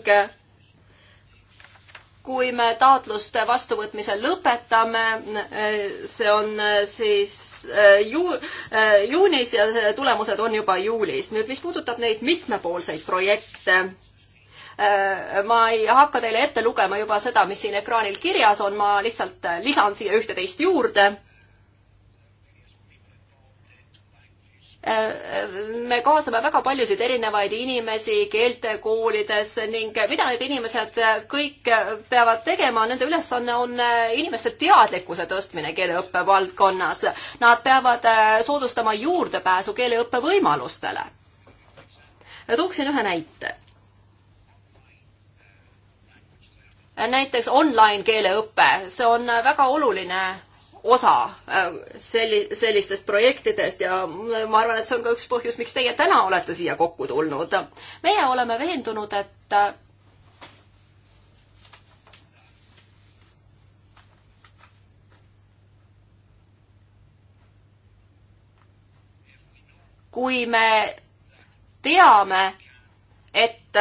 kui me taotluste vastuvõtmise lõpetame, see on siis ju-, juunis ja tulemused on juba juulis. nüüd, mis puudutab neid mitmepoolseid projekte, ma ei hakka teile ette lugema juba seda, mis siin ekraanil kirjas on, ma lihtsalt lisan siia ühte-teist juurde me kaasame väga paljusid erinevaid inimesi keeltekoolides ning mida need inimesed kõik peavad tegema, nende ülesanne on inimeste teadlikkuse tõstmine keeleõppe valdkonnas. Nad peavad soodustama juurdepääsu keeleõppe võimalustele. tooksin ühe näite. näiteks online keeleõpe, see on väga oluline osa äh, selli-, sellistest projektidest ja ma arvan, et see on ka üks põhjus, miks teie täna olete siia kokku tulnud. meie oleme veendunud, et kui me teame, et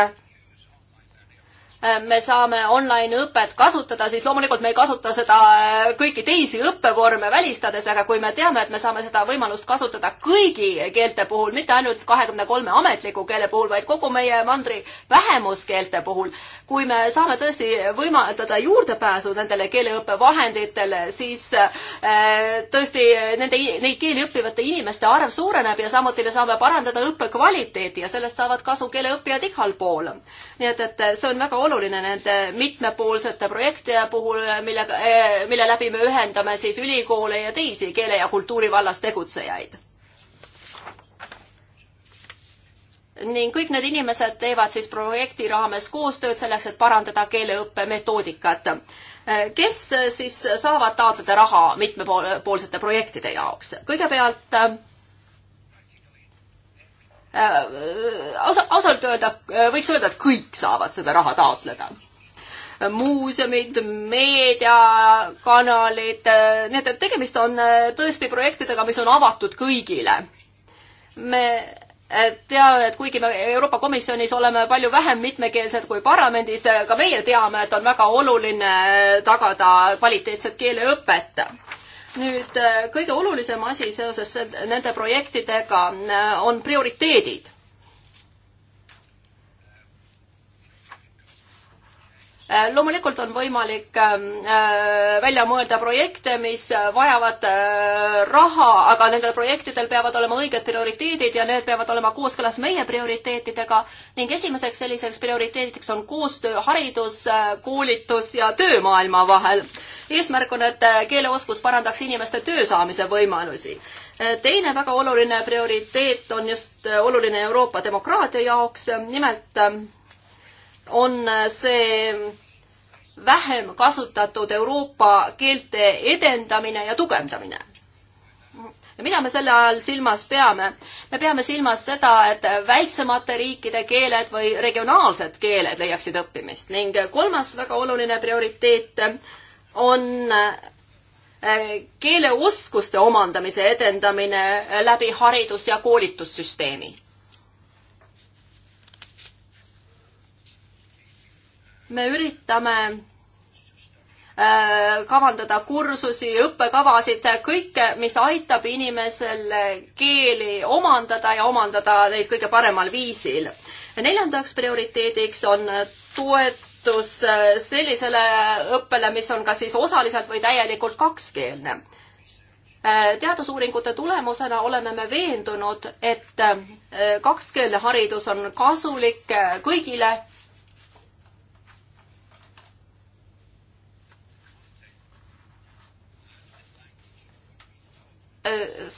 Äh, me saame online-õpet kasutada, siis loomulikult me ei kasuta seda äh, kõiki teisi õppevorme välistades, aga kui me teame, et me saame seda võimalust kasutada kõigi keelte puhul, mitte ainult kahekümne kolme ametliku keele puhul, vaid kogu meie mandri vähemuskeelte puhul, kui me saame tõesti võimaldada juurdepääsu nendele keeleõppevahenditele, siis äh, tõesti nende, neid keeli õppivate inimeste arv suureneb ja samuti me saame parandada õppe kvaliteeti ja sellest saavad kasu keeleõppijad igal pool. nii et, et see on väga oluline oluline nende mitmepoolsete projektide puhul, millega, mille läbi me ühendame siis ülikoole ja teisi keele ja kultuuri vallas tegutsejaid. ning kõik need inimesed teevad siis projekti raames koostööd selleks, et parandada keeleõppe metoodikat. kes siis saavad taotleda raha mitmepoolsete projektide jaoks? kõigepealt Äh, osa, osalt öelda, äh, võiks öelda, et kõik saavad seda raha taotleda. muuseumid, meediakanalid, äh, nii et, et tegemist on tõesti projektidega, mis on avatud kõigile. me teame, et kuigi me Euroopa Komisjonis oleme palju vähem mitmekeelsed kui parlamendis, ka meie teame, et on väga oluline tagada kvaliteetset keeleõpet nüüd äh, kõige olulisem asi seoses nende projektidega äh, on prioriteedid Äh, loomulikult on võimalik ähm, äh, välja mõelda projekte, mis vajavad äh, raha, aga nendel projektidel peavad olema õiged prioriteedid ja need peavad olema kooskõlas meie prioriteetidega ning esimeseks selliseks prioriteediks on koostöö haridus, koolitus ja töömaailma vahel. eesmärk on, et keeleoskus parandaks inimeste töösaamise võimalusi. teine väga oluline prioriteet on just oluline Euroopa demokraatia jaoks, nimelt ähm, on äh, see vähem kasutatud Euroopa keelte edendamine ja tugevdamine. ja mida me selle all silmas peame? me peame silmas seda, et väiksemate riikide keeled või regionaalsed keeled leiaksid õppimist ning kolmas väga oluline prioriteet on äh, keeleoskuste omandamise edendamine läbi haridus- ja koolitussüsteemi me üritame äh, kavandada kursusi, õppekavasid, kõike, mis aitab inimesel keeli omandada ja omandada neid kõige paremal viisil. neljandaks prioriteediks on toetus äh, sellisele õppele, mis on kas siis osaliselt või täielikult kakskeelne. Äh, teadusuuringute tulemusena oleme me veendunud, et kakskeelne haridus on kasulik kõigile Äh,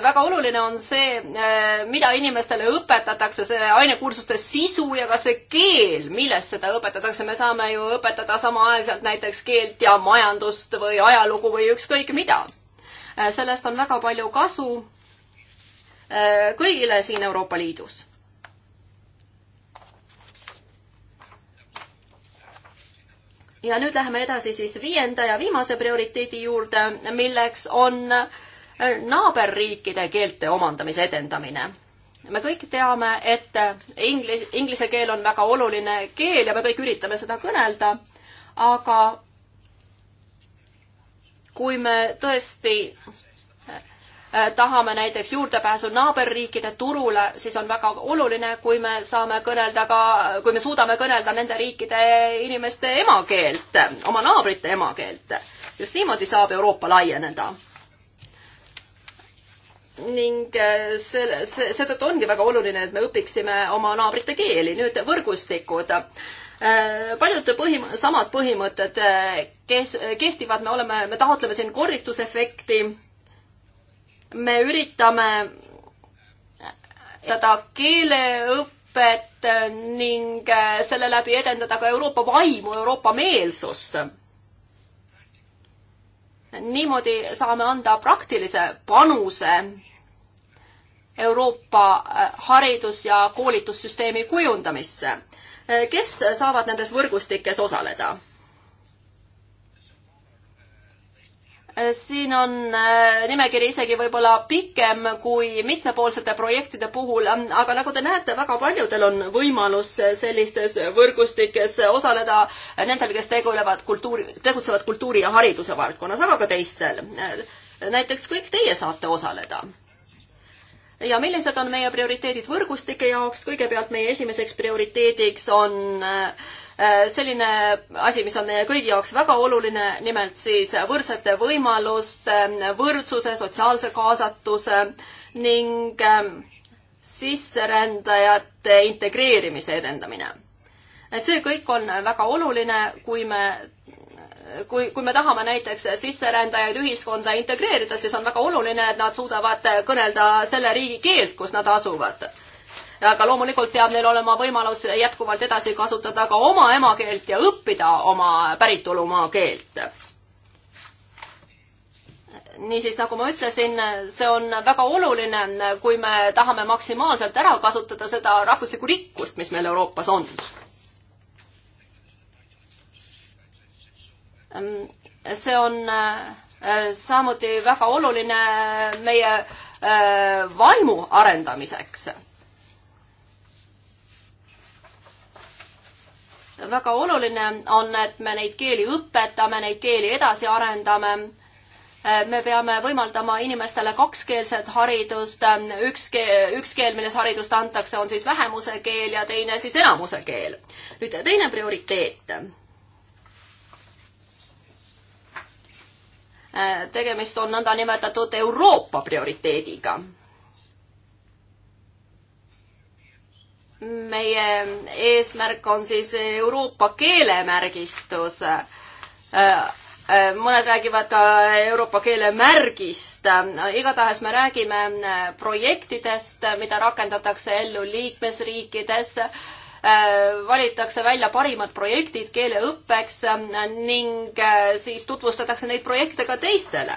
väga oluline on see, äh, mida inimestele õpetatakse, see ainekursuste sisu ja ka see keel, millest seda õpetatakse, me saame ju õpetada samaaegselt näiteks keelt ja majandust või ajalugu või ükskõik mida. Äh, sellest on väga palju kasu kõigile siin Euroopa Liidus. ja nüüd läheme edasi siis viienda ja viimase prioriteedi juurde, milleks on äh, Äh, naaberriikide keelte omandamise edendamine. me kõik teame, et inglis, inglise keel on väga oluline keel ja me kõik üritame seda kõnelda, aga kui me tõesti äh, tahame näiteks juurdepääsu naaberriikide turule, siis on väga oluline, kui me saame kõnelda ka, kui me suudame kõnelda nende riikide inimeste emakeelt, oma naabrite emakeelt. just niimoodi saab Euroopa laieneda ning äh, selle, see, seetõttu ongi väga oluline, et me õpiksime oma naabrite keeli. nüüd võrgustikud äh, paljud põhim-, samad põhimõtted äh, kes-, kehtivad, me oleme, me taotleme siin koristusefekti, me üritame seda keeleõpet ning selle läbi edendada ka Euroopa vaimu, Euroopa meelsust niimoodi saame anda praktilise panuse Euroopa äh, haridus- ja koolitussüsteemi kujundamisse. Äh, kes saavad nendes võrgustikes osaleda? Äh, siin on äh, nimekiri isegi võib-olla pikem kui mitmepoolsete projektide puhul, ähm, aga nagu te näete, väga paljudel on võimalus äh, sellistes võrgustikes osaleda, nendel, kes tegulevad kultuuri, tegutsevad kultuuri ja hariduse valdkonnas, aga ka teistel. näiteks kõik teie saate osaleda ja millised on meie prioriteedid võrgustike jaoks, kõigepealt meie esimeseks prioriteediks on äh, Äh, selline asi, mis on meie kõigi jaoks väga oluline, nimelt siis võrdsete võimaluste, ähm, võrdsuse, sotsiaalse kaasatuse ning ähm, sisserändajate integreerimise edendamine. see kõik on väga oluline, kui me kui, kui me tahame näiteks sisserändajaid ühiskonda integreerida, siis on väga oluline, et nad suudavad kõnelda selle riigi keelt, kus nad asuvad aga loomulikult peab neil olema võimalus jätkuvalt edasi kasutada ka oma emakeelt ja õppida oma päritolumaa keelt. niisiis, nagu ma ütlesin, see on väga oluline, kui me tahame maksimaalselt ära kasutada seda rahvuslikku rikkust, mis meil Euroopas on see on äh, samuti väga oluline meie äh, vaimu arendamiseks. väga oluline on, et me neid keeli õpetame, neid keeli edasi arendame. me peame võimaldama inimestele kakskeelset haridust, üks keel, üks keel, milles haridust antakse, on siis vähemuse keel ja teine siis enamuse keel. nüüd teine prioriteet. tegemist on nõndanimetatud Euroopa prioriteediga meie eesmärk on siis Euroopa keelemärgistus. Äh, äh, mõned räägivad ka Euroopa keelemärgist. igatahes me räägime äh, projektidest, mida rakendatakse ellu liikmesriikides. valitakse välja parimad projektid keeleõppeks ning siis tutvustatakse neid projekte ka teistele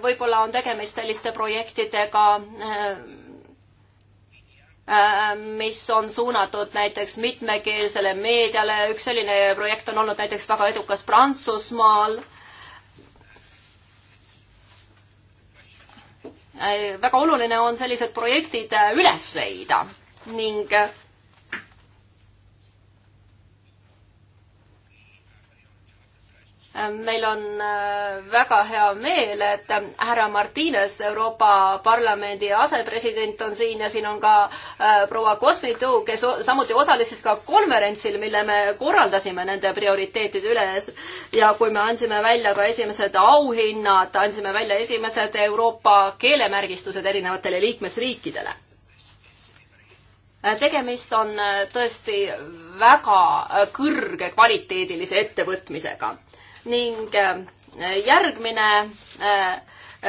võib-olla on tegemist selliste projektidega, Äh, mis on suunatud näiteks mitmekeelsele meediale, üks selline projekt on olnud näiteks väga edukas Prantsusmaal. Äh, väga oluline on sellised projektid äh, üles leida ning meil on äh, väga hea meel, et härra Martines, Euroopa Parlamendi asepresident on siin ja siin on ka äh, proua Kosmitu, kes samuti osalesid ka konverentsil, mille me korraldasime nende prioriteetide üles. ja kui me andsime välja ka esimesed auhinnad, andsime välja esimesed Euroopa keelemärgistused erinevatele liikmesriikidele äh, tegemist on tõesti väga kõrge kvaliteedilise ettevõtmisega ning äh, järgmine äh,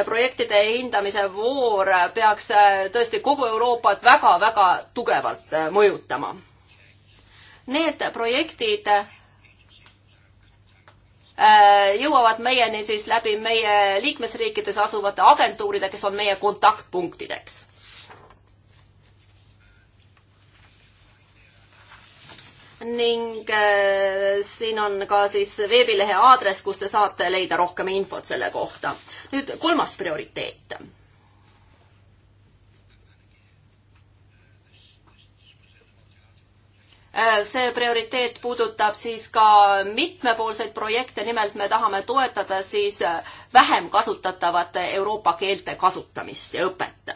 projektide hindamise voor peaks äh, tõesti kogu Euroopat väga-väga tugevalt mõjutama. Need projektid jõuavad meieni siis läbi meie liikmesriikides asuvate agentuuride, kes on meie kontaktpunktideks ning äh, siin on ka siis veebilehe aadress, kus te saate leida rohkem infot selle kohta. nüüd kolmas prioriteet äh, see prioriteet puudutab siis ka mitmepoolseid projekte, nimelt me tahame toetada siis äh, vähem kasutatavate Euroopa keelte kasutamist ja õpet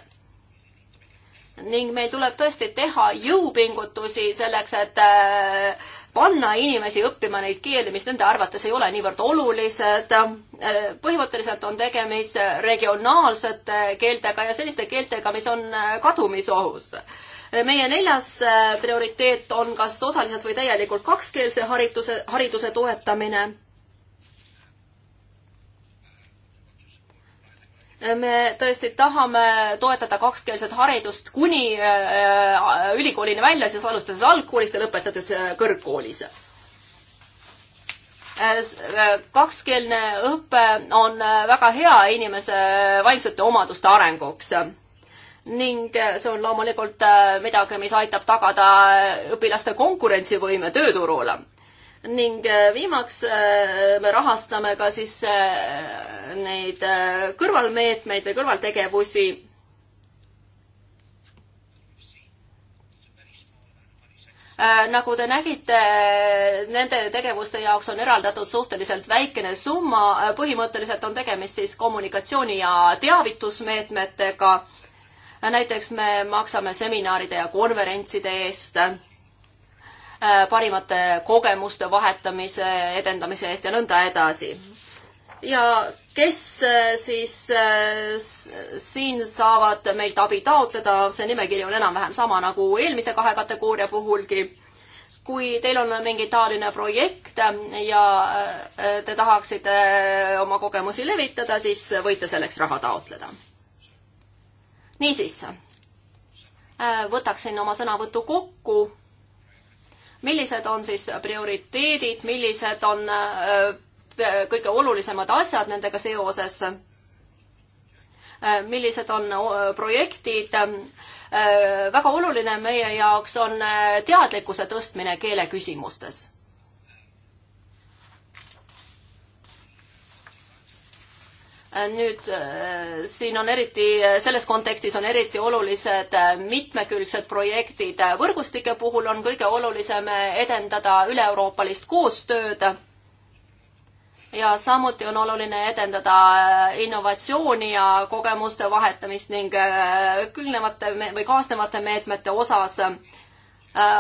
ning meil tuleb tõesti teha jõupingutusi selleks, et äh, panna inimesi õppima neid keeli, mis nende arvates ei ole niivõrd olulised. Äh, põhimõtteliselt on tegemist regionaalsete keeltega ja selliste keeltega, mis on äh, kadumisohus. meie neljas prioriteet on kas osaliselt või täielikult kakskeelse hariduse, hariduse toetamine me tõesti tahame toetada kakskeelset haridust kuni äh, ülikoolini välja, siis alustades algkoolist ja lõpetades äh, kõrgkoolis. Äh, kakskeelne õpe on väga hea inimese vaimsete omaduste arenguks ning see on loomulikult midagi, mis aitab tagada õpilaste konkurentsivõime tööturul ning äh, viimaks äh, me rahastame ka siis äh, neid kõrvalmeetmeid või kõrvaltegevusi. nagu te nägite, nende tegevuste jaoks on eraldatud suhteliselt väikene summa, põhimõtteliselt on tegemist siis kommunikatsiooni ja teavitusmeetmetega. näiteks me maksame seminaride ja konverentside eest Äh, parimate kogemuste vahetamise, edendamise eest ja nõnda edasi. ja kes äh, siis äh, siin saavad meilt abi taotleda, see nimekiri on enam-vähem sama nagu eelmise kahe kategooria puhulgi kui teil on mingi taoline projekt ja te tahaksite oma kogemusi levitada, siis võite selleks raha taotleda. niisiis, võtaksin oma sõnavõtu kokku millised on siis prioriteedid, millised on äh, äh, kõige olulisemad asjad nendega seoses, äh, millised on projektid. väga oluline meie jaoks on teadlikkuse tõstmine keele küsimustes nüüd äh, siin on eriti, selles kontekstis on eriti olulised äh, mitmekülgsed projektid. võrgustike puhul on kõige olulisem edendada üle-euroopalist koostööd ja samuti on oluline edendada äh, innovatsiooni ja kogemuste vahetamist ning külgnevate või kaasnevate meetmete osas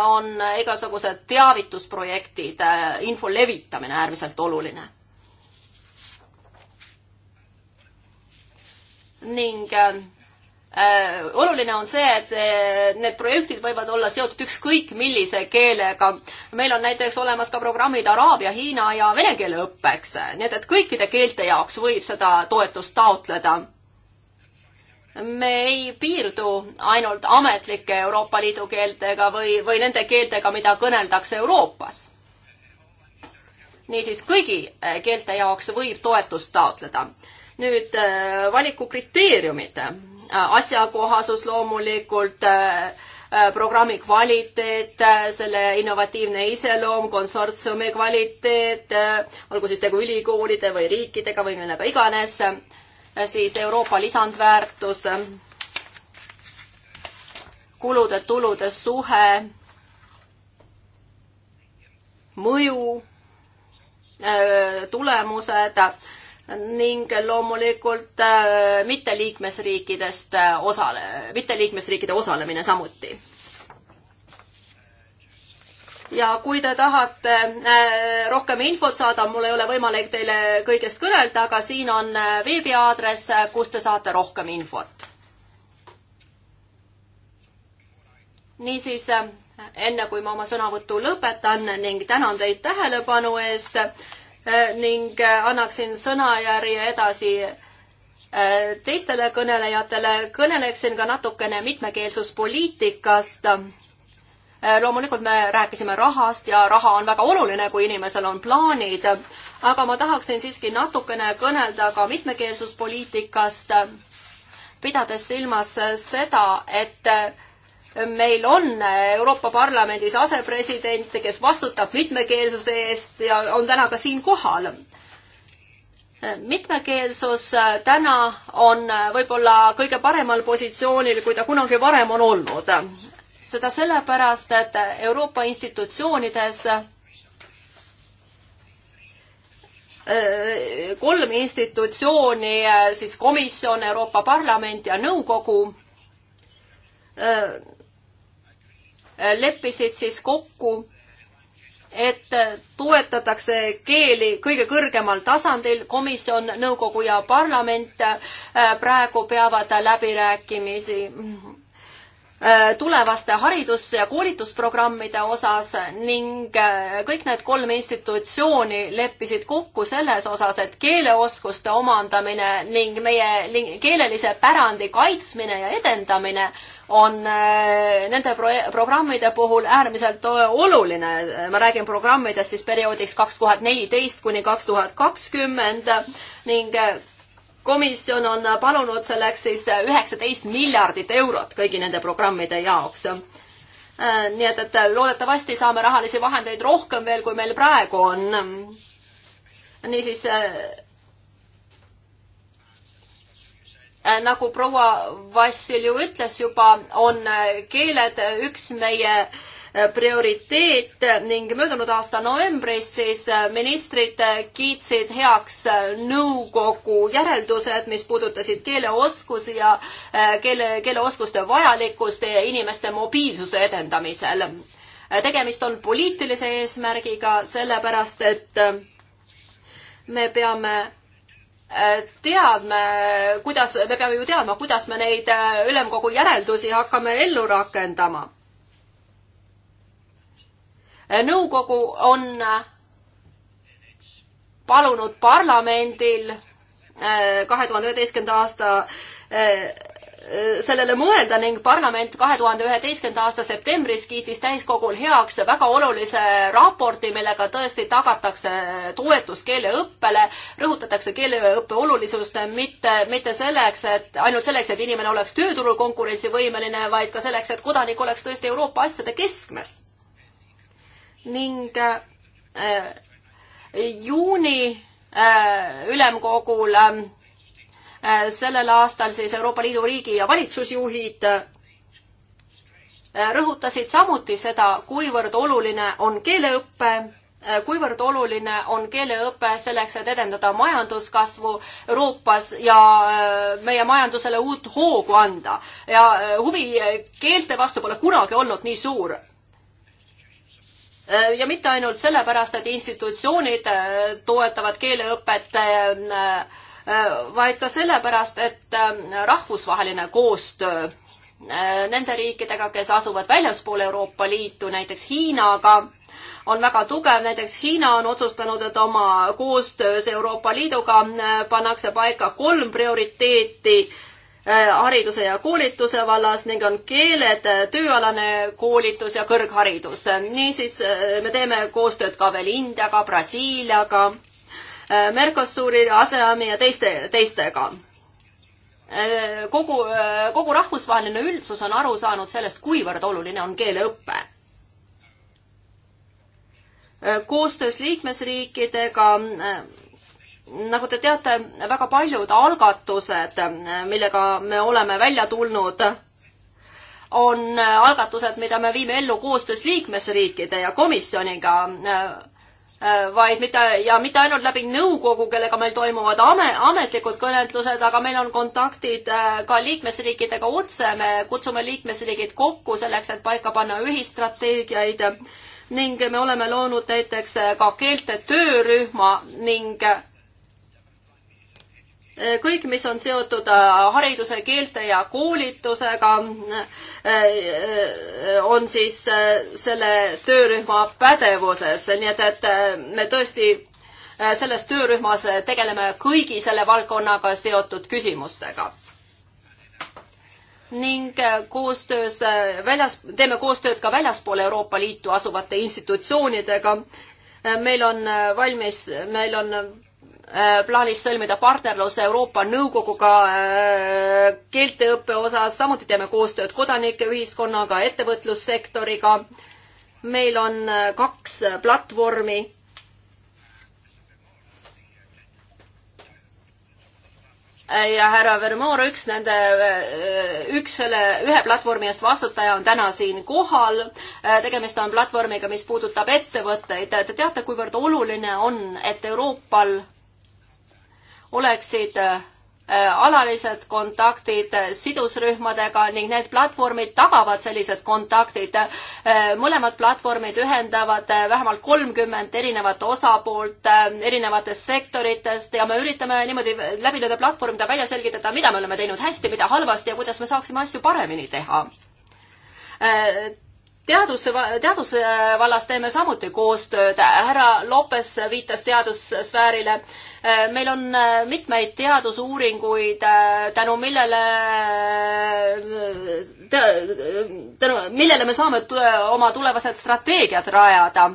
on igasugused teavitusprojektid, info levitamine äärmiselt oluline ning äh, äh, oluline on see, et see, need projektid võivad olla seotud ükskõik millise keelega. meil on näiteks olemas ka programmid araabia, hiina ja vene keele õppeks, nii et, et kõikide keelte jaoks võib seda toetust taotleda me ei piirdu ainult ametlike Euroopa Liidu keeltega või, või nende keeltega, mida kõneldakse Euroopas. niisiis kõigi äh, keelte jaoks võib toetust taotleda nüüd äh, valikukriteeriumid, äh, asjakohasus loomulikult, äh, programmi kvaliteet, selle innovatiivne iseloom, konsortsiumi kvaliteet, olgu siis tegu ülikoolide või riikidega või millega iganes, siis Euroopa lisandväärtus, kulude-tulude suhe, mõju, tulemused ning loomulikult äh, mitte liikmesriikidest äh, osale, mitte liikmesriikide osalemine samuti. ja kui te tahate äh, rohkem infot saada, mul ei ole võimalik teile kõigest kõnelda, aga siin on veebiaadress, kus te saate rohkem infot. niisiis enne kui ma oma sõnavõtu lõpetan ning tänan teid tähelepanu eest, Eh, ning eh, annaksin sõnajärje edasi eh, teistele kõnelejatele, kõneleksin ka natukene mitmekeelsuspoliitikast. loomulikult me rääkisime rahast ja raha on väga oluline, kui inimesel on plaanid, aga ma tahaksin siiski natukene kõnelda ka mitmekeelsuspoliitikast, pidades silmas seda, et meil on Euroopa Parlamendis asepresident, kes vastutab mitmekeelsuse eest ja on täna ka siin kohal. mitmekeelsus äh, täna on äh, võib-olla kõige paremal positsioonil, kui ta kunagi varem on olnud. seda sellepärast, et Euroopa institutsioonides äh, kolm institutsiooni, siis komisjon, Euroopa Parlament ja nõukogu leppisid siis kokku, et toetatakse keeli kõige kõrgemal tasandil, komisjon, nõukogu ja parlament äh, praegu peavad läbirääkimisi äh, tulevaste haridus- ja koolitusprogrammide osas ning äh, kõik need kolm institutsiooni leppisid kokku selles osas, et keeleoskuste omandamine ning meie keelelise pärandi kaitsmine ja edendamine on äh, nende pro programmide puhul äärmiselt äh, oluline. ma räägin programmidest siis perioodiks kaks tuhat neliteist kuni kaks tuhat kakskümmend ning äh, komisjon on palunud selleks siis üheksateist miljardit eurot kõigi nende programmide jaoks. nii et, et loodetavasti saame rahalisi vahendeid rohkem veel, kui meil praegu on. niisiis Äh, nagu proua Vassiljev ütles juba, on äh, keeled äh, üks meie prioriteet ning möödunud aasta novembris siis ministrid kiitsid heaks nõukogu järeldused, mis puudutasid keeleoskusi ja keele, keeleoskuste vajalikkust inimeste mobiilsuse edendamisel. tegemist on poliitilise eesmärgiga, sellepärast et me peame Äh, teadme, kuidas, me peame ju teadma, kuidas me neid äh, ülemkogu järeldusi hakkame ellu rakendama. Äh, nõukogu on palunud parlamendil kahe tuhande üheteistkümnenda aasta sellele mõelda ning parlament kahe tuhande üheteistkümnenda aasta septembris kiitis täiskogul heaks väga olulise raporti, millega tõesti tagatakse toetus keeleõppele, rõhutatakse keeleõppe olulisust mitte, mitte selleks, et ainult selleks, et inimene oleks tööturul konkurentsivõimeline, vaid ka selleks, et kodanik oleks tõesti Euroopa asjade keskmes. ning äh, juuni äh, ülemkogul äh, Äh, sellel aastal siis Euroopa Liidu riigi- ja valitsusjuhid äh, rõhutasid samuti seda, kuivõrd oluline on keeleõpe, äh, kuivõrd oluline on keeleõpe selleks, et edendada majanduskasvu Euroopas ja meie majandusele uut hoogu anda. ja huvi keelte vastu pole kunagi olnud nii suur ja mitte ainult sellepärast, et institutsioonid toetavad keeleõpet äh, Äh, vaid ka sellepärast, et ähm, rahvusvaheline koostöö äh, nende riikidega, kes asuvad väljaspool Euroopa Liitu, näiteks Hiinaga, on väga tugev, näiteks Hiina on otsustanud, et oma koostöös Euroopa Liiduga äh, pannakse paika kolm prioriteeti hariduse ja koolituse vallas ning on keeled, tööalane koolitus ja kõrgharidus. niisiis me teeme koostööd ka veel Indiaga, Brasiiliaga Äh, Mercosuri, ASEAN-i ja teiste, teistega äh, kogu, äh, kogu rahvusvaheline üldsus on aru saanud sellest, kuivõrd oluline on keeleõpe. koostöös liikmesriikidega, nagu te teate, väga paljud algatused, millega me oleme välja tulnud, on algatused, mida me viime ellu koostöös liikmesriikide ja komisjoniga Äh, vaid mitte ja mitte ainult läbi nõukogu, kellega meil toimuvad ame, ametlikud kõnetlused, aga meil on kontaktid äh, ka liikmesriikidega otse, me kutsume liikmesriigid kokku selleks, et paika panna ühistrateegiaid ning me oleme loonud näiteks äh, ka keelte töörühma ning kõik, mis on seotud äh, hariduse, keelte ja koolitusega, äh, äh, on siis selle töörühma pädevuses, nii et, et me tõesti selles töörühmas tegeleme kõigi selle valdkonnaga seotud küsimustega ning koostöös väljas, teeme koostööd ka väljaspool Euroopa Liitu asuvate institutsioonidega. meil on valmis, meil on Äh, plaanis sõlmida partnerlus Euroopa Nõukoguga äh, keelteõppe osas, samuti teeme koostööd kodanike ühiskonnaga, ettevõtlussektoriga. meil on äh, kaks platvormi. ja härra Vermoor, üks nende, üks selle, ühe platvormi eest vastutaja on täna siin kohal. tegemist on platvormiga, mis puudutab ettevõtteid. Te teate, kuivõrd oluline on, et Euroopal oleksid äh, alalised kontaktid sidusrühmadega ning need platvormid tagavad sellised kontaktid. Äh, mõlemad platvormid ühendavad äh, vähemalt kolmkümmend erinevat osapoolt erinevatest sektoritest ja me üritame niimoodi läbi nende platvormide välja selgitada, mida me oleme teinud hästi, mida halvasti ja kuidas me saaksime asju paremini teha teaduse, teaduse vallas teeme samuti koostööd, härra Lopes viitas teadussfäärile. meil on mitmeid teadusuuringuid, tänu millele, tänu millele me saame tule, oma tulevased strateegiad rajada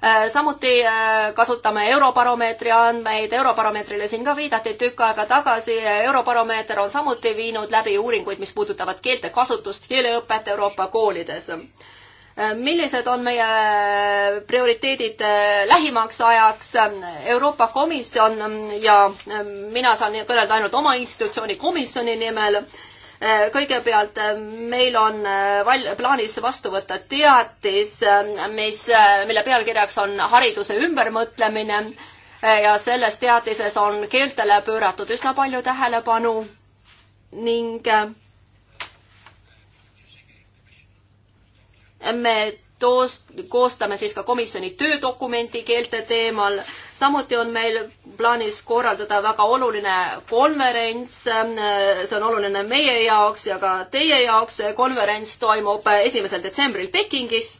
Äh, samuti äh, kasutame Eurobaromeetri andmeid, Eurobaromeetrile siin ka viidati tükk aega tagasi, Eurobaromeeter on samuti viinud läbi uuringuid, mis puudutavad keelte kasutust, keeleõpet Euroopa koolides. Äh, millised on meie prioriteedid lähimaks ajaks? Euroopa Komisjon mm, ja mina saan kõnelda ainult oma institutsiooni komisjoni nimel Äh, kõigepealt äh, meil on äh, val-, plaanis vastu võtta teatis, mis, mille pealkirjaks on hariduse ümbermõtlemine ja selles teatises on keeltele pööratud üsna palju tähelepanu ning me toos, koostame siis ka komisjoni töödokumenti keelte teemal. samuti on meil plaanis korraldada väga oluline konverents, äh, see on oluline meie jaoks ja ka teie jaoks, see konverents toimub äh, esimesel detsembril Pekingis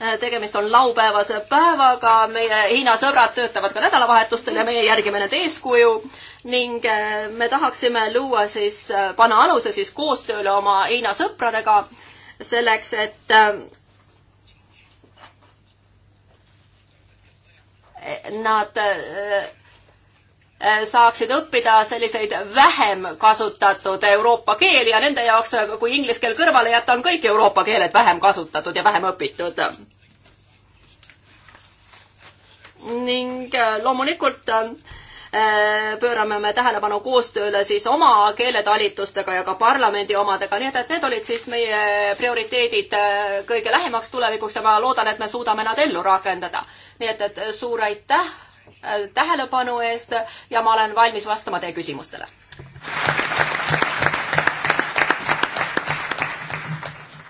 Äh, tegemist on laupäevase päevaga, meie Hiina sõbrad töötavad ka nädalavahetustel ja meie järgime nende eeskuju ning äh, me tahaksime luua siis, äh, panna aluse siis koostööle oma Hiina sõpradega selleks, et nad Äh, saaksid õppida selliseid vähem kasutatud Euroopa keeli ja nende jaoks, kui inglise keel kõrvale jätta, on kõik Euroopa keeled vähem kasutatud ja vähem õpitud. ning äh, loomulikult äh, pöörame me tähelepanu koostööle siis oma keeletalitustega ja ka parlamendi omadega, nii et, et need olid siis meie prioriteedid kõige lähemaks tulevikuks ja ma loodan, et me suudame nad ellu rakendada. nii et, et suur aitäh Äh, tähelepanu eest ja ma olen valmis vastama teie küsimustele.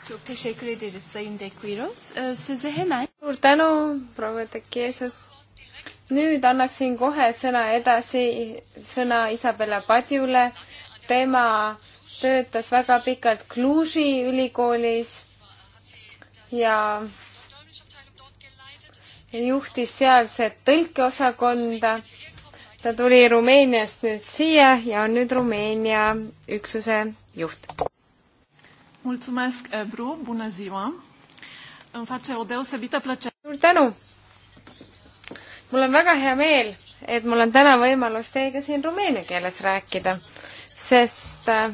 Çok teşekkür ederiz Sayın Dekviros. Sözü hemen... Suur tänu, proua Dekviros. Nüüd annaksin kohe sõna edasi, sõna Isabella Padjule. Tema töötas väga pikalt Kluži ülikoolis ja juhtis sealset tõlkeosakonda. ta tuli Rumeeniast nüüd siia ja on nüüd Rumeenia üksuse juht. Mulțumesc, Ebru, bună ziua! Îmi face o deosebită plăcere. Suur tänu! Mul on väga hea meel, et mul on täna võimalus teiega siin rumeenia keeles rääkida, sest äh,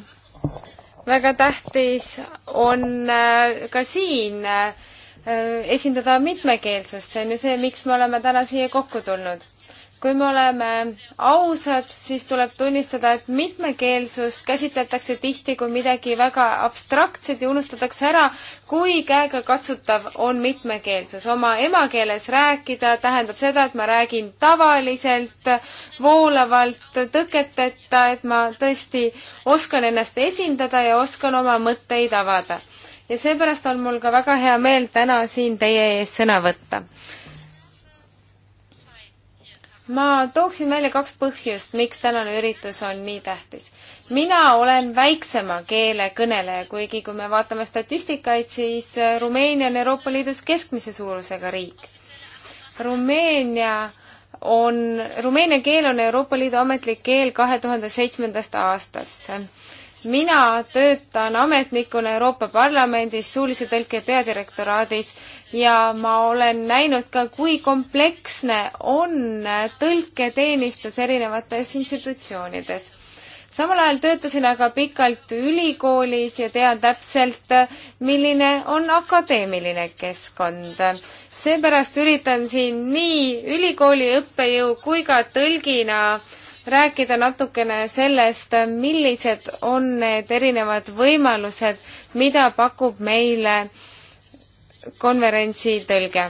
väga tähtis on äh, ka siin äh, Äh, esindada mitmekeelsust, see on ju see, miks me oleme täna siia kokku tulnud. kui me oleme ausad, siis tuleb tunnistada, et mitmekeelsust käsitletakse tihti kui midagi väga abstraktset ja unustatakse ära, kui käegakatsutav on mitmekeelsus. oma emakeeles rääkida tähendab seda, et ma räägin tavaliselt, voolavalt, tõketeta, et ma tõesti oskan ennast esindada ja oskan oma mõtteid avada ja seepärast on mul ka väga hea meel täna siin teie ees sõna võtta. ma tooksin välja kaks põhjust, miks tänane üritus on nii tähtis. mina olen väiksema keele kõneleja, kuigi kui me vaatame statistikaid, siis Rumeenia on Euroopa Liidus keskmise suurusega riik. Rumeenia on, rumeenia keel on Euroopa Liidu ametlik keel kahe tuhande seitsmendast aastast mina töötan ametnikuna Euroopa Parlamendis suulise tõlke peadirektoraadis ja ma olen näinud ka, kui kompleksne on tõlketeenistus erinevates institutsioonides. samal ajal töötasin aga pikalt ülikoolis ja tean täpselt, milline on akadeemiline keskkond. seepärast üritan siin nii ülikooli õppejõu kui ka tõlgina äh, rääkida natukene sellest, millised on need erinevad võimalused, mida pakub meile konverentsi tõlge.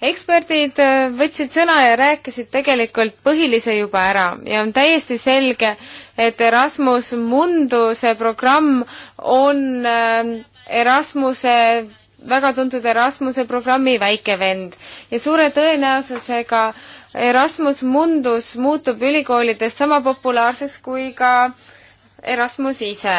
eksperdid äh, võtsid sõna ja rääkisid tegelikult põhilise juba ära ja on täiesti selge, et Erasmus Munduse programm on äh, Erasmuse väga tuntud Erasmuse programmi väike vend ja suure tõenäosusega äh, Erasmus Mundus muutub ülikoolides sama populaarseks kui ka Erasmus ise.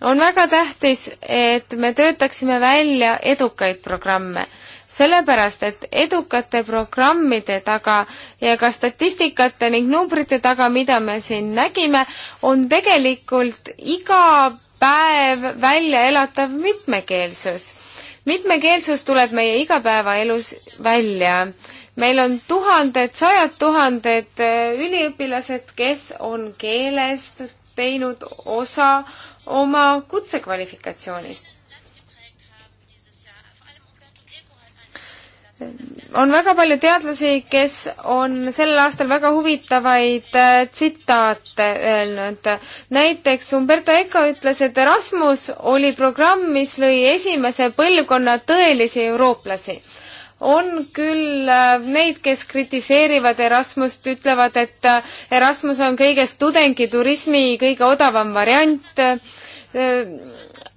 on väga tähtis, et me töötaksime välja edukaid programme, sellepärast et edukate programmide taga ja ka statistikate ning numbrite taga, mida me siin nägime, on tegelikult iga päev välja elatav mitmekeelsus mitmekeelsus tuleb meie igapäevaelus välja. meil on tuhanded, sajad tuhanded äh, üliõpilased, kes on keelest teinud osa oma kutsekvalifikatsioonist on väga palju teadlasi, kes on sel aastal väga huvitavaid äh, tsitaate öelnud. näiteks Umberto Eco ütles, et Erasmus oli programm, mis lõi esimese põlvkonna tõelisi eurooplasi on küll äh, neid, kes kritiseerivad Erasmust, ütlevad, et äh, Erasmus on kõigest tudengiturismi kõige odavam variant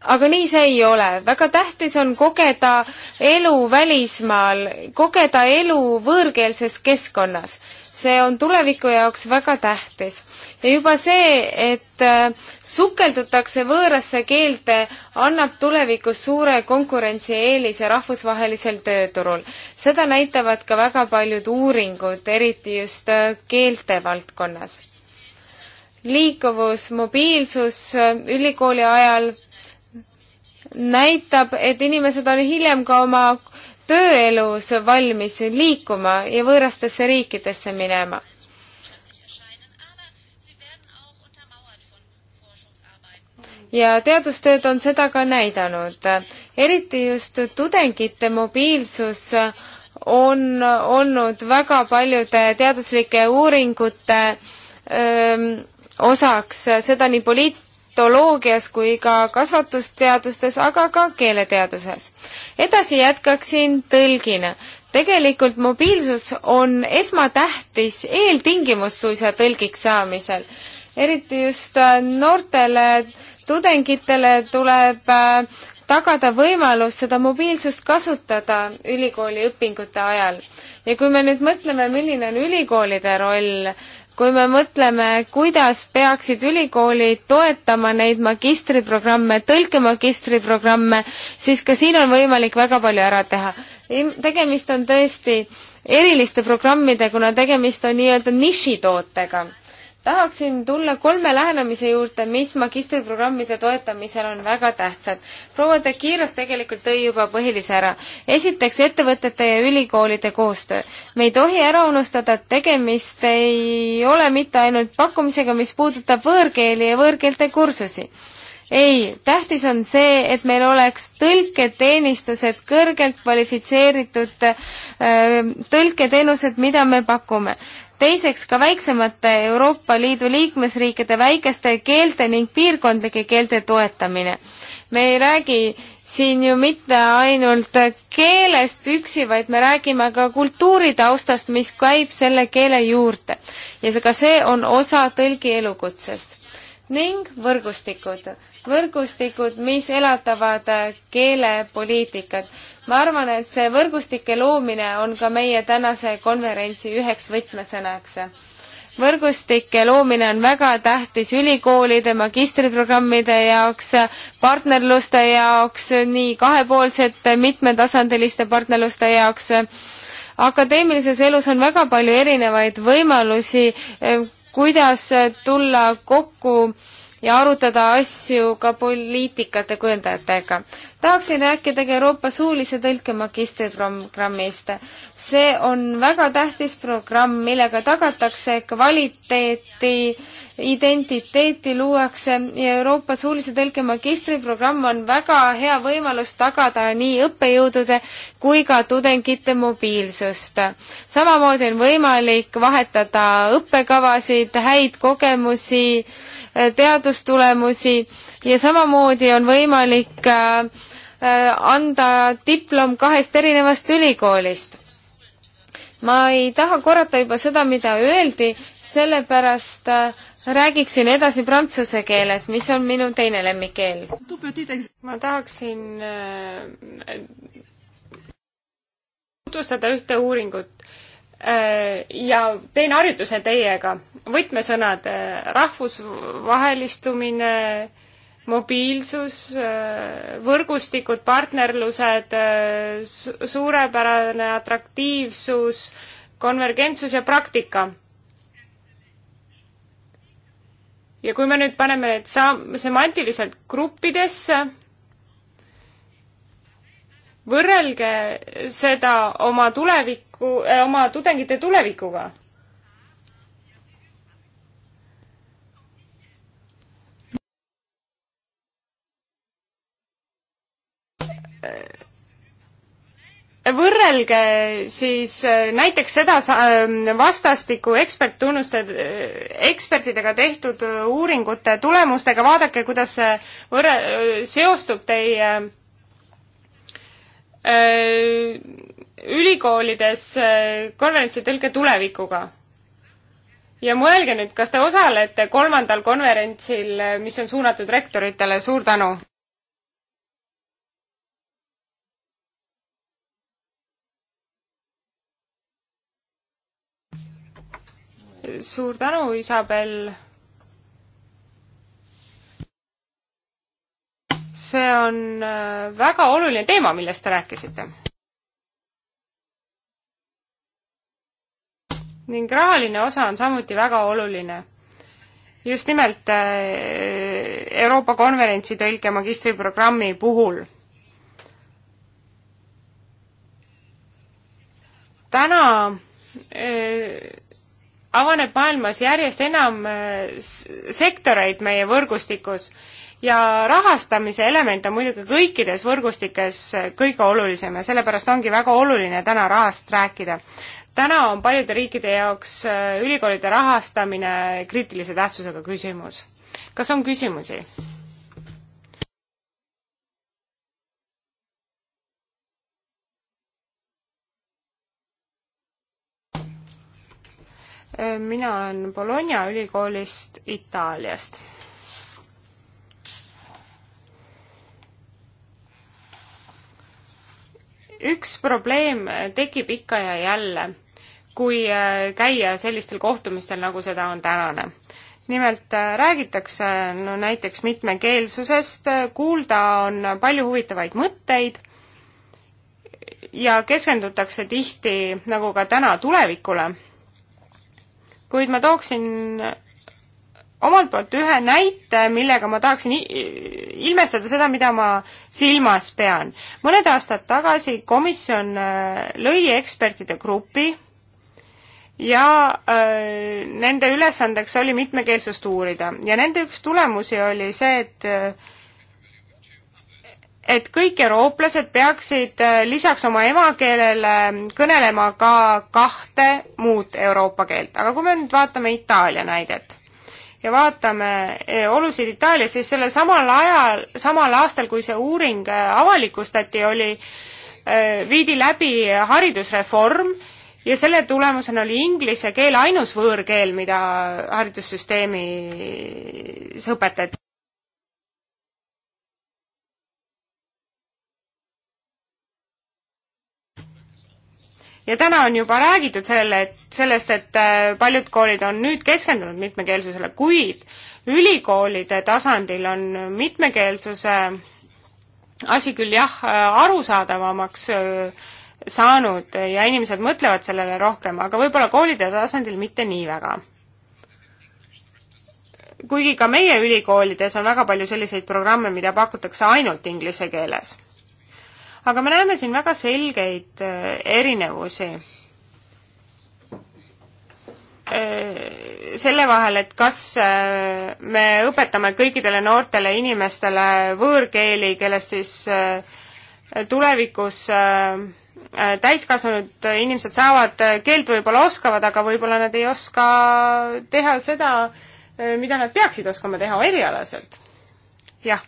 aga nii see ei ole, väga tähtis on kogeda elu välismaal, kogeda elu võõrkeelses keskkonnas. see on tuleviku jaoks väga tähtis. ja juba see, et äh, sukeldutakse võõrasse keelde, annab tulevikus suure konkurentsieelise rahvusvahelisel tööturul. seda näitavad ka väga paljud uuringud, eriti just äh, keelte valdkonnas liikuvus, mobiilsus äh, ülikooli ajal näitab, et inimesed on hiljem ka oma tööelus valmis liikuma ja võõrastesse riikidesse minema. ja teadustööd on seda ka näidanud. eriti just tudengite mobiilsus on olnud väga paljude teaduslike uuringute öö, osaks, seda nii poliit-, etoloogias kui ka kasvatusteadustes, aga ka keeleteaduses. edasi jätkaksin tõlgina. tegelikult mobiilsus on esmatähtis eeltingimus suisa tõlgiks saamisel. eriti just äh, noortele tudengitele tuleb äh, tagada võimalus seda mobiilsust kasutada ülikooli õpingute ajal. ja kui me nüüd mõtleme, milline on ülikoolide roll kui me mõtleme, kuidas peaksid ülikoolid toetama neid magistriprogramme, tõlkemagistriprogramme, siis ka siin on võimalik väga palju ära teha. tegemist on tõesti eriliste programmidega, kuna tegemist on nii-öelda nišitootega tahaksin tulla kolme lähenemise juurde, mis magistriprogrammide toetamisel on väga tähtsad. proua De Kiiros tegelikult tõi juba põhilise ära. esiteks ettevõtete ja ülikoolide koostöö. me ei tohi ära unustada, et tegemist ei ole mitte ainult pakkumisega, mis puudutab võõrkeeli ja võõrkeelte kursusi ei, tähtis on see, et meil oleks tõlketeenistused, kõrgelt kvalifitseeritud äh, tõlketeenused, mida me pakume teiseks ka väiksemate Euroopa Liidu liikmesriikide väikeste keelte ning piirkondlike keelte toetamine. me ei räägi siin ju mitte ainult keelest üksi, vaid me räägime ka kultuuritaustast, mis käib selle keele juurde. ja ka see on osa tõlgi elukutsest. ning võrgustikud võrgustikud, mis elatavad äh, keelepoliitikat. ma arvan, et see võrgustike loomine on ka meie tänase konverentsi üheks võtmesõnaks. võrgustike loomine on väga tähtis ülikoolide, magistriprogrammide jaoks, partnerluste jaoks, nii kahepoolsete, mitmetasandiliste partnerluste jaoks, akadeemilises elus on väga palju erinevaid võimalusi, äh, kuidas tulla kokku äh, ja arutada asju ka poliitikate kujundajatega. tahaksin rääkida ka Euroopa suulise tõlke magistriprogrammist. see on väga tähtis programm, millega tagatakse kvaliteeti, identiteeti luuakse ja Euroopa suulise tõlke magistriprogramm on väga hea võimalus tagada nii õppejõudude kui ka tudengite mobiilsust. samamoodi on võimalik vahetada õppekavasid, häid kogemusi, Äh, teadustulemusi ja samamoodi on võimalik äh, anda diplom kahest erinevast ülikoolist. ma ei taha korrata juba seda, mida öeldi, sellepärast äh, räägiksin edasi prantsuse keeles, mis on minu teine lemmikkeel. ma tahaksin tutvustada ühte uuringut, Äh, ja teen harjutuse teiega. võtmesõnad äh, rahvusvahelistumine, mobiilsus, äh, võrgustikud, partnerlused, suurepärane atraktiivsus, konvergentsus ja praktika. ja kui me nüüd paneme need sam-, semantiliselt gruppidesse võrrelge seda oma tuleviku, äh, oma tudengite tulevikuga. võrrelge siis äh, näiteks seda äh, vastastikku eksperttunnuste, ekspertidega tehtud uuringute tulemustega, vaadake, kuidas see võrre-, seostub teie Äh, ülikoolides äh, konverentsi Tõlke tulevikuga. ja mõelge nüüd, kas te osalete kolmandal konverentsil, äh, mis on suunatud rektoritele, suur tänu! suur tänu, Isabel! see on äh, väga oluline teema, millest te rääkisite. ning rahaline osa on samuti väga oluline. just nimelt äh, Euroopa konverentsi tõlke magistriprogrammi puhul. täna äh, avaneb maailmas järjest enam sektoreid meie võrgustikus ja rahastamise element on muidugi kõikides võrgustikes eh, kõige olulisem ja sellepärast ongi väga oluline täna rahast rääkida. täna on paljude riikide jaoks eh, ülikoolide rahastamine kriitilise tähtsusega küsimus. kas on küsimusi? Eh, mina olen Bologna ülikoolist Itaaliast üks probleem tekib ikka ja jälle, kui äh, käia sellistel kohtumistel, nagu seda on tänane. nimelt äh, räägitakse no näiteks mitmekeelsusest, äh, kuulda on palju huvitavaid mõtteid ja keskendutakse tihti, nagu ka täna, tulevikule. kuid ma tooksin omalt poolt ühe näite, millega ma tahaksin ilmestada seda, mida ma silmas pean. mõned aastad tagasi komisjon äh, lõi ekspertide grupi ja öö, äh, nende ülesandeks oli mitmekeelsust uurida ja nende üks tulemusi oli see, et äh, et kõik eurooplased peaksid lisaks oma emakeelele kõnelema ka kahte muud Euroopa keelt, aga kui me nüüd vaatame Itaalia näidet, ja vaatame eh, olusid Itaalias, siis sellel samal ajal, samal aastal, kui see uuring eh, avalikustati, oli, eh, viidi läbi haridusreform ja selle tulemusena oli inglise keel ainus võõrkeel, mida haridussüsteemis õpetati. ja täna on juba räägitud selle, et sellest, et äh, paljud koolid on nüüd keskendunud mitmekeelsusele, kuid ülikoolide tasandil on mitmekeelsuse asi küll jah, äh, arusaadavamaks äh, saanud ja inimesed mõtlevad sellele rohkem, aga võib-olla koolide tasandil mitte nii väga kuigi ka meie ülikoolides on väga palju selliseid programme, mida pakutakse ainult inglise keeles aga me näeme siin väga selgeid äh, erinevusi äh, selle vahel, et kas äh, me õpetame kõikidele noortele inimestele võõrkeeli, kellest siis tulevikus täiskasvanud inimesed saavad, keelt võib-olla oskavad, aga võib-olla nad ei oska teha seda, mida nad peaksid oskama teha erialaselt. jah,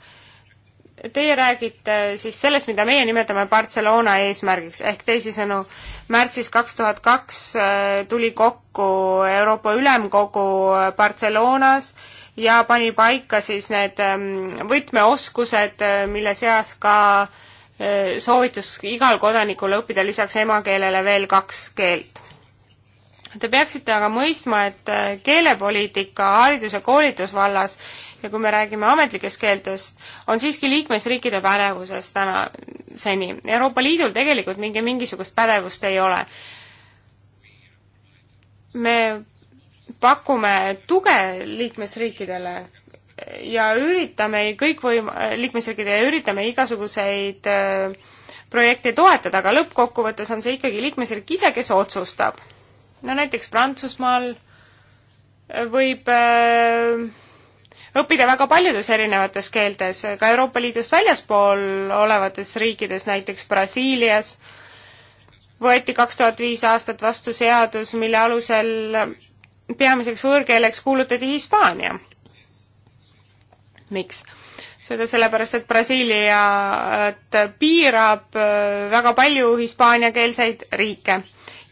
Teie räägite siis sellest, mida meie nimetame Barcelona eesmärgiks, ehk teisisõnu, märtsis kaks tuhat kaks äh, tuli kokku Euroopa Ülemkogu äh, Barcelonas ja pani paika siis need ähm, võtmeoskused, äh, mille seas ka soovitus igal kodanikul õppida lisaks emakeelele veel kaks keelt. Te peaksite aga mõistma, et keelepoliitika haridus- ja koolitusvallas ja kui me räägime ametlikest keeltest, on siiski liikmesriikide pädevuses täna seni. Euroopa Liidul tegelikult mingi, mingisugust pädevust ei ole. me pakume tuge liikmesriikidele ja üritame kõikvõim-, liikmesriikidele üritame igasuguseid öö, äh, projekte toetada, aga lõppkokkuvõttes on see ikkagi liikmesriik ise, kes otsustab. no näiteks Prantsusmaal võib öö, äh, õppida väga paljudes erinevates keeltes, ka Euroopa Liidust väljaspool olevates riikides, näiteks Brasiilias võeti kaks tuhat viis aastat vastu seadus, mille alusel peamiseks võõrkeeleks kuulutati Hispaania. miks? seda sellepärast, et Brasiiliat piirab äh, väga palju hispaaniakeelseid riike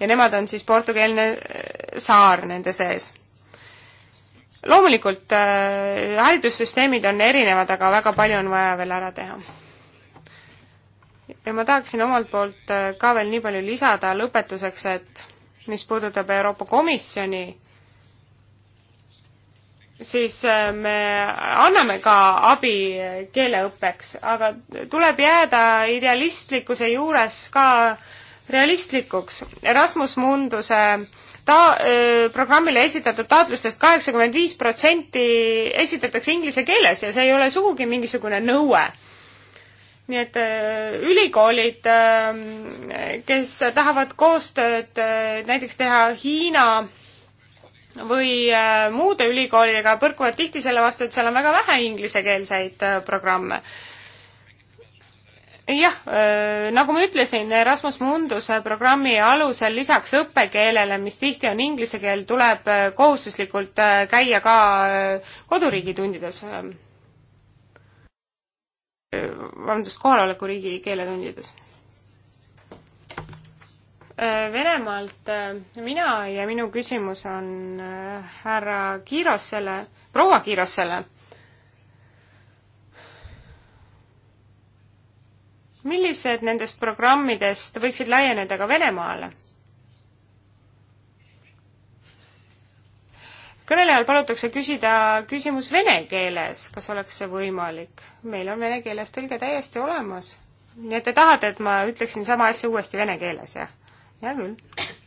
ja nemad on siis portugeelne äh, saar nende sees loomulikult äh, haridussüsteemid on erinevad, aga väga palju on vaja veel ära teha. ja ma tahaksin omalt poolt äh, ka veel nii palju lisada lõpetuseks, et mis puudutab Euroopa Komisjoni, siis äh, me anname ka abi äh, keeleõppeks, aga tuleb jääda idealistlikkuse juures ka realistlikuks. Erasmus Munduse äh, ta-, programmile esitatud taotlustest kaheksakümmend viis protsenti esitatakse inglise keeles ja see ei ole sugugi mingisugune nõue. nii et ülikoolid, kes tahavad koostööd näiteks teha Hiina või muude ülikoolidega, põrkuvad tihti selle vastu, et seal on väga vähe inglisekeelseid programme jah, äh, nagu ma ütlesin, Erasmus Munduse programmi alusel lisaks õppekeelele, mis tihti on inglise keel, tuleb äh, kohustuslikult äh, käia ka koduriigi tundides. vabandust, kohaloleku riigi keeletundides. Venemaalt mina ja minu küsimus on härra Kiirosele, proua Kiirosele millised nendest programmidest võiksid laieneda ka Venemaale? kõnelejal palutakse küsida küsimus vene keeles, kas oleks see võimalik? meil on vene keeles tõlge täiesti olemas. nii et te tahate, et ma ütleksin sama asja uuesti vene keeles, jah? hea küll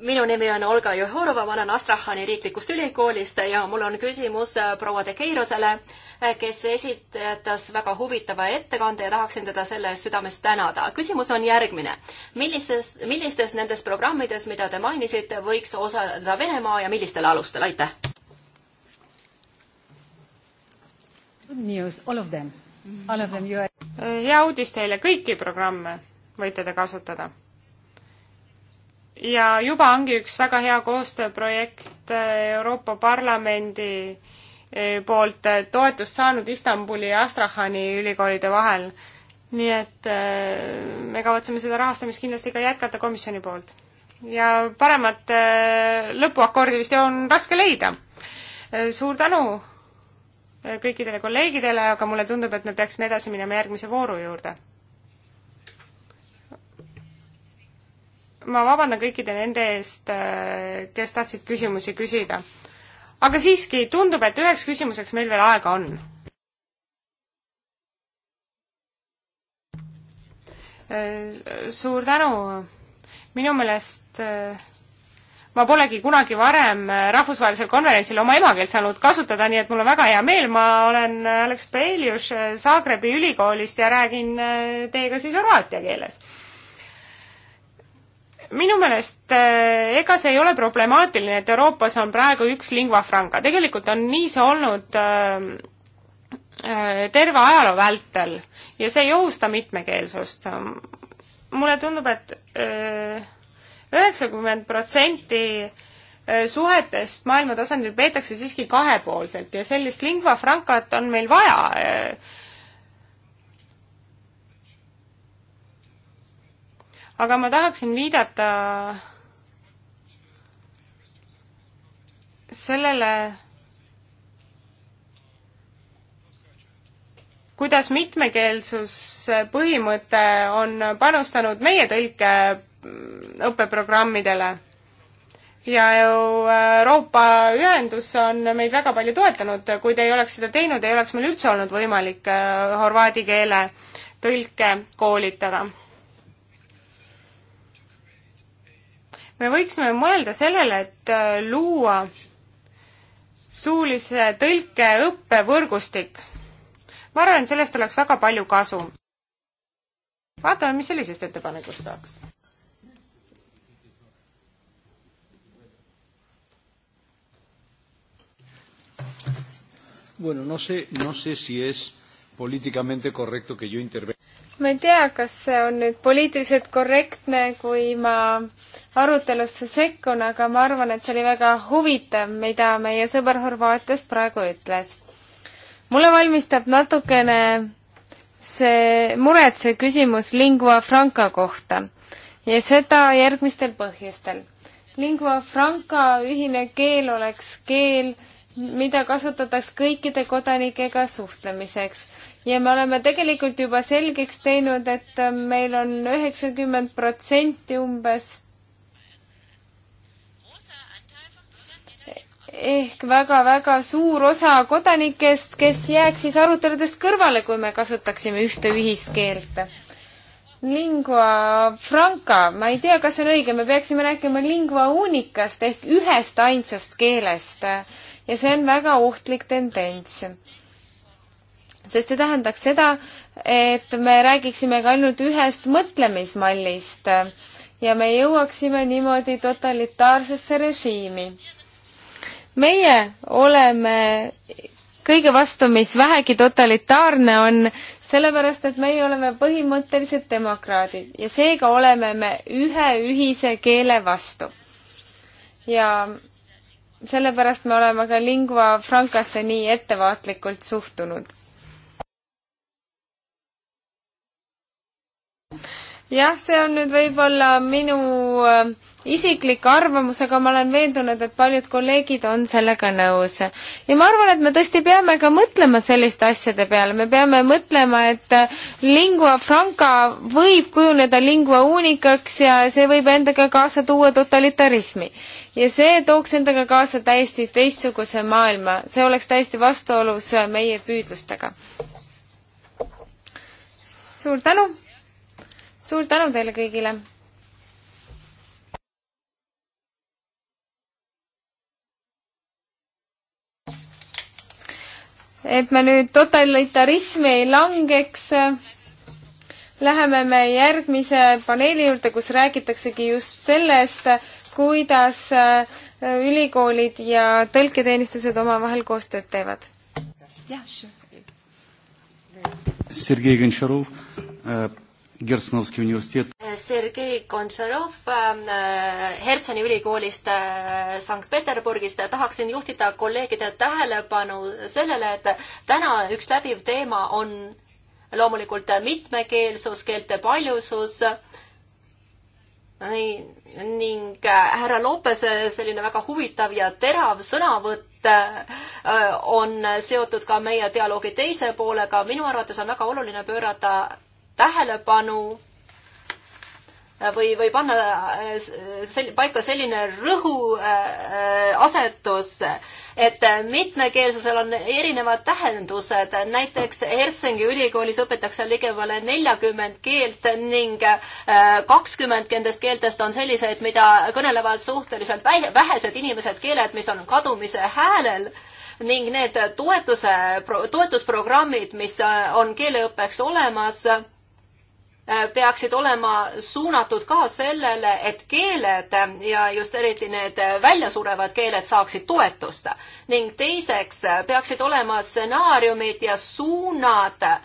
minu nimi on Olga Juhorova, ma olen Astrahani riiklikust ülikoolist ja mul on küsimus äh, proua Dekeirosele, äh, kes esitas väga huvitava ettekande ja tahaksin teda selle eest südamest tänada. küsimus on järgmine. millises, millistes nendes programmides, mida te mainisite, võiks osaleda Venemaa ja millistel alustel, aitäh? Good news, all of them. All of them you are äh, hea uudis teile, kõiki programme võite te kasutada ja juba ongi üks väga hea koostööprojekt eh, Euroopa Parlamendi eh, poolt eh, toetust saanud Istanbuli ja Astrahani ülikoolide vahel. nii et me kavatseme seda rahastamist kindlasti ka jätkata komisjoni poolt. ja paremat lõpuakordi vist on raske leida. suur tänu kõikidele kolleegidele, aga mulle tundub, et me peaksime edasi minema järgmise vooru juurde ma vabandan kõikide nende eest, kes tahtsid küsimusi küsida. aga siiski, tundub, et üheks küsimuseks meil veel aega on. suur tänu, minu meelest ma polegi kunagi varem rahvusvahelisel konverentsil oma emakeelt saanud kasutada, nii et mul on väga hea meel, ma olen Alex Beljuš Zagrebi ülikoolist ja räägin teiega siis horvaatia keeles minu meelest äh, ega see ei ole problemaatiline, et Euroopas on praegu üks lingua franca, tegelikult on nii see olnud ähm, äh, terve ajaloo vältel ja see ei ohusta mitmekeelsust. mulle tundub et, et äh, üheksakümmend protsenti äh, suhetest maailma tasandil peetakse siiski kahepoolselt ja sellist lingua francat on meil vaja äh, aga ma tahaksin viidata sellele, kuidas mitmekeelsuse põhimõte on panustanud meie tõlke õppeprogrammidele. ja Euroopa Ühendus on meid väga palju toetanud, kui te ei oleks seda teinud, ei oleks meil üldse olnud võimalik horvaadi keele tõlke koolitada me võiksime mõelda sellele, et äh, luua suulise tõlke õppevõrgustik. ma arvan, et sellest oleks väga palju kasu. vaatame, mis sellisest ettepanekust saaks. Bueno, no sé, no sé si es políticamente correcto que yo intervenga ma ei tea, kas see on nüüd poliitiliselt korrektne, kui ma arutelusse sekkun, aga ma arvan, et see oli väga huvitav, mida meie sõber Horvaatiast praegu ütles. mulle valmistab natukene see muret, see küsimus lingua franca kohta ja seda järgmistel põhjustel. Lingua franca ühine keel oleks keel, mida kasutatakse kõikide kodanikega suhtlemiseks ja me oleme tegelikult juba selgeks teinud, et meil on üheksakümmend protsenti umbes ehk väga-väga suur osa kodanikest, kes jääks siis aruteludest kõrvale, kui me kasutaksime ühte ühist keelt. Lingua franca, ma ei tea, kas see on õige, me peaksime rääkima lingua unicast ehk ühest ainsast keelest ja see on väga ohtlik tendents sest see tähendaks seda, et me räägiksime ka ainult ühest mõtlemismallist ja me jõuaksime niimoodi totalitaarsesse režiimi. meie oleme kõige vastu, mis vähegi totalitaarne on, sellepärast et meie oleme põhimõtteliselt demokraadid ja seega oleme me ühe ühise keele vastu. ja sellepärast me oleme ka lingua francasse nii ettevaatlikult suhtunud jah, see on nüüd võib-olla minu äh, isiklik arvamus, aga ma olen veendunud, et paljud kolleegid on sellega nõus. ja ma arvan, et me tõesti peame ka mõtlema selliste asjade peale, me peame mõtlema, et äh, lingua franca võib kujuneda lingua unicaks ja see võib endaga kaasa tuua totalitarismi. ja see tooks endaga kaasa täiesti teistsuguse maailma, see oleks täiesti vastuolus äh, meie püüdlustega. suur tänu! suur tänu teile kõigile! et me nüüd totalitarismi ei langeks, läheme me järgmise paneeli juurde, kus räägitaksegi just sellest, kuidas äh, ülikoolid ja tõlketeenistused omavahel koostööd teevad. jah, sure. Sergei Gontšarov uh,, äh, Gertsanovski universiteet. Sergei Gontšarov Hertseni ülikoolist э, Sankt-Peterburgist tahaksin juhtida kolleegide tähelepanu sellele, et täna üks läbiv teema on loomulikult mitmekeelsus, keelte paljusus. nii, ning äh, härra Lopese äh, selline väga huvitav ja terav sõnavõtt äh, on seotud ka meie dialoogi teise poolega. minu arvates on väga oluline pöörata tähelepanu või, või panna äh, sel-, paika selline rõhuasetus, äh, et mitmekeelsusel on erinevad tähendused, näiteks Helsingi ülikoolis õpetatakse ligemale neljakümmend keelt ning äh, kakskümmend nendest keeltest on sellised, mida kõnelevad suhteliselt vähesed inimesed, keeled, mis on kadumise häälel ning need toetuse, toetusprogrammid, mis on keeleõppeks olemas, Äh, peaksid olema suunatud ka sellele, et keeled ja just eriti need väljasurevad keeled saaksid toetust. ning teiseks äh, peaksid olema stsenaariumid ja suunad äh,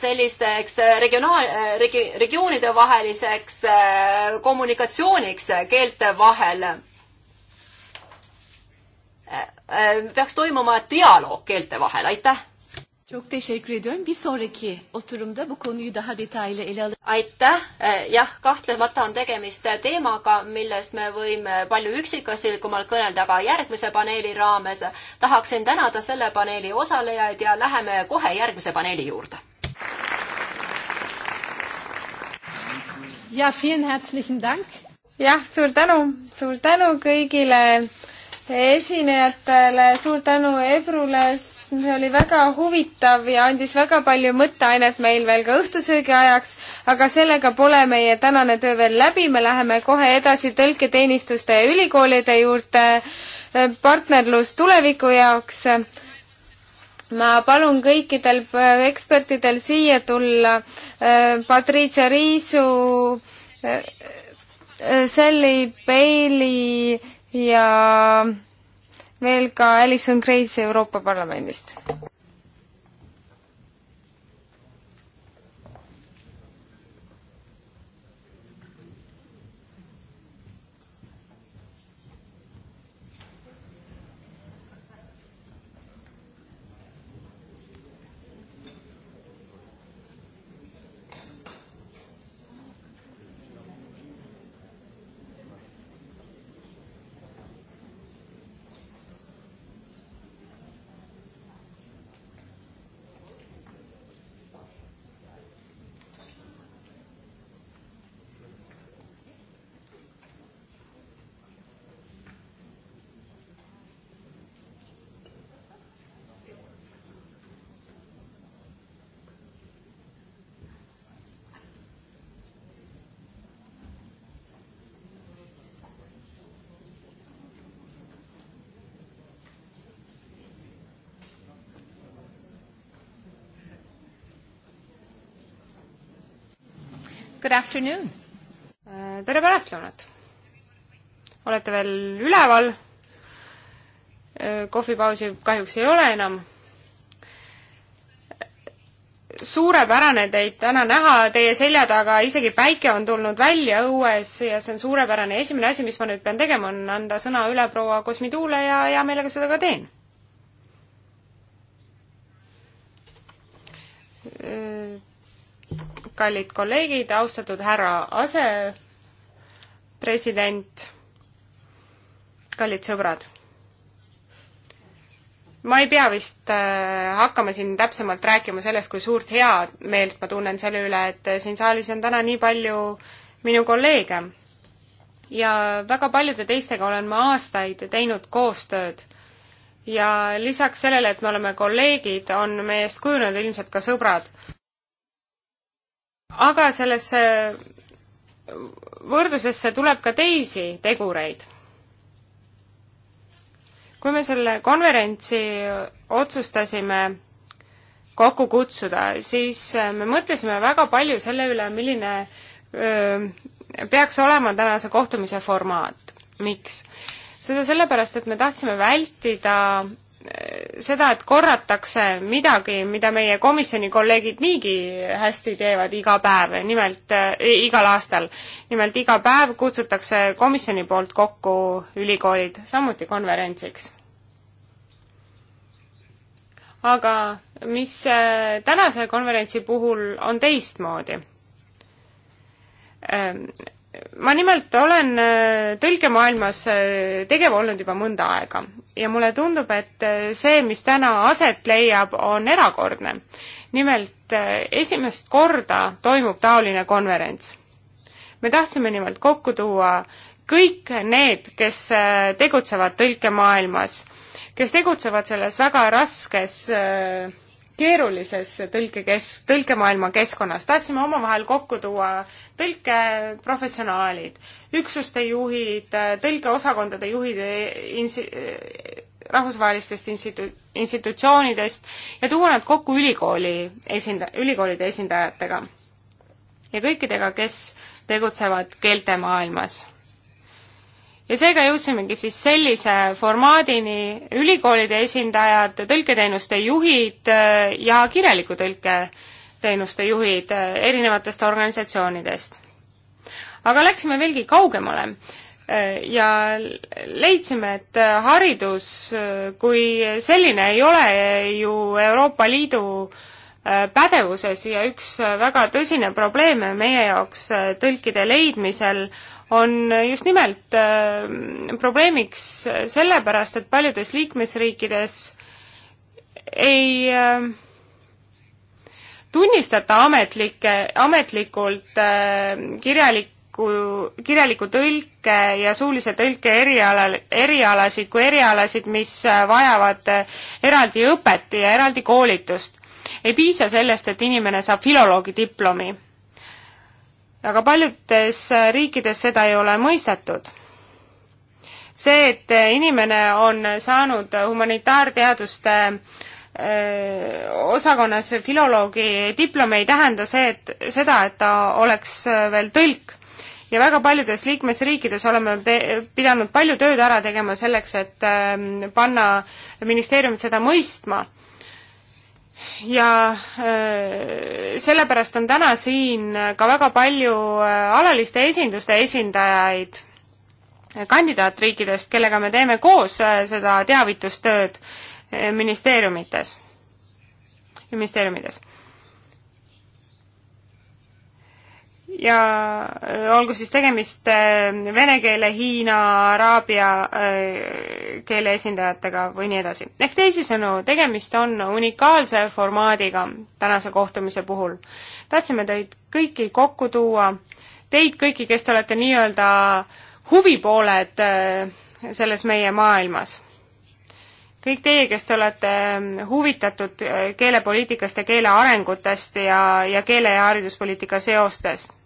sellisteks regionaal-, regi-, regioonide vaheliseks kommunikatsiooniks keelte vahel. peaks toimuma dialoog keelte vahel, aitäh Çok teşekkür ediyorum. Bir sonraki oturumda bu konuyu daha detaylı ele alır. aitäh, eh, jah, kahtlemata on tegemist teemaga, millest me võime palju üksikasjalikumalt kõnelda ka järgmise paneeli raames. tahaksin tänada selle paneeli osalejaid ja läheme kohe järgmise paneeli juurde. ja, jah, suur tänu, suur tänu kõigile esinejatele, suur tänu Ebrule see oli väga huvitav ja andis väga palju mõtteainet meil veel ka õhtusöögi ajaks, aga sellega pole meie tänane töö veel läbi, me läheme kohe edasi tõlketeenistuste ja ülikoolide juurde, eh, partnerlus tuleviku jaoks. ma palun kõikidel eh, ekspertidel siia tulla, eh, Patricia Riisu, Selli Peili ja veel ka Alison Grace Euroopa Parlamendist. Good afternoon! Äh, tere pärastlõunat! olete veel üleval? Äh, kohvipausi kahjuks ei ole enam. suurepärane teid täna näha teie selja taga, isegi päike on tulnud välja õues ja see on suurepärane. esimene asi, mis ma nüüd pean tegema, on anda sõna üle proua Kosmiduule ja hea meelega seda ka teen. Äh, kallid kolleegid, austatud härra asepresident, kallid sõbrad. ma ei pea vist äh, hakkama siin täpsemalt rääkima sellest, kui suurt heameelt ma tunnen selle üle, et siin saalis on täna nii palju minu kolleege. ja väga paljude teistega olen ma aastaid teinud koostööd ja lisaks sellele, et me oleme kolleegid, on meiest kujunenud ilmselt ka sõbrad aga sellesse võrdlusesse tuleb ka teisi tegureid. kui me selle konverentsi otsustasime kokku kutsuda, siis äh, me mõtlesime väga palju selle üle, milline öö, äh, peaks olema tänase kohtumise formaat. miks? seda sellepärast, et me tahtsime vältida seda, et korratakse midagi, mida meie komisjoni kolleegid niigi hästi teevad iga päev, nimelt äh, igal aastal. nimelt iga päev kutsutakse komisjoni poolt kokku ülikoolid samuti konverentsiks. aga mis äh, tänase konverentsi puhul on teistmoodi ähm,? ma nimelt olen äh, tõlkemaailmas äh, tegev olnud juba mõnda aega ja mulle tundub, et äh, see, mis täna aset leiab, on erakordne. nimelt esimest korda toimub taoline konverents. me tahtsime nimelt kokku tuua kõik need, kes tegutsevad tõlkemaailmas, kes tegutsevad selles väga raskes äh, keerulises tõlkekes-, tõlkemaailma keskkonnas. tahtsime omavahel kokku tuua tõlkeprofessionaalid, üksuste juhid, tõlkeosakondade juhid eh, insi-, eh, rahvusvahelistest institu-, institutsioonidest ja tuua nad kokku ülikooli esinda-, ülikoolide esindajatega ja kõikidega, kes tegutsevad keeltemaailmas ja seega jõudsimegi siis sellise formaadini, ülikoolide esindajad, tõlketeenuste juhid äh, ja kirjaliku tõlketeenuste juhid äh, erinevatest organisatsioonidest. aga läksime veelgi kaugemale äh, ja leidsime, et haridus kui selline ei ole ju Euroopa Liidu pädevuses ja üks väga tõsine probleem meie jaoks tõlkide leidmisel on just nimelt äh, probleemiks sellepärast, et paljudes liikmesriikides ei äh, tunnistata ametlikke, ametlikult äh, kirjalikku, kirjaliku tõlke ja suulise tõlke erialal, erialasid kui erialasid, mis vajavad eraldi õpet ja eraldi koolitust. ei piisa sellest, et inimene saab filoloogi diplomi aga paljudes äh, riikides seda ei ole mõistetud. see, et äh, inimene on saanud humanitaarteaduste äh, osakonnas filoloogi diplomi, ei tähenda see, et seda, et ta oleks veel tõlk. ja väga paljudes liikmesriikides oleme pidanud palju tööd ära tegema selleks, et ähm, panna ministeeriumid seda mõistma ja äh, sellepärast on täna siin ka väga palju äh, alaliste esinduste esindajaid äh, kandidaatriikidest, kellega me teeme koos seda teavitustööd ministeeriumites, ministeeriumides. ja äh, olgu siis tegemist äh, vene keele, hiina, araabia äh, keele esindajatega või nii edasi. ehk teisisõnu, tegemist on unikaalse formaadiga tänase kohtumise puhul. tahtsime teid kõiki kokku tuua, teid kõiki, kes te olete nii-öelda huvipooled selles meie maailmas kõik teie, kes te olete huvitatud keelepoliitikast ja keele arengutest ja, ja keele- ja hariduspoliitika seostest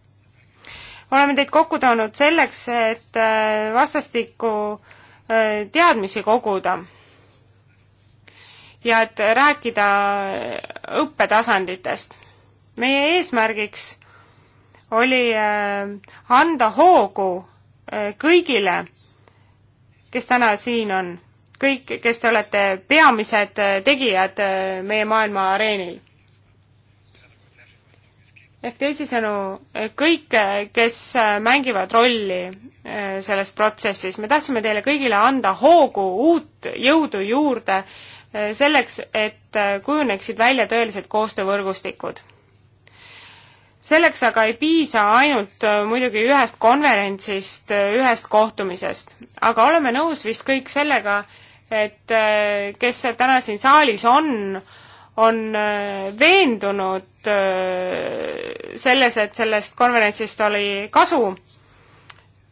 oleme teid kokku toonud selleks, et äh, vastastikku äh, teadmisi koguda ja et rääkida äh, õppetasanditest. meie eesmärgiks oli anda hoogu kõigile, kes täna siin on, kõik, kes te olete peamised tegijad meie maailma areenil ehk teisisõnu, kõik, kes äh, mängivad rolli äh, selles protsessis, me tahtsime teile kõigile anda hoogu, uut jõudu juurde äh, selleks, et kujuneksid välja tõelised koostöövõrgustikud. selleks aga ei piisa ainult muidugi ühest konverentsist, ühest kohtumisest, aga oleme nõus vist kõik sellega, et kes täna siin saalis on, on veendunud ainult äh, selles, et sellest konverentsist oli kasu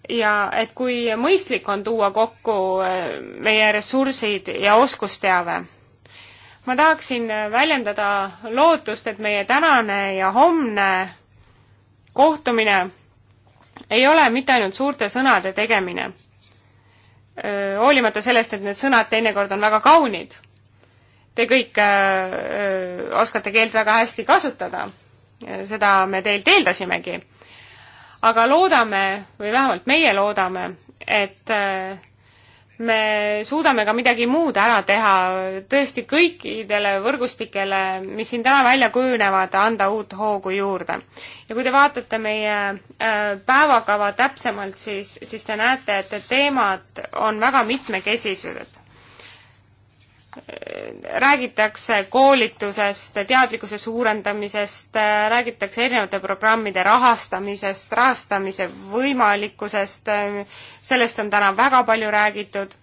ja et kui mõistlik on tuua kokku äh, meie ressursid ja oskusteave. ma tahaksin väljendada lootust, et meie tänane ja homne kohtumine ei ole mitte ainult suurte sõnade tegemine, äh, hoolimata sellest, et need sõnad teinekord on väga kaunid te kõik öö, äh, äh, oskate keelt väga hästi kasutada. seda me teilt eeldasimegi. aga loodame või vähemalt meie loodame, et öö, äh, me suudame ka midagi muud ära teha, tõesti kõikidele võrgustikele, mis siin täna välja kujunevad, anda uut hoogu juurde. ja kui te vaatate meie päevakava täpsemalt, siis, siis te näete, et teemad on väga mitmekesised räägitakse koolitusest, teadlikkuse suurendamisest, räägitakse erinevate programmide rahastamisest, rahastamise võimalikkusest, sellest on täna väga palju räägitud,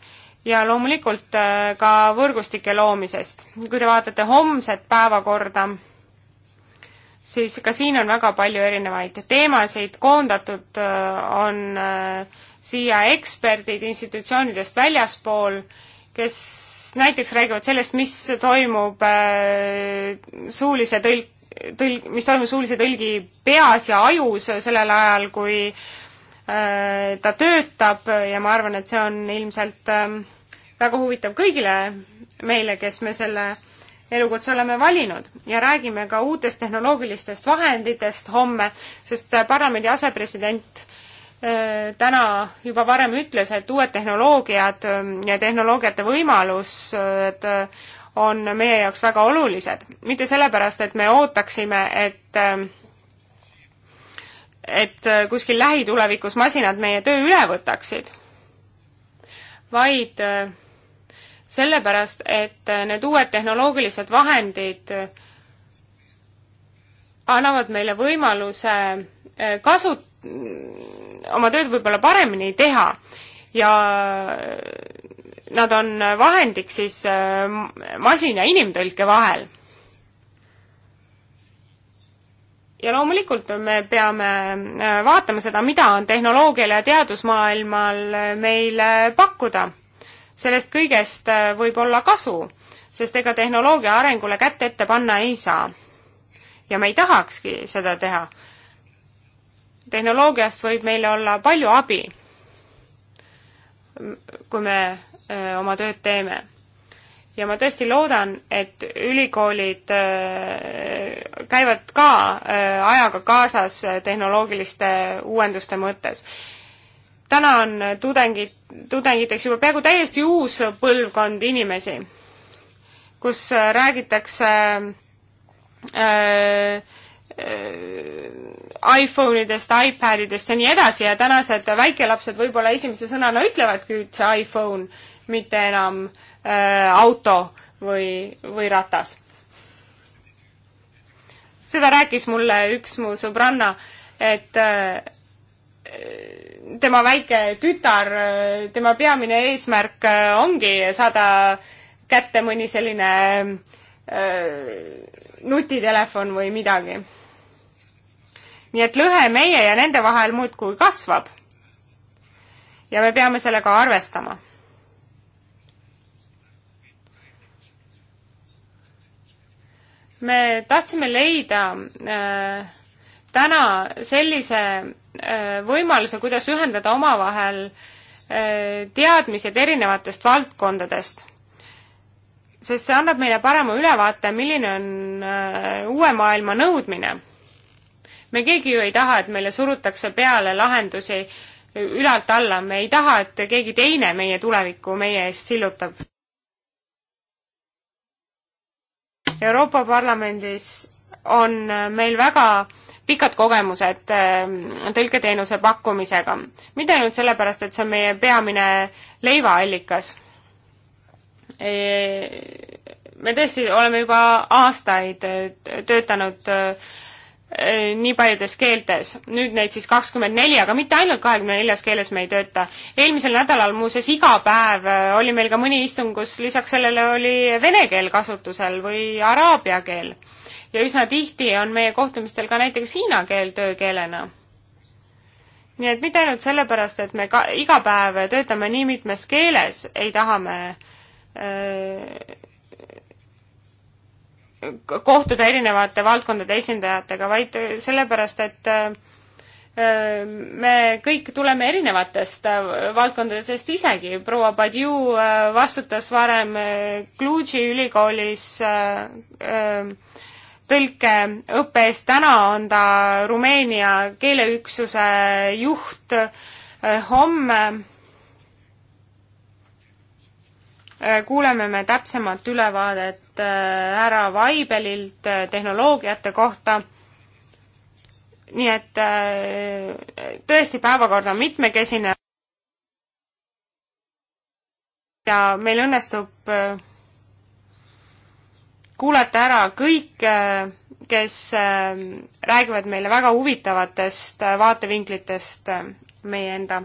ja loomulikult äh, ka võrgustike loomisest. kui te vaatate homset päevakorda, siis ka siin on väga palju erinevaid teemasid, koondatud äh, on äh, siia eksperdid institutsioonidest väljaspool, kes näiteks räägivad sellest, mis toimub äh, suulise tõlk, tõlg, mis toimub suulise tõlgi peas ja ajus sellel ajal, kui äh, ta töötab ja ma arvan, et see on ilmselt ähm, väga huvitav kõigile meile, kes me selle elukutse oleme valinud ja räägime ka uutest tehnoloogilistest vahenditest homme, sest äh, parlamendi asepresident Äh, täna juba varem ütles, et uued tehnoloogiad ähm, ja tehnoloogiate võimalused äh, äh, on meie jaoks väga olulised. mitte sellepärast, et me ootaksime, et ähm, et kuskil lähitulevikus masinad meie töö üle võtaksid, vaid sellepärast, et need uued tehnoloogilised vahendid annavad meile võimaluse kasu-, oma tööd võib-olla paremini teha ja nad on vahendiks siis äh, masin- ja inimtõlke vahel. ja loomulikult me peame äh, vaatama seda, mida on tehnoloogial ja teadusmaailmal äh, meile pakkuda. sellest kõigest võib olla kasu, sest ega tehnoloogia arengule kätt ette panna ei saa. ja me ei tahakski seda teha tehnoloogiast võib meile olla palju abi, kui me öö, oma tööd teeme. ja ma tõesti loodan, et ülikoolid öö, käivad ka öö, ajaga kaasas tehnoloogiliste uuenduste mõttes. täna on tudengid, tudengiteks juba peaaegu täiesti uus põlvkond inimesi, kus äh, räägitakse öö, Äh, iPhone idest, iPadidest ja nii edasi ja tänased väikelapsed võib-olla esimese sõnana ütlevadki üldse iPhone, mitte enam äh, auto või, või ratas. seda rääkis mulle üks mu sõbranna, et äh, tema väike tütar, äh, tema peamine eesmärk äh, ongi saada kätte mõni selline äh, Äh, nutitelefon või midagi. nii et lõhe meie ja nende vahel muudkui kasvab. ja me peame sellega arvestama. me tahtsime leida äh, täna sellise äh, võimaluse, kuidas ühendada omavahel äh, teadmised erinevatest valdkondadest sest see annab meile parema ülevaate, milline on äh, uue maailma nõudmine. me keegi ju ei taha, et meile surutakse peale lahendusi ülalt alla, me ei taha, et keegi teine meie tulevikku meie eest sillutab. Euroopa Parlamendis on äh, meil väga pikad kogemused äh, tõlketeenuse pakkumisega. mitte ainult sellepärast, et see on meie peamine leivaallikas E, me tõesti oleme juba aastaid e, töötanud e, nii paljudes keeltes, nüüd neid siis kakskümmend neli, aga mitte ainult kahekümne neljas keeles me ei tööta. eelmisel nädalal muuseas iga päev oli meil ka mõni istung, kus lisaks sellele oli vene keel kasutusel või araabia keel. ja üsna tihti on meie kohtumistel ka näiteks hiina keel töökeelena. nii et mitte ainult sellepärast, et me ka iga päev töötame nii mitmes keeles, ei taha me äh, Äh, kohtuda erinevate valdkondade esindajatega, vaid sellepärast, et äh, me kõik tuleme erinevatest äh, valdkondadest isegi. proua Padju vastutas varem Cluj'i ülikoolis tõlkeõppe eest, täna on ta Rumeenia keeleüksuse juht, homme Äh, kuuleme me täpsemat ülevaadet äh, härra Vaibelilt äh, tehnoloogiate kohta. nii et tõesti, päevakord on mitmekesine. ja meil õnnestub kuulata ära kõik, kes räägivad meile väga huvitavatest vaatevinklitest meie enda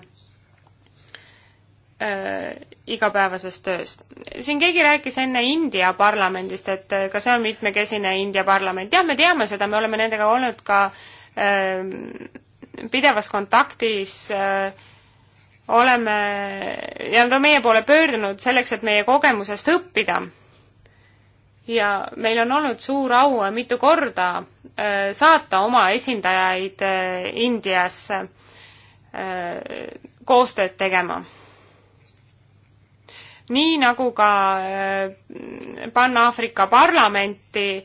äh, igapäevasest tööst. siin keegi rääkis enne India parlamendist, et äh, ka see on mitmekesine India parlament. jah, me teame seda, me oleme nendega olnud ka äh, pidevas kontaktis äh, oleme, ja nad on meie poole pöördunud selleks, et meie kogemusest õppida. ja meil on olnud suur au mitu korda äh, saata oma esindajaid äh, Indiasse äh, koostööd tegema nii nagu ka äh, Pan-Aafrika parlamenti,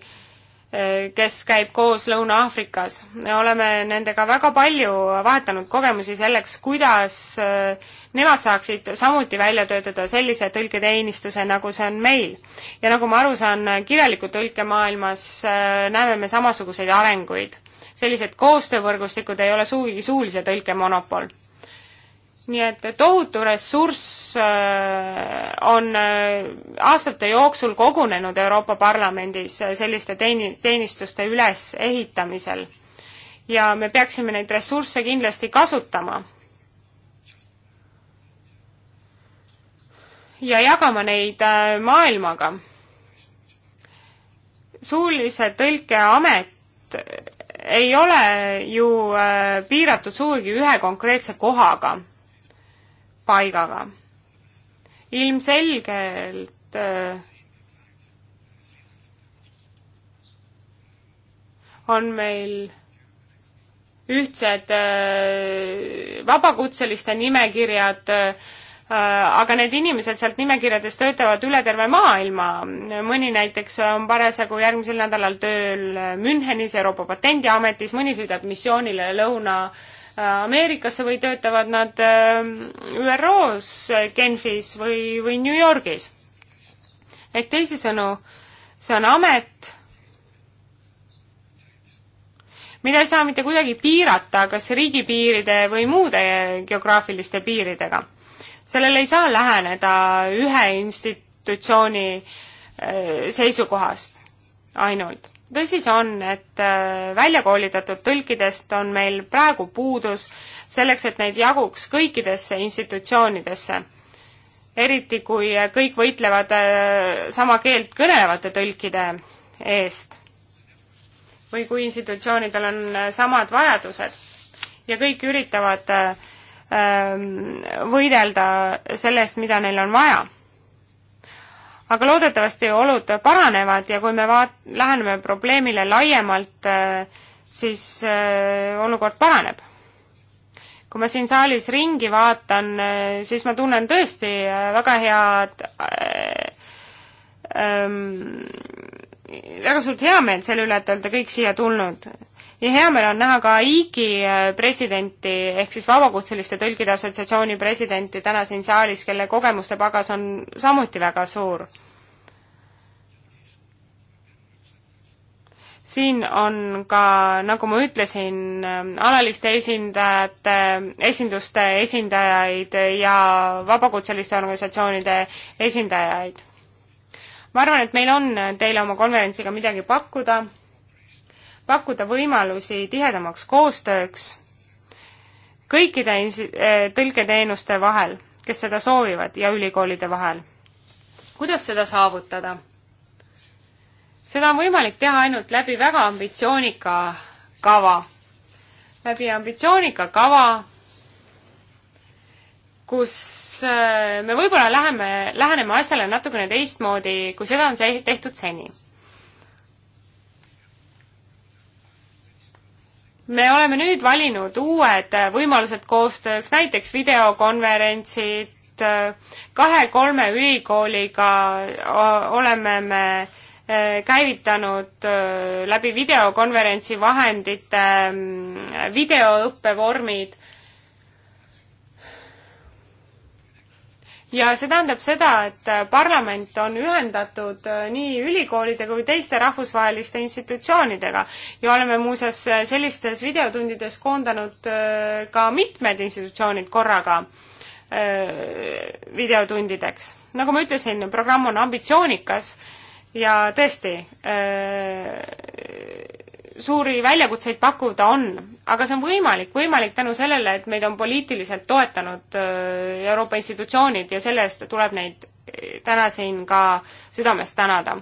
äh, kes käib koos Lõuna-Aafrikas. me oleme nendega väga palju vahetanud kogemusi selleks, kuidas äh, nemad saaksid samuti välja töötada sellise tõlketeenistuse, nagu see on meil. ja nagu ma aru saan, kirjaliku tõlke maailmas näeme me samasuguseid arenguid. sellised koostöövõrgustikud ei ole sugugi suulise tõlke monopol nii et tohutu ressurss äh, on äh, aastate jooksul kogunenud Euroopa Parlamendis äh, selliste teeni-, teenistuste ülesehitamisel. ja me peaksime neid ressursse kindlasti kasutama. ja jagama neid maailmaga. suulise tõlke amet ei ole ju piiratud sugugi ühe konkreetse kohaga paigaga. ilmselgelt äh, on meil ühtsed äh, vabakutseliste nimekirjad, äh, aga need inimesed sealt nimekirjadest töötavad üle terve maailma. mõni näiteks on parasjagu järgmisel nädalal tööl Münchenis Euroopa Patendiametis, mõni sõidab missioonile Lõuna äh, Ameerikasse või töötavad nad äh, ÜRO-s Genfis või, või New Yorgis. ehk teisisõnu, see on amet, mida ei saa mitte kuidagi piirata kas riigipiiride või muude geograafiliste piiridega. sellele ei saa läheneda ühe institutsiooni äh, seisukohast ainult tõsi see on, et äh, välja koolitatud tõlkidest on meil praegu puudus selleks, et neid jaguks kõikidesse institutsioonidesse. eriti, kui äh, kõik võitlevad äh, sama keelt kõnelevate tõlkide eest. või kui institutsioonidel on samad vajadused ja kõik üritavad ähm, võidelda selle eest, mida neil on vaja aga loodetavasti olud paranevad ja kui me vaat-, läheneme probleemile laiemalt, äh, siis äh, olukord paraneb. kui ma siin saalis ringi vaatan, äh, siis ma tunnen tõesti väga head ähm, väga suurt heameelt selle üle, et olete kõik siia tulnud. ja hea meel on näha ka IGI äh, presidenti ehk siis Vabakutseliste Tõlgide Assotsiatsiooni presidenti täna siin saalis, kelle kogemuste pagas on samuti väga suur. siin on ka, nagu ma ütlesin, äh, alaliste esindajate, esinduste esindajaid ja vabakutseliste organisatsioonide esindajaid ma arvan, et meil on teile oma konverentsiga midagi pakkuda, pakkuda võimalusi tihedamaks koostööks kõikide eh, tõlketeenuste vahel, kes seda soovivad, ja ülikoolide vahel. kuidas seda saavutada? seda on võimalik teha ainult läbi väga ambitsioonika kava. läbi ambitsioonika kava, kus äh, me võib-olla läheme, läheneme asjale natukene teistmoodi, kui seda on see tehtud seni. me oleme nüüd valinud uued äh, võimalused koostööks, näiteks videokonverentsid, äh, kahe-kolme ülikooliga oleme me käivitanud läbi videokonverentsi vahendite mm, videoõppevormid ja see tähendab seda, et parlament on ühendatud äh, nii ülikoolide kui teiste rahvusvaheliste institutsioonidega ja oleme muuseas äh, sellistes videotundides koondanud äh, ka mitmed institutsioonid korraga videotundideks. nagu ma ütlesin, programm on ambitsioonikas ja tõesti, suuri väljakutseid pakkuda on aga see on võimalik, võimalik tänu sellele, et meid on poliitiliselt toetanud äh, Euroopa institutsioonid ja selle eest tuleb neid äh, täna siin ka südamest tänada.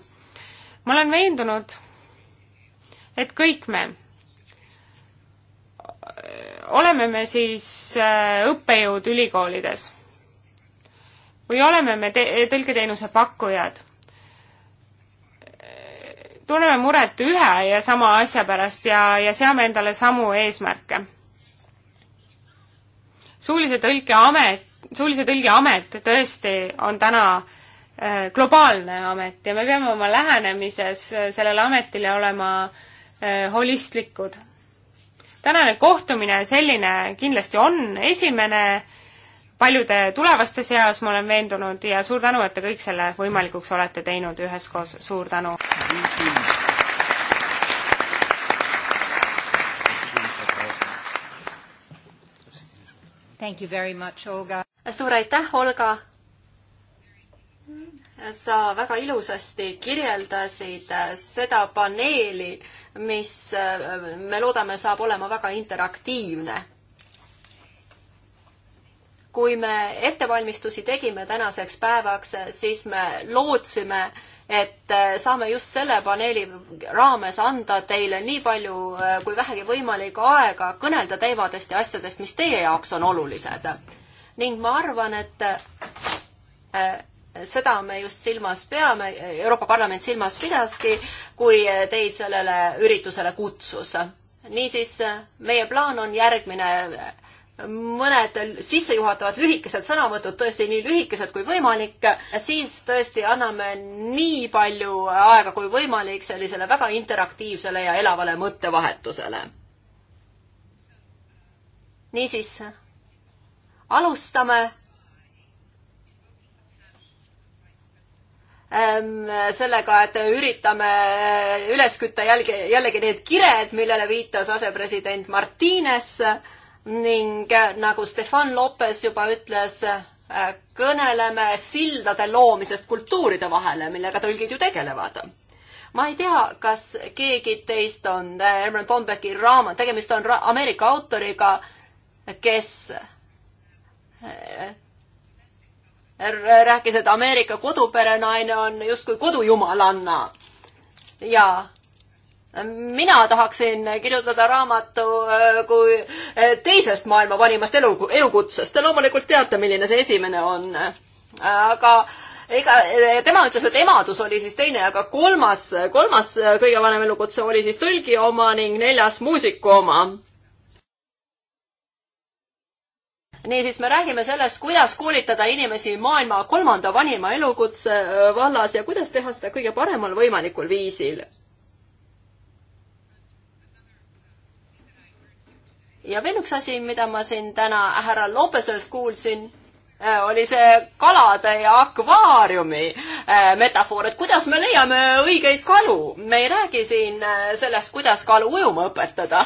ma olen veendunud, et kõik me, äh, oleme me siis õppejõud ülikoolides või oleme me te-, tõlketeenuse pakkujad tunneme muret ühe ja sama asja pärast ja, ja seame endale samu eesmärke. suulise tõlke amet, suulise tõlgi amet tõesti on täna äh, globaalne amet ja me peame oma lähenemises äh, sellele ametile olema äh, holistlikud. tänane kohtumine selline kindlasti on esimene paljude tulevaste seas, ma olen veendunud, ja suur tänu, et te kõik selle võimalikuks olete teinud üheskoos, suur tänu! suur aitäh, Olga! sa väga ilusasti kirjeldasid seda paneeli, mis äh, me loodame, saab olema väga interaktiivne kui me ettevalmistusi tegime tänaseks päevaks, siis me lootsime, et äh, saame just selle paneeli raames anda teile nii palju äh, kui vähegi võimalik aega kõnelda teemadest ja asjadest, mis teie jaoks on olulised. ning ma arvan, et äh, seda me just silmas peame, Euroopa Parlament silmas pidaski, kui teid sellele üritusele kutsus. niisiis, meie plaan on järgmine mõned sissejuhatavad lühikesed sõnavõtud, tõesti nii lühikesed kui võimalik, siis tõesti anname nii palju aega kui võimalik sellisele väga interaktiivsele ja elavale mõttevahetusele. niisiis, alustame ehm, sellega, et üritame üles kütta jälgi, jällegi need kired, millele viitas asepresident Martines ning äh, nagu Stefan Lopes juba ütles, äh, kõneleme sildade loomisest kultuuride vahele, millega tõlgid ju tegelevad. ma ei tea, kas keegi teist on äh, Herman Bombeki raamat, tegemist on ra Ameerika autoriga, kes rääkis, et Ameerika koduperenaine on justkui kodujumalanna ja mina tahaksin kirjutada raamatu äh, kui äh, teisest maailma parimast elu, elukutsest. Te loomulikult teate, milline see esimene on. aga ega äh, tema ütles, et emadus oli siis teine, aga kolmas, kolmas kõige vanem elukutse oli siis tõlgi oma ning neljas muusiku oma. niisiis, me räägime sellest, kuidas koolitada inimesi maailma kolmanda vanima elukutse vallas ja kuidas teha seda kõige paremal võimalikul viisil ja veel üks asi, mida ma siin täna härra Lopeselt kuulsin äh, oli see kalade ja akvaariumi äh, metafoor, et kuidas me leiame õigeid kalu. me ei räägi siin äh, sellest, kuidas kalu ujuma õpetada.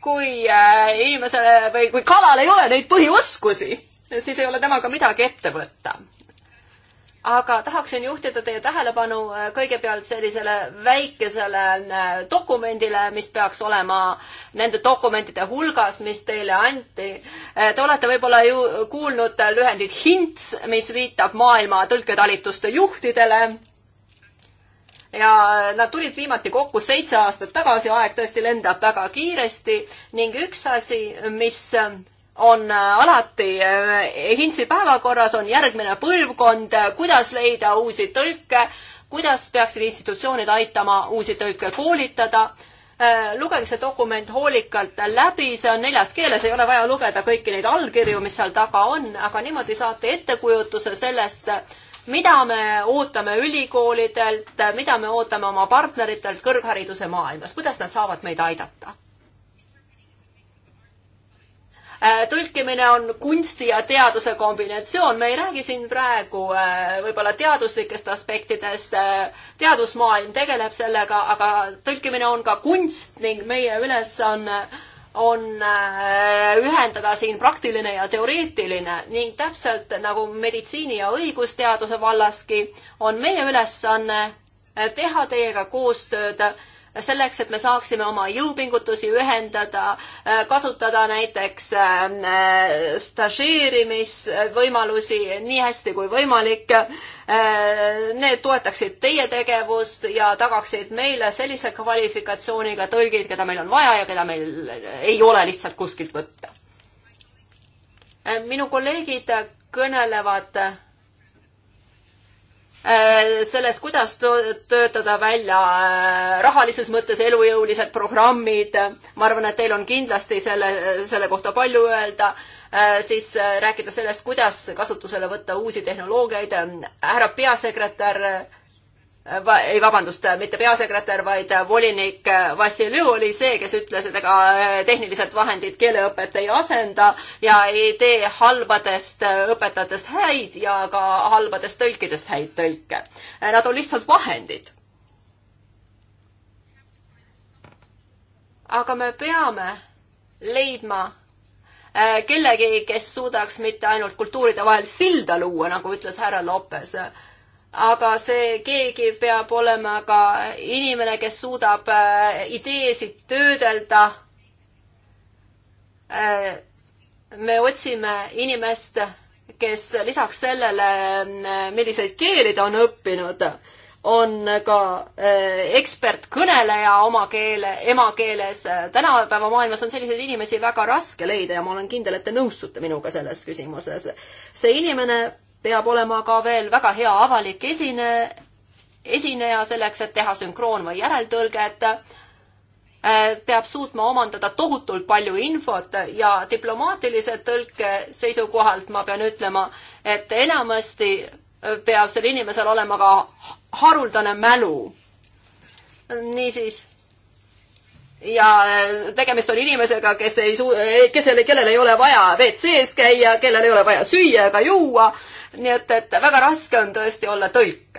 kui inimesele või kui kalal ei ole neid põhioskusi, siis ei ole temaga midagi ette võtta aga tahaksin juhtida teie tähelepanu äh, kõigepealt sellisele väikesele äh, dokumendile, mis peaks olema nende dokumentide hulgas, mis teile anti. Äh, te olete võib-olla ju kuulnud lühendit HINTS, mis viitab maailma tõlketalituste juhtidele. ja nad tulid viimati kokku seitse aastat tagasi, aeg tõesti lendab väga kiiresti ning üks asi, mis on äh, alati äh, Hintsi päevakorras, on järgmine põlvkond, äh, kuidas leida uusi tõlke, kuidas peaksid institutsioonid aitama uusi tõlke koolitada. lugege see dokument hoolikalt läbi, see on neljas keeles, ei ole vaja lugeda kõiki neid allkirju, mis seal taga on, aga niimoodi saate ettekujutuse sellest, mida me ootame ülikoolidelt, mida me ootame oma partneritelt kõrghariduse maailmas, kuidas nad saavad meid aidata Äh, tõlkimine on kunsti ja teaduse kombinatsioon, me ei räägi siin praegu äh, võib-olla teaduslikest aspektidest, äh, teadusmaailm tegeleb sellega, aga tõlkimine on ka kunst ning meie ülesanne on, on ühendada siin praktiline ja teoreetiline ning täpselt nagu meditsiini ja õigusteaduse vallaski on meie ülesanne teha teiega koostööd selleks, et me saaksime oma jõupingutusi ühendada, äh, kasutada näiteks äh, stažeerimisvõimalusi nii hästi kui võimalik. Äh, need toetaksid teie tegevust ja tagaksid meile sellise kvalifikatsiooniga tõlgid, keda meil on vaja ja keda meil ei ole lihtsalt kuskilt võtta. minu kolleegid kõnelevad Äh, selles, kuidas töötada välja äh, rahalises mõttes elujõulised programmid. ma arvan, et teil on kindlasti selle, selle kohta palju öelda. Äh, siis rääkida sellest, kuidas kasutusele võtta uusi tehnoloogiaid. härra peasekretär va, ei vabandust, mitte peasekretär, vaid volinik Vassiljev oli see, kes ütles, et ega äh, tehnilised vahendid keeleõpet ei asenda ja ei tee halbadest äh, õpetajatest häid ja ka halbadest tõlkidest häid tõlke. Äh, nad on lihtsalt vahendid. aga me peame leidma kellegi, kes suudaks mitte ainult kultuuride vahel silda luua, nagu ütles härra Lopes aga see keegi peab olema ka inimene, kes suudab äh, ideesid töödelda. Äh, me otsime inimest, kes lisaks sellele, äh, milliseid keeli ta on õppinud, on ka ekspertkõneleja oma keele, emakeeles. tänapäeva maailmas on selliseid inimesi väga raske leida ja ma olen kindel, et te nõustute minuga selles küsimuses. see inimene peab olema ka veel väga hea avalik esine, esineja selleks, et teha sünkroon- või järeltõlget, äh, peab suutma omandada tohutult palju infot ja diplomaatilise tõlke seisukohalt ma pean ütlema, et enamasti äh, peab sel inimesel olema ka haruldane mälu. niisiis ja äh, tegemist on inimesega, kes ei suu-, äh, kes, kellel ei ole vaja WC-s käia, kellel ei ole vaja süüa ega juua. nii et, et väga raske on tõesti olla tõlk.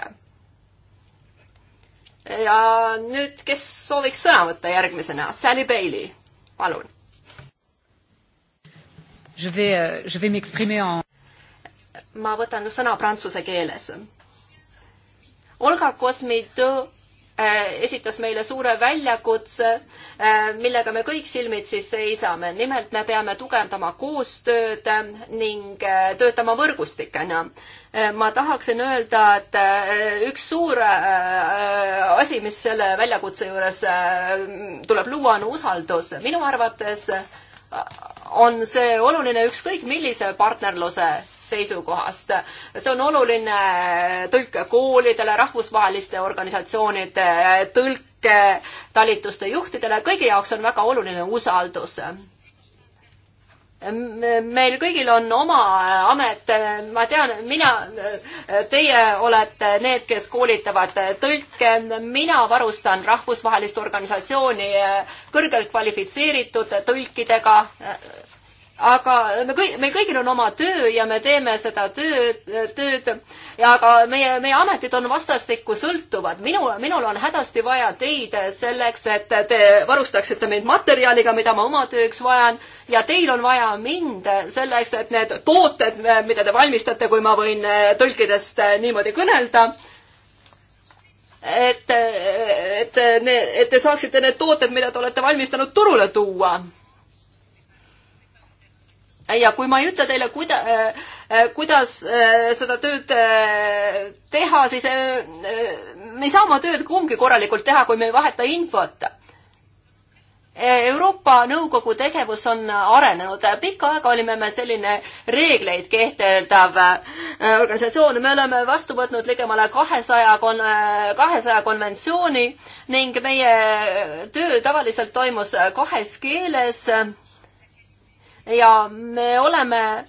ja nüüd, kes sooviks sõna võtta järgmisena? Sally Bailey, palun. Euh, ma võtan sõna prantsuse keeles. Olga Kosmitu Äh, esitas meile suure väljakutse, äh, millega me kõik silmitsi seisame. nimelt me peame tugevdama koostööd ning äh, töötama võrgustikena. ma tahaksin öelda, et üks suur asi, mis selle väljakutse juures tuleb luua, on usaldus. minu arvates on see oluline ükskõik millise partnerluse seisukohast. see on oluline tõlke koolidele, rahvusvaheliste organisatsioonide tõlke, talituste juhtidele, kõigi jaoks on väga oluline usaldus meil kõigil on oma äh, amet, ma tean, mina, äh, teie olete need, kes koolitavad tõlke, mina varustan rahvusvahelist organisatsiooni äh, kõrgelt kvalifitseeritud tõlkidega aga me kõik, meil kõigil on oma töö ja me teeme seda tööd, tööd ja aga meie, meie ametid on vastastikku sõltuvad. minu, minul on hädasti vaja teid selleks, et te varustaksite mind materjaliga, mida ma oma tööks vajan ja teil on vaja mind selleks, et need tooted, mida te valmistate, kui ma võin tõlkidest niimoodi kõnelda, et, et, et te saaksite need tooted, mida te olete valmistanud, turule tuua ja kui ma ei ütle teile, kuida-, äh, äh, kuidas äh, seda tööd teha, siis me ei saa oma tööd kumbki korralikult teha, kui me ei vaheta infot. Euroopa Nõukogu tegevus on arenenud, pikka aega olime me selline reegleid kehtestav organisatsioon, me oleme vastu võtnud ligemale kahesaja kon-, kahesaja konventsiooni ning meie töö tavaliselt toimus kahes keeles ja me oleme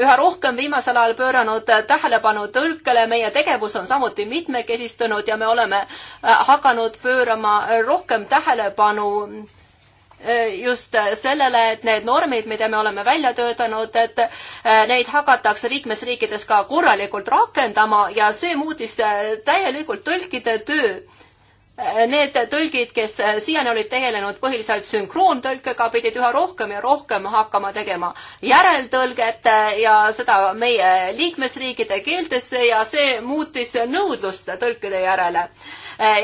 üha rohkem viimasel ajal pööranud tähelepanu tõlkele, meie tegevus on samuti mitmekesistunud ja me oleme äh, hakanud pöörama rohkem tähelepanu äh, just sellele, et need normid, mida me oleme välja töötanud, et äh, neid hakatakse liikmesriikides ka korralikult rakendama ja see muutis täielikult tõlkide töö Need tõlgid, kes siiani olid tegelenud põhiliselt sünkroontõlkega, pidid üha rohkem ja rohkem hakkama tegema järeltõlget ja seda meie liikmesriikide keeltesse ja see muutis nõudlust tõlkide järele.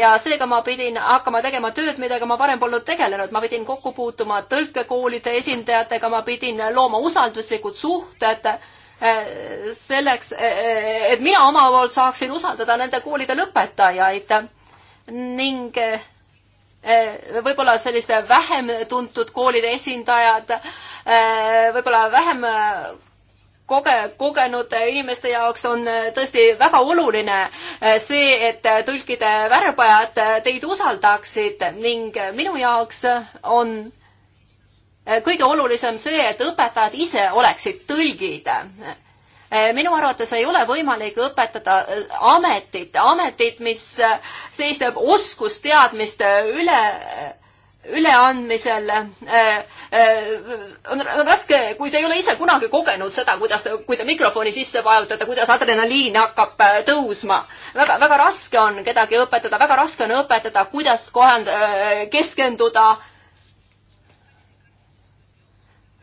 ja seega ma pidin hakkama tegema tööd, millega ma varem polnud tegelenud, ma pidin kokku puutuma tõlkekoolide esindajatega, ma pidin looma usalduslikud suhted eh, selleks, eh, eh, et mina oma poolt saaksin usaldada nende koolide lõpetajaid ning eh, võib-olla selliste vähem tuntud koolide esindajad, eh, võib-olla vähem eh, koge-, kogenud inimeste jaoks on tõesti väga oluline see, et tõlkide värbajad teid usaldaksid ning minu jaoks on kõige olulisem see, et õpetajad ise oleksid tõlgid Eh, minu arvates ei ole võimalik õpetada eh, ametit, ametit, mis eh, seisneb oskusteadmiste üle, üleandmisel. on raske, kui te ei ole ise kunagi kogenud seda, kuidas, kui te mikrofoni sisse vajutate, kuidas adrenaliin hakkab tõusma. väga, väga raske on kedagi õpetada, väga raske on õpetada, kuidas kohand-, keskenduda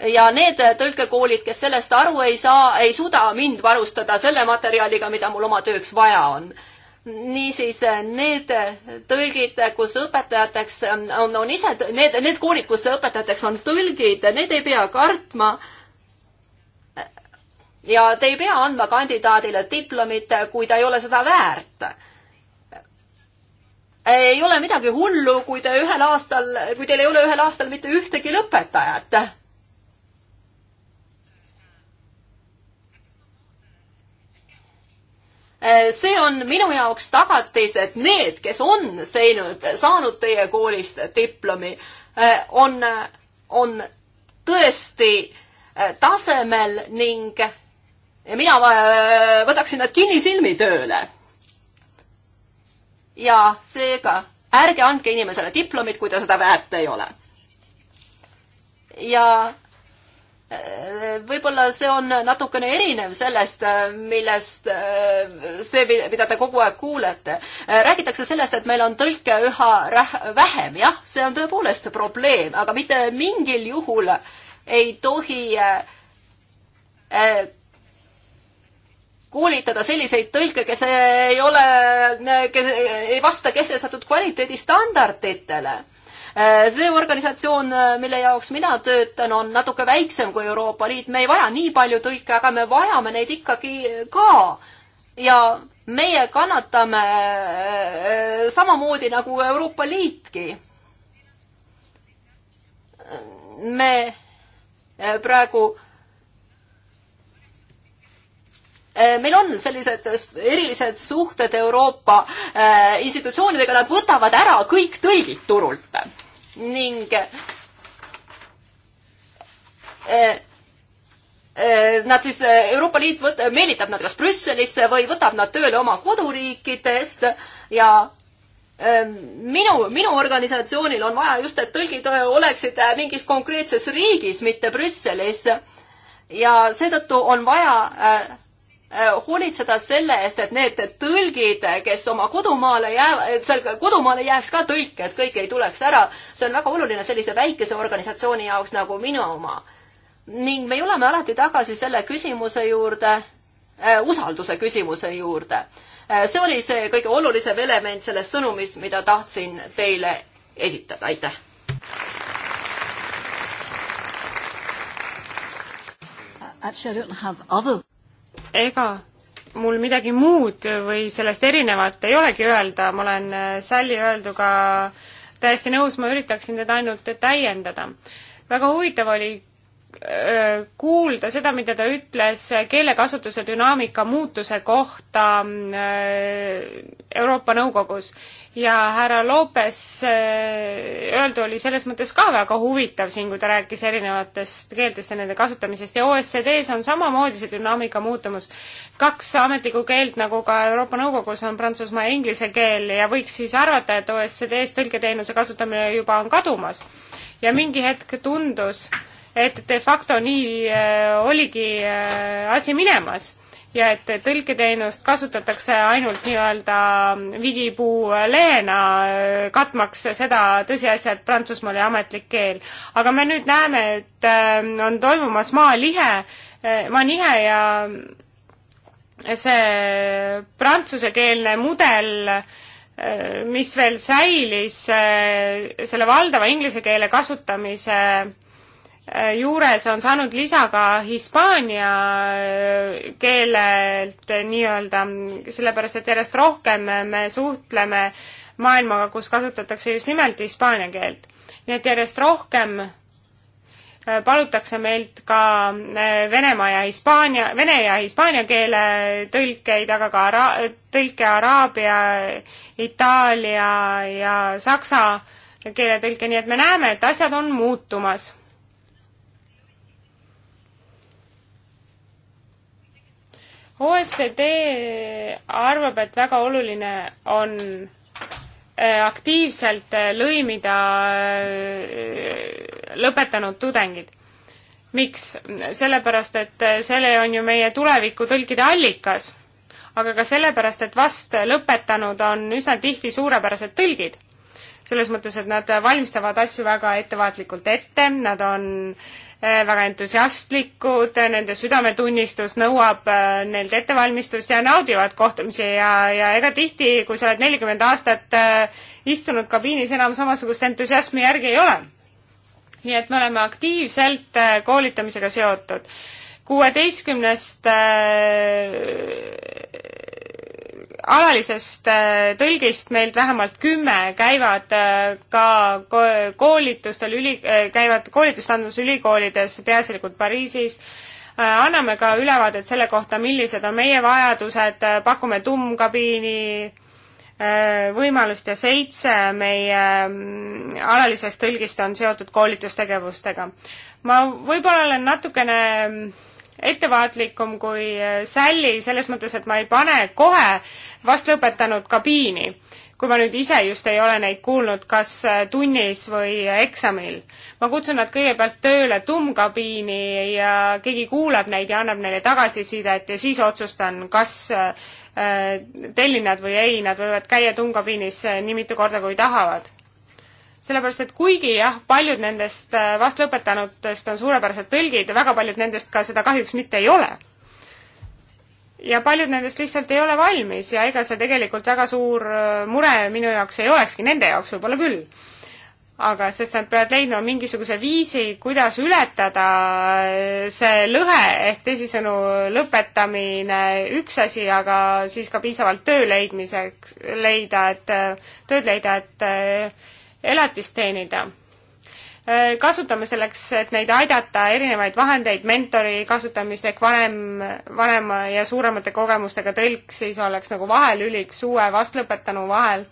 ja need tõlkekoolid, kes sellest aru ei saa, ei suuda mind varustada selle materjaliga, mida mul oma tööks vaja on. niisiis need tõlgid, kus õpetajateks on, on ise, need, need koolid, kus õpetajateks on tõlgid, need ei pea kartma. ja te ei pea andma kandidaadile diplomit, kui ta ei ole seda väärt ei ole midagi hullu, kui te ühel aastal, kui teil ei ole ühel aastal mitte ühtegi lõpetajat Äh, see on minu jaoks tagatis, et need, kes on seinud, saanud teie koolist diplomi, äh, on, on tõesti äh, tasemel ning mina võtaksin nad kinnisilmi tööle. ja seega ärge andke inimesele diplomit, kui ta seda väärt ei ole. ja võib-olla see on natukene erinev sellest, millest äh, see, mida te kogu aeg kuulete. Äh, räägitakse sellest, et meil on tõlke üha vähem, jah, see on tõepoolest probleem, aga mitte mingil juhul ei tohi äh, koolitada selliseid tõlke, kes ei ole, kes ei vasta kehtestatud kvaliteedistandarditele Eh, see organisatsioon, eh, mille jaoks mina töötan, on natuke väiksem kui Euroopa Liit, me ei vaja nii palju tõlke, aga me vajame neid ikkagi ka. ja meie kannatame eh, samamoodi nagu Euroopa Liitki. me praegu meil on sellised erilised suhted Euroopa institutsioonidega, nad võtavad ära kõik tõlgid turult ning äh, äh, Nad siis, äh, Euroopa Liit võt-, meelitab nad kas Brüsselisse või võtab nad tööle oma koduriikidest ja ähm, minu, minu organisatsioonil on vaja just, et tõlgid oleksid mingis konkreetses riigis, mitte Brüsselis. ja seetõttu on vaja Äh, hoolitseda selle eest, et need tõlgid, kes oma kodumaale jäävad, et seal kodumaale jääks ka tõlke, et kõik ei tuleks ära. see on väga oluline sellise väikese organisatsiooni jaoks nagu minu oma. ning me tuleme alati tagasi selle küsimuse juurde äh,, usalduse küsimuse juurde äh,. see oli see kõige olulisem element selles sõnumis, mida tahtsin teile esitada, aitäh! Actually, I don't have other ega mul midagi muud või sellest erinevat ei olegi öelda, ma olen äh, Salli öelduga täiesti nõus, ma üritaksin teda ainult täiendada. väga huvitav oli Äh, kuulda seda, mida ta ütles keelekasutuse dünaamika muutuse kohta äh, Euroopa Nõukogus. ja härra Lopes äh, öeldu oli selles mõttes ka väga huvitav siin, kui ta rääkis erinevatest keeltest ja nende kasutamisest ja OSCD-s on samamoodi see dünaamika muutumus. kaks ametlikku keelt, nagu ka Euroopa Nõukogus on prantsusmaa ja inglise keel ja võiks siis arvata, et OSCD-s tõlketeenuse kasutamine juba on kadumas. ja mingi hetk tundus, et de facto nii äh, oligi äh, asi minemas ja et tõlketeenust kasutatakse ainult nii-öelda vigipuu äh, leena, katmaks seda tõsiasja, et Prantsusmaa oli ametlik keel. aga me nüüd näeme, et on toimumas maalihe, maanihe ja see prantsusekeelne mudel mis veel säilis selle valdava inglise keele kasutamise Äh, juures on saanud lisa ka hispaania äh, keelelt äh, nii-öelda, sellepärast et järjest rohkem me suhtleme maailmaga, kus kasutatakse just nimelt hispaania keelt. nii et järjest rohkem palutakse meilt ka Venemaa ja Hispaania, vene ja hispaania keele tõlkeid, aga ka ara-, tõlke araabia, itaalia ja saksa keeletõlke, nii et me näeme, et asjad on muutumas OSCD arvab, et väga oluline on äh, aktiivselt äh, lõimida äh, lõpetanud tudengid. miks? sellepärast, et selle on ju meie tulevikutõlkide allikas, aga ka sellepärast, et vast lõpetanud on üsna tihti suurepärased tõlgid selles mõttes, et nad valmistavad asju väga ettevaatlikult ette, nad on äh, Äh, väga entusiastlikud, nende südametunnistus nõuab äh, neilt ettevalmistust ja naudivad kohtumisi ja, ja ega tihti, kui sa oled nelikümmend aastat äh, istunud kabiinis, enam samasugust entusiasmi järgi ei ole. nii et me oleme aktiivselt koolitamisega seotud. kuueteistkümnest alalisest äh, tõlgist meilt vähemalt kümme käivad äh, ka koolitustel üli, äh, käivad koolitust andmas ülikoolides, peaasjalikult Pariisis. anname ka ülevaadet selle kohta, millised on meie vajadused, pakume tummkabiini võimalust ja seitse meie mm, alalisest tõlgist on seotud koolitustegevustega. ma võib-olla olen natukene mm, ettevaatlikum kui äh, sälli, selles mõttes, et ma ei pane kohe vast lõpetanud kabiini, kui ma nüüd ise just ei ole neid kuulnud, kas äh, tunnis või eksamil. ma kutsun nad kõigepealt tööle tummkabiini ja keegi kuulab neid ja annab neile tagasisidet ja siis otsustan, kas äh, tellin nad või ei, nad võivad käia tummkabiinis nii mitu korda, kui tahavad sellepärast, et kuigi jah, paljud nendest äh, vast lõpetanutest on suurepärased tõlgid ja väga paljud nendest ka seda kahjuks mitte ei ole. ja paljud nendest lihtsalt ei ole valmis ja ega see tegelikult väga suur äh, mure minu jaoks ei olekski, nende jaoks võib-olla küll. aga sest nad peavad leidma mingisuguse viisi, kuidas ületada äh, see lõhe, ehk teisisõnu, lõpetamine üks asi, aga siis ka piisavalt töö leidmiseks, leida, et, tööd leida, et elatist teenida. Äh, kasutame selleks, et neid aidata, erinevaid vahendeid, mentori kasutamist ehk vanem, vanema ja suuremate kogemustega tõlk siis oleks nagu vahelüliks uue vastlõpetanu vahel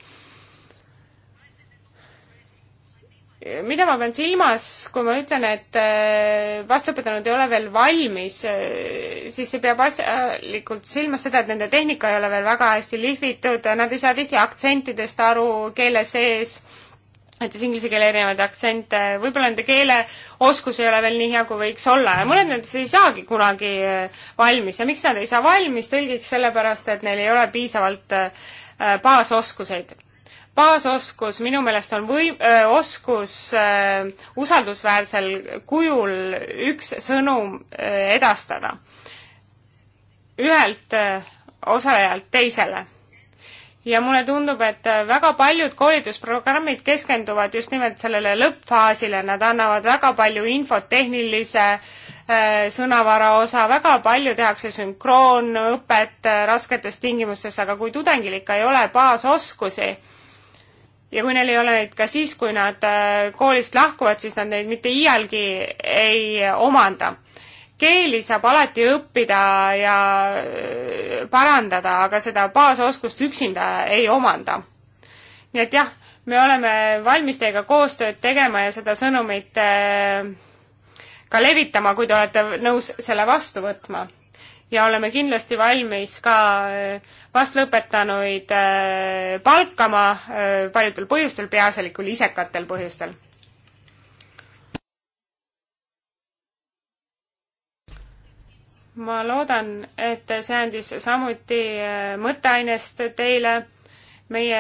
mida ma pean silmas, kui ma ütlen, et äh, vastupidanud ei ole veel valmis, äh, siis see peab asjalikult silmas seda, et nende tehnika ei ole veel väga hästi lihvitud, nad ei saa tihti aktsentidest aru keele sees näiteks inglise keele erinevaid aktsente, võib-olla nende keeleoskus ei ole veel nii hea, kui võiks olla ja mõned nendest ei saagi kunagi äh, valmis ja miks nad ei saa valmis tõlgiks, sellepärast et neil ei ole piisavalt äh, baasoskuseid. baasoskus minu meelest on või-, äh, oskus öö, usaldusväärsel kujul üks sõnum öö, edastada ühelt osalejalt teisele ja mulle tundub, et äh, väga paljud koolitusprogrammid keskenduvad just nimelt sellele lõppfaasile, nad annavad väga palju infot tehnilise äh, sõnavara osa, väga palju tehakse sünkroonõpet äh, rasketes tingimustes, aga kui tudengil ikka ei ole baasoskusi ja kui neil ei ole neid ka siis, kui nad äh, koolist lahkuvad, siis nad neid mitte iialgi ei omanda keeli saab alati õppida ja äh, parandada, aga seda baasoskust üksinda ei omanda. nii et jah, me oleme valmis teiega koostööd tegema ja seda sõnumit äh, ka levitama, kui te olete nõus selle vastu võtma. ja oleme kindlasti valmis ka äh, vastlõpetanuid palkama paljudel põhjustel, peaasjalikul isekatel põhjustel. ma loodan, et see andis samuti äh, mõtteainest teile. meie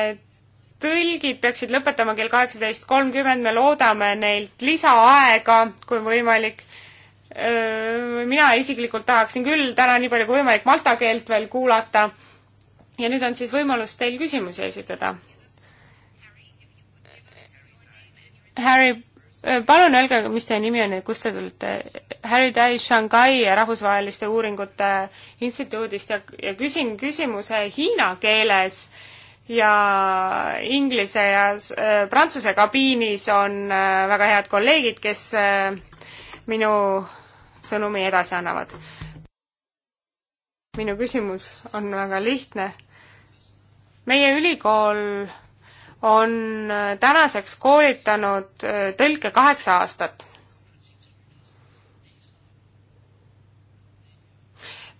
tõlgid peaksid lõpetama kell kaheksateist kolmkümmend, me loodame neilt lisaaega, kui võimalik. Äh, mina isiklikult tahaksin küll täna nii palju kui võimalik malta keelt veel kuulata. ja nüüd on siis võimalus teil küsimusi esitada. Harry Äh, palun öelge, mis teie nimi on ja kust te tulite? Harry Dai Shanghai rahvusvaheliste uuringute instituudist ja, ja küsin küsimuse hiina keeles ja inglise ja äh, prantsuse kabiinis on äh, väga head kolleegid, kes äh, minu sõnumi edasi annavad. minu küsimus on väga lihtne. meie ülikool on tänaseks koolitanud äh, tõlke kaheksa aastat.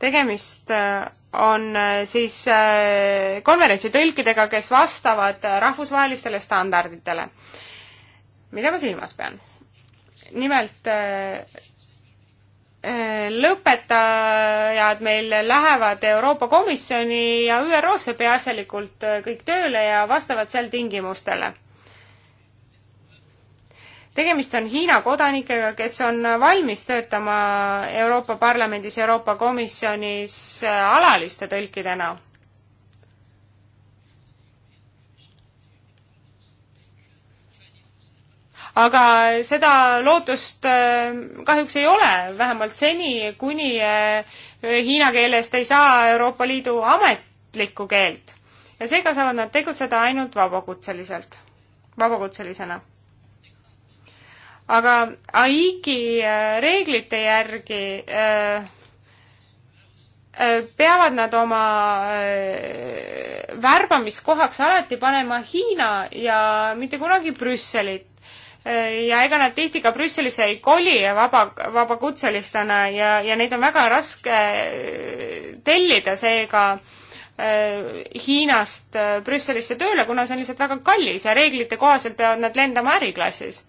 tegemist äh, on äh, siis konverentsitõlkidega, kes vastavad rahvusvahelistele standarditele. mida ma silmas pean? nimelt Äh, lõpetajad meil lähevad Euroopa Komisjoni ja ÜRO-sse peaasjalikult äh, kõik tööle ja vastavad seal tingimustele. tegemist on Hiina kodanikega, kes on valmis töötama Euroopa Parlamendis, Euroopa Komisjonis äh, alaliste tõlkidena aga seda lootust äh, kahjuks ei ole, vähemalt seni, kuni äh, hiina keelest ei saa Euroopa Liidu ametlikku keelt. ja seega saavad nad tegutseda ainult vabakutseliselt, vabakutselisena. aga AIK-i äh, reeglite järgi peavad nad oma värbamiskohaks alati panema Hiina ja mitte kunagi Brüsselit ja ega nad tihti ka Brüsselisse ei koli vaba, vabakutselistena ja, ja neid on väga raske äh, tellida, seega äh, Hiinast äh, Brüsselisse tööle, kuna see on lihtsalt väga kallis ja reeglite kohaselt peavad nad lendama äriklassis.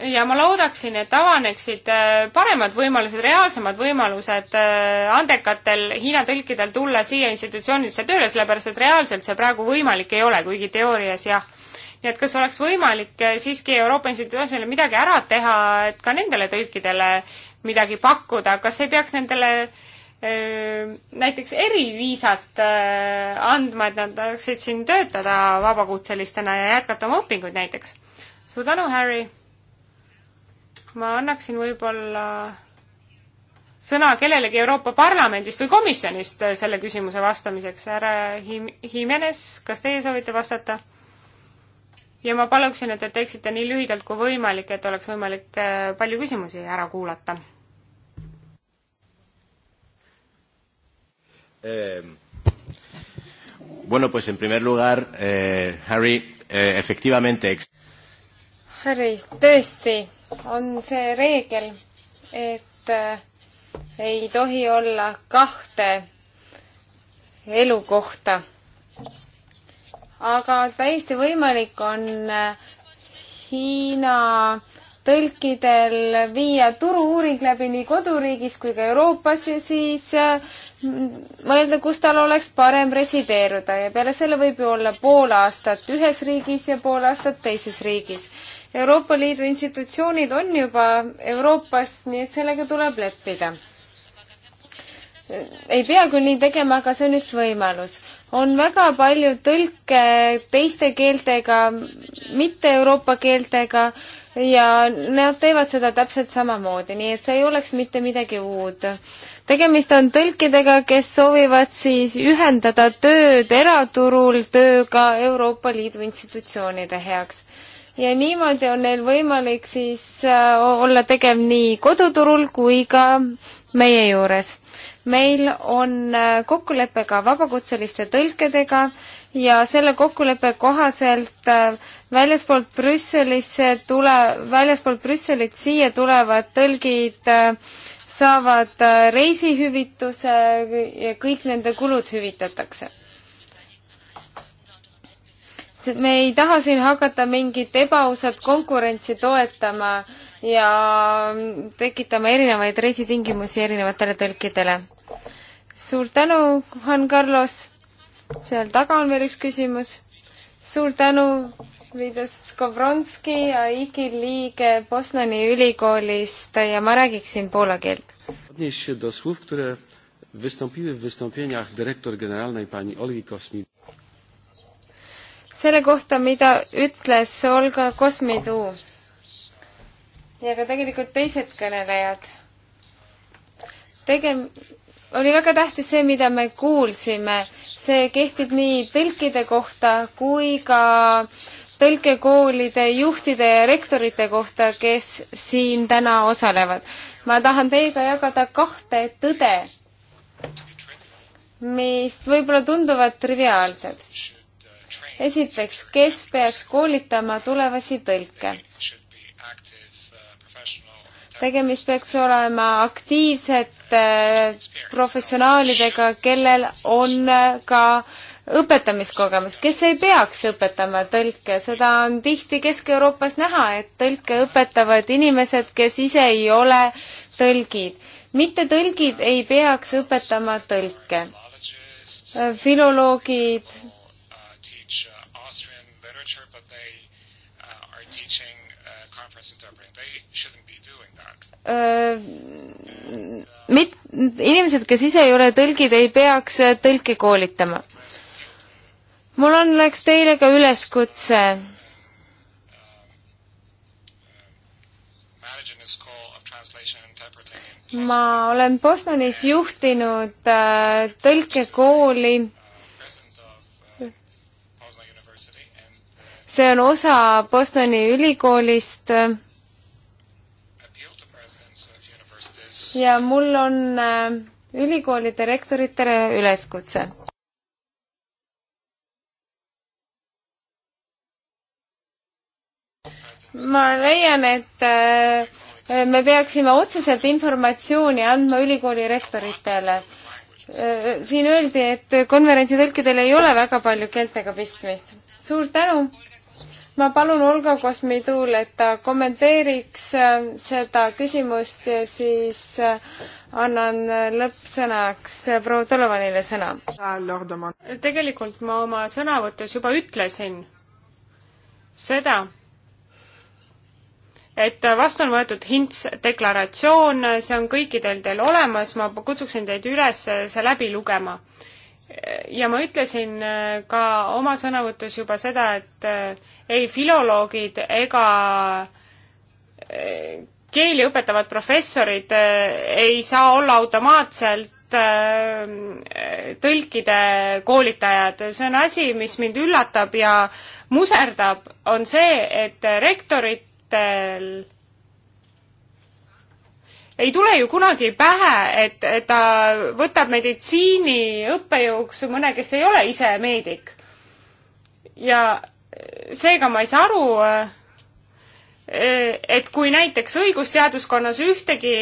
ja ma loodaksin, et avaneksid äh, paremad võimalused, reaalsemad võimalused äh, andekatel Hiina tõlkidel tulla siia institutsioonidesse tööle, sellepärast et reaalselt see praegu võimalik ei ole, kuigi teoorias jah. nii et kas oleks võimalik äh, siiski Euroopa institutsioonile midagi ära teha, et ka nendele tõlkidele midagi pakkuda, kas ei peaks nendele näiteks eriviisat andma, et nad saaksid siin töötada vabakutselistena ja jätkata oma õpinguid näiteks? suur tänu, Harry! ma annaksin võib-olla sõna kellelegi Euroopa Parlamendist või komisjonist selle küsimuse vastamiseks. härra Jim-, Jimenez, kas teie soovite vastata? ja ma paluksin, et te teeksite nii lühidalt kui võimalik, et oleks võimalik äh, palju küsimusi ära kuulata. Eh, bueno, pues en primer lugar eh,, Harry eh,, efectivamente. Harry, tõesti on see reegel, et äh, ei tohi olla kahte elukohta. aga täiesti võimalik on äh, Hiina tõlkidel viia turu-uuring läbi nii koduriigis kui ka Euroopas ja siis äh, mõelda, kus tal oleks parem resideeruda ja peale selle võib ju olla pool aastat ühes riigis ja pool aastat teises riigis. Euroopa Liidu institutsioonid on juba Euroopas, nii et sellega tuleb leppida. ei pea küll nii tegema, aga see on üks võimalus. on väga palju tõlke teiste keeltega, mitte Euroopa keeltega ja nad teevad seda täpselt samamoodi, nii et see ei oleks mitte midagi uut. tegemist on tõlkidega, kes soovivad siis ühendada tööd eraturul tööga Euroopa Liidu institutsioonide heaks ja niimoodi on neil võimalik siis äh, olla tegev nii koduturul kui ka meie juures. meil on äh, kokkulepe ka vabakutseliste tõlkedega ja selle kokkuleppe kohaselt äh, väljaspoolt Brüsselisse tule, väljaspoolt Brüsselit siia tulevad tõlgid saavad reisihüvituse ja kõik nende kulud hüvitatakse me ei taha siin hakata mingit ebaausat konkurentsi toetama ja tekitama erinevaid reisitingimusi erinevatele tõlkidele. suur tänu, Juan Carlos. seal taga on veel üks küsimus. suur tänu, Vidas Skovronski ja IKI liige Bosnani ülikoolist ja ma räägiksin poola keelt selle kohta, mida ütles Olga Kosmidu ja ka tegelikult teised kõnelejad. tegem-, oli väga tähtis see, mida me kuulsime. see kehtib nii tõlkide kohta kui ka tõlkekoolide juhtide ja rektorite kohta, kes siin täna osalevad. ma tahan teiega jagada kahte tõde, mis võib-olla tunduvad triviaalsed esiteks, kes peaks koolitama tulevasi tõlke? tegemist peaks olema aktiivsete äh, professionaalidega, kellel on äh, ka õpetamiskogemus, kes ei peaks õpetama tõlke, seda on tihti Kesk-Euroopas näha, et tõlke õpetavad inimesed, kes ise ei ole tõlgid. mitte tõlgid ei peaks õpetama tõlke. Äh, filoloogid, mit-, inimesed, kes ise ei ole tõlgid, ei peaks tõlki koolitama. mul on, oleks teile ka üleskutse. ma olen Bostonis juhtinud äh, tõlkekooli uh, see on osa Bostoni ülikoolist ja mul on äh, ülikoolide rektoritele üleskutse. ma leian, et äh, me peaksime otseselt informatsiooni andma ülikooli rektoritele. Äh, siin öeldi, et konverentsi tõlkidel ei ole väga palju keeltega pistmist. suur tänu! ma palun Olga Kosmiduul, et ta kommenteeriks äh, seda küsimust ja siis äh, annan lõppsõnaks äh, proua Tolovanile sõna. tegelikult ma oma sõnavõtus juba ütlesin seda, et vastu on võetud Hints deklaratsioon, see on kõikidel teil olemas, ma kutsuksin teid üles see läbi lugema ja ma ütlesin äh, ka oma sõnavõtus juba seda, et äh, ei filoloogid ega äh, keeli õpetavad professorid ei saa olla automaatselt tõlkide koolitajad, see on asi, mis mind üllatab ja muserdab, on see, et rektoritel ei tule ju kunagi pähe, et ta võtab meditsiini õppejõuks mõne, kes ei ole ise meedik. ja seega ma ei saa aru, et kui näiteks õigusteaduskonnas ühtegi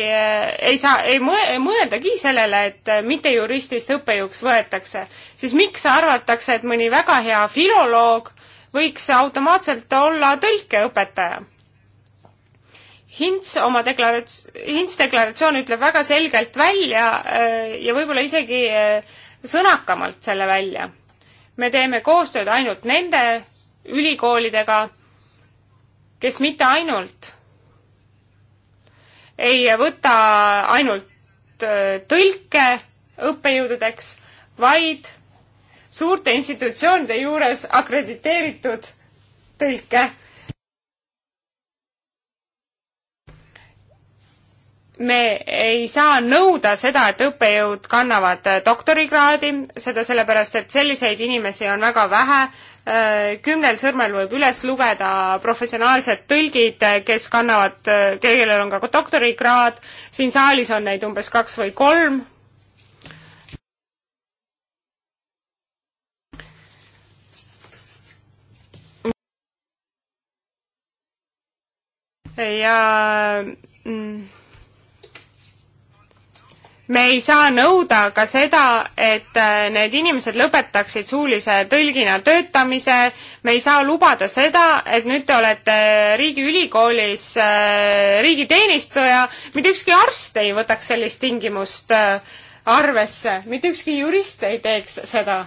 ei saa, ei mõeldagi sellele, et mittejuristist õppejõuks võetakse, siis miks arvatakse, et mõni väga hea filoloog võiks automaatselt olla tõlkeõpetaja? Hints oma deklarats-, Hints deklaratsioon ütleb väga selgelt välja äh, ja võib-olla isegi äh, sõnakamalt selle välja. me teeme koostööd ainult nende ülikoolidega, kes mitte ainult ei võta ainult äh, tõlke õppejõududeks, vaid suurte institutsioonide juures akrediteeritud tõlke me ei saa nõuda seda, et õppejõud kannavad äh, doktorikraadi, seda sellepärast, et selliseid inimesi on väga vähe, äh, kümnel sõrmel võib üles lugeda professionaalsed tõlgid, äh, kes kannavad, kellel on ka doktorikraad, siin saalis on neid umbes kaks või kolm. ja mm, me ei saa nõuda ka seda, et äh, need inimesed lõpetaksid suulise tõlgina töötamise, me ei saa lubada seda, et nüüd te olete riigiülikoolis äh, riigiteenistuja, mitte ükski arst ei võtaks sellist tingimust äh, arvesse, mitte ükski jurist ei teeks seda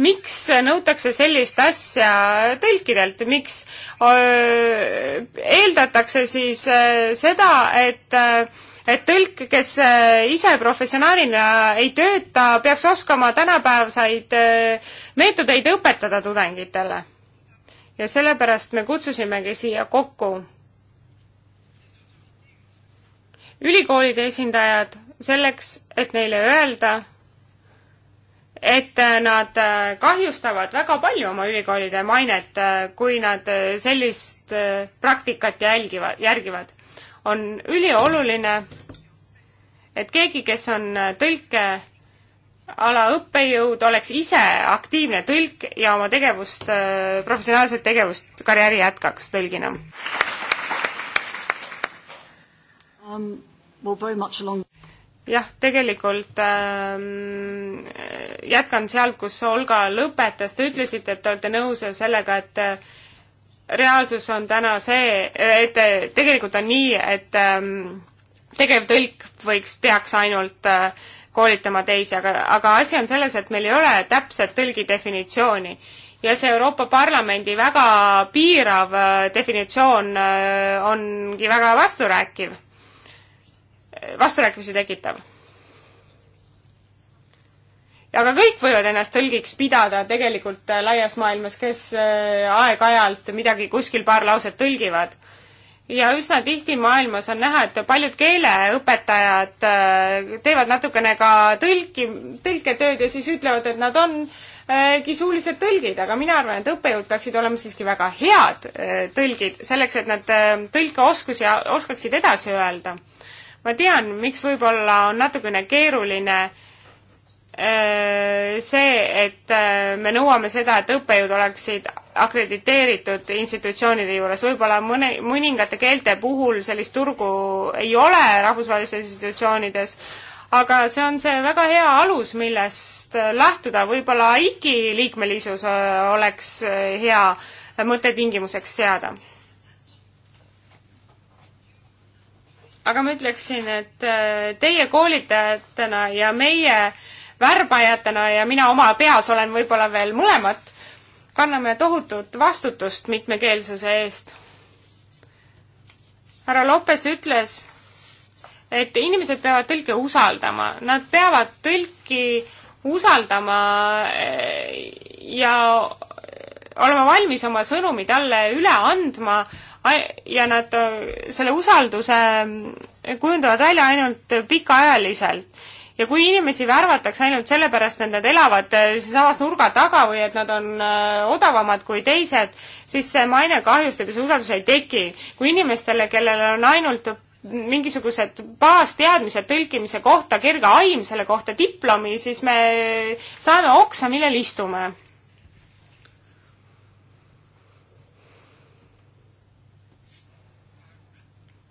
miks nõutakse sellist asja tõlkidelt, miks öö, eeldatakse siis öö, seda, et öö, et tõlk, kes ise professionaalina ei tööta, peaks oskama tänapäevaseid meetodeid õpetada tudengitele. ja sellepärast me kutsusimegi siia kokku ülikoolide esindajad selleks, et neile öelda, et äh, nad äh, kahjustavad väga palju oma ülikoolide mainet, äh, kui nad sellist praktikat jälgivad, järgivad. on ülioluline, et keegi, kes on tõlkeala õppejõud, oleks ise aktiivne tõlk ja oma tegevust, professionaalset tegevust, karjääri jätkaks tõlgina um,. Well, very much along jah, tegelikult ähm, jätkan sealt, kus Olga lõpetas, te ütlesite, et te olete nõus sellega, et äh, reaalsus on täna see, et äh, tegelikult on nii, et ähm, tegevtõlk võiks, peaks ainult äh, koolitama teisi, aga, aga asi on selles, et meil ei ole täpset tõlgi definitsiooni ja see Euroopa Parlamendi väga piirav äh, definitsioon ongi väga vasturääkiv vasturääkivusi tekitav. aga kõik võivad ennast tõlgiks pidada tegelikult laias maailmas, kes äh, aeg-ajalt midagi kuskil paar lauset tõlgivad ja üsna tihti maailmas on näha, et paljud keeleõpetajad äh, teevad natukene ka tõlki, tõlketööd ja siis ütlevad, et nad ongi äh, suulised tõlgid, aga mina arvan, et õppejõud peaksid olema siiski väga head tõlgid, selleks et nad tõlkeoskusi oskaksid edasi öelda ma tean, miks võib-olla on natukene keeruline äh, see, et äh, me nõuame seda, et õppejõud oleksid akrediteeritud institutsioonide juures, võib-olla mõne, mõningate keelte puhul sellist turgu ei ole rahvusvahelistes institutsioonides, aga see on see väga hea alus, millest lähtuda, võib-olla IKI liikmelisus äh, oleks hea mõttetingimuseks seada aga ma ütleksin, et äh, teie koolitajatena ja meie värbajatena ja mina oma peas olen võib-olla veel mõlemat, kanname tohutut vastutust mitmekeelsuse eest. härra Lopes ütles, et inimesed peavad tõlke usaldama, nad peavad tõlki usaldama äh, ja olema valmis oma sõnumi talle üle andma, ja nad selle usalduse kujundavad välja ainult pikaajaliselt. ja kui inimesi värvatakse ainult sellepärast, et nad elavad sealsamas nurga taga või et nad on äh, odavamad kui teised, siis see maine kahjustub ja see usaldus ei teki. kui inimestele, kellel on ainult mingisugused baasteadmised tõlkimise kohta, kerge aim selle kohta, diplomi, siis me saame oksa, millel istume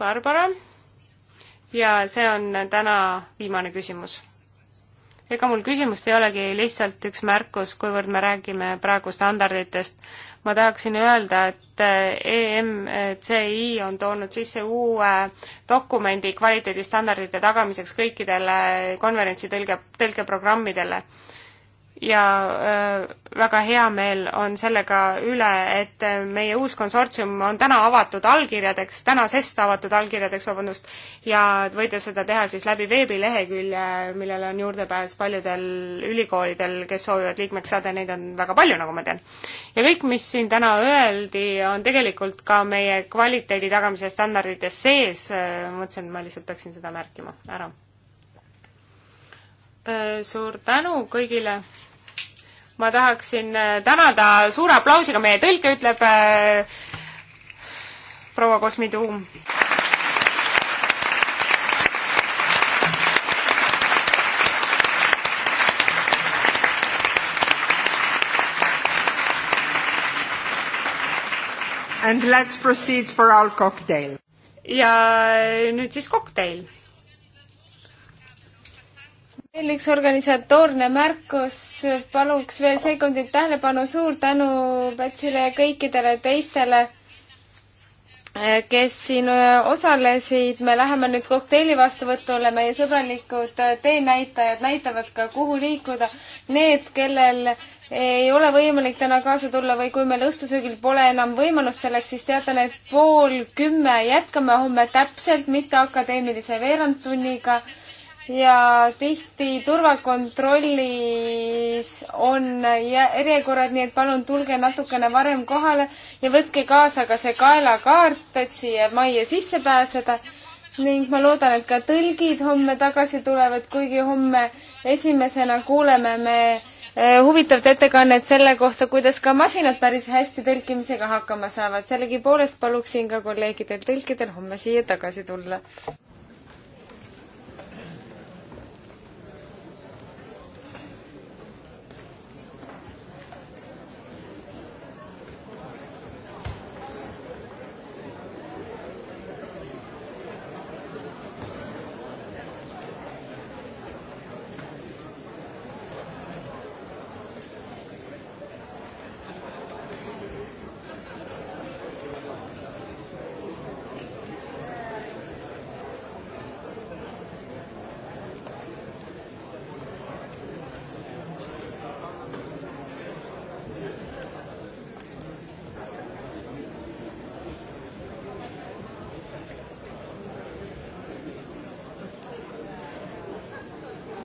Barbara. ja see on täna viimane küsimus. ega mul küsimust ei olegi, lihtsalt üks märkus, kuivõrd me räägime praegu standarditest. ma tahaksin öelda, et EMCI eh, e on toonud sisse uue dokumendi kvaliteedistandardite tagamiseks kõikidele konverentsi tõlge, tõlkeprogrammidele ja äh, väga hea meel on sellega üle, et äh, meie uus konsortsium on täna avatud allkirjadeks, tänasest avatud allkirjadeks, vabandust, ja võite seda teha siis läbi veebilehekülje, millele on juurdepääs paljudel ülikoolidel, kes soovivad liikmeks saada, neid on väga palju, nagu ma tean. ja kõik, mis siin täna öeldi, on tegelikult ka meie kvaliteedi tagamise standardites sees, äh, mõtlesin, et ma lihtsalt peaksin seda märkima ära. suur tänu kõigile! ma tahaksin äh, tänada suure aplausiga meie tõlke, ütleb äh, proua Kosmi Tuum. And let's proceed for our cocktail. ja nüüd siis kokteil veel üks organisatoorne märkus, paluks veel sekundid tähelepanu, suur tänu Pätsile ja kõikidele teistele, eh, kes siin eh, osalesid, me läheme nüüd kokteili vastuvõtule, meie sõbralikud eh, teenäitajad näitavad ka, kuhu liikuda. Need, kellel ei ole võimalik täna kaasa tulla või kui meil õhtusöögil pole enam võimalust selleks, siis teatan, et pool kümme jätkame homme täpselt, mitte akadeemilise veerandtunniga ja tihti turvakontrollis on järjekorrad, nii et palun tulge natukene varem kohale ja võtke kaasa ka see kaelakaart, et siia majja sisse pääseda. ning ma loodan, et ka tõlgid homme tagasi tulevad, kuigi homme esimesena kuuleme me eh, huvitavat ettekannet selle kohta, kuidas ka masinad päris hästi tõlkimisega hakkama saavad. sellegipoolest paluksin ka kolleegidel tõlkidel homme siia tagasi tulla.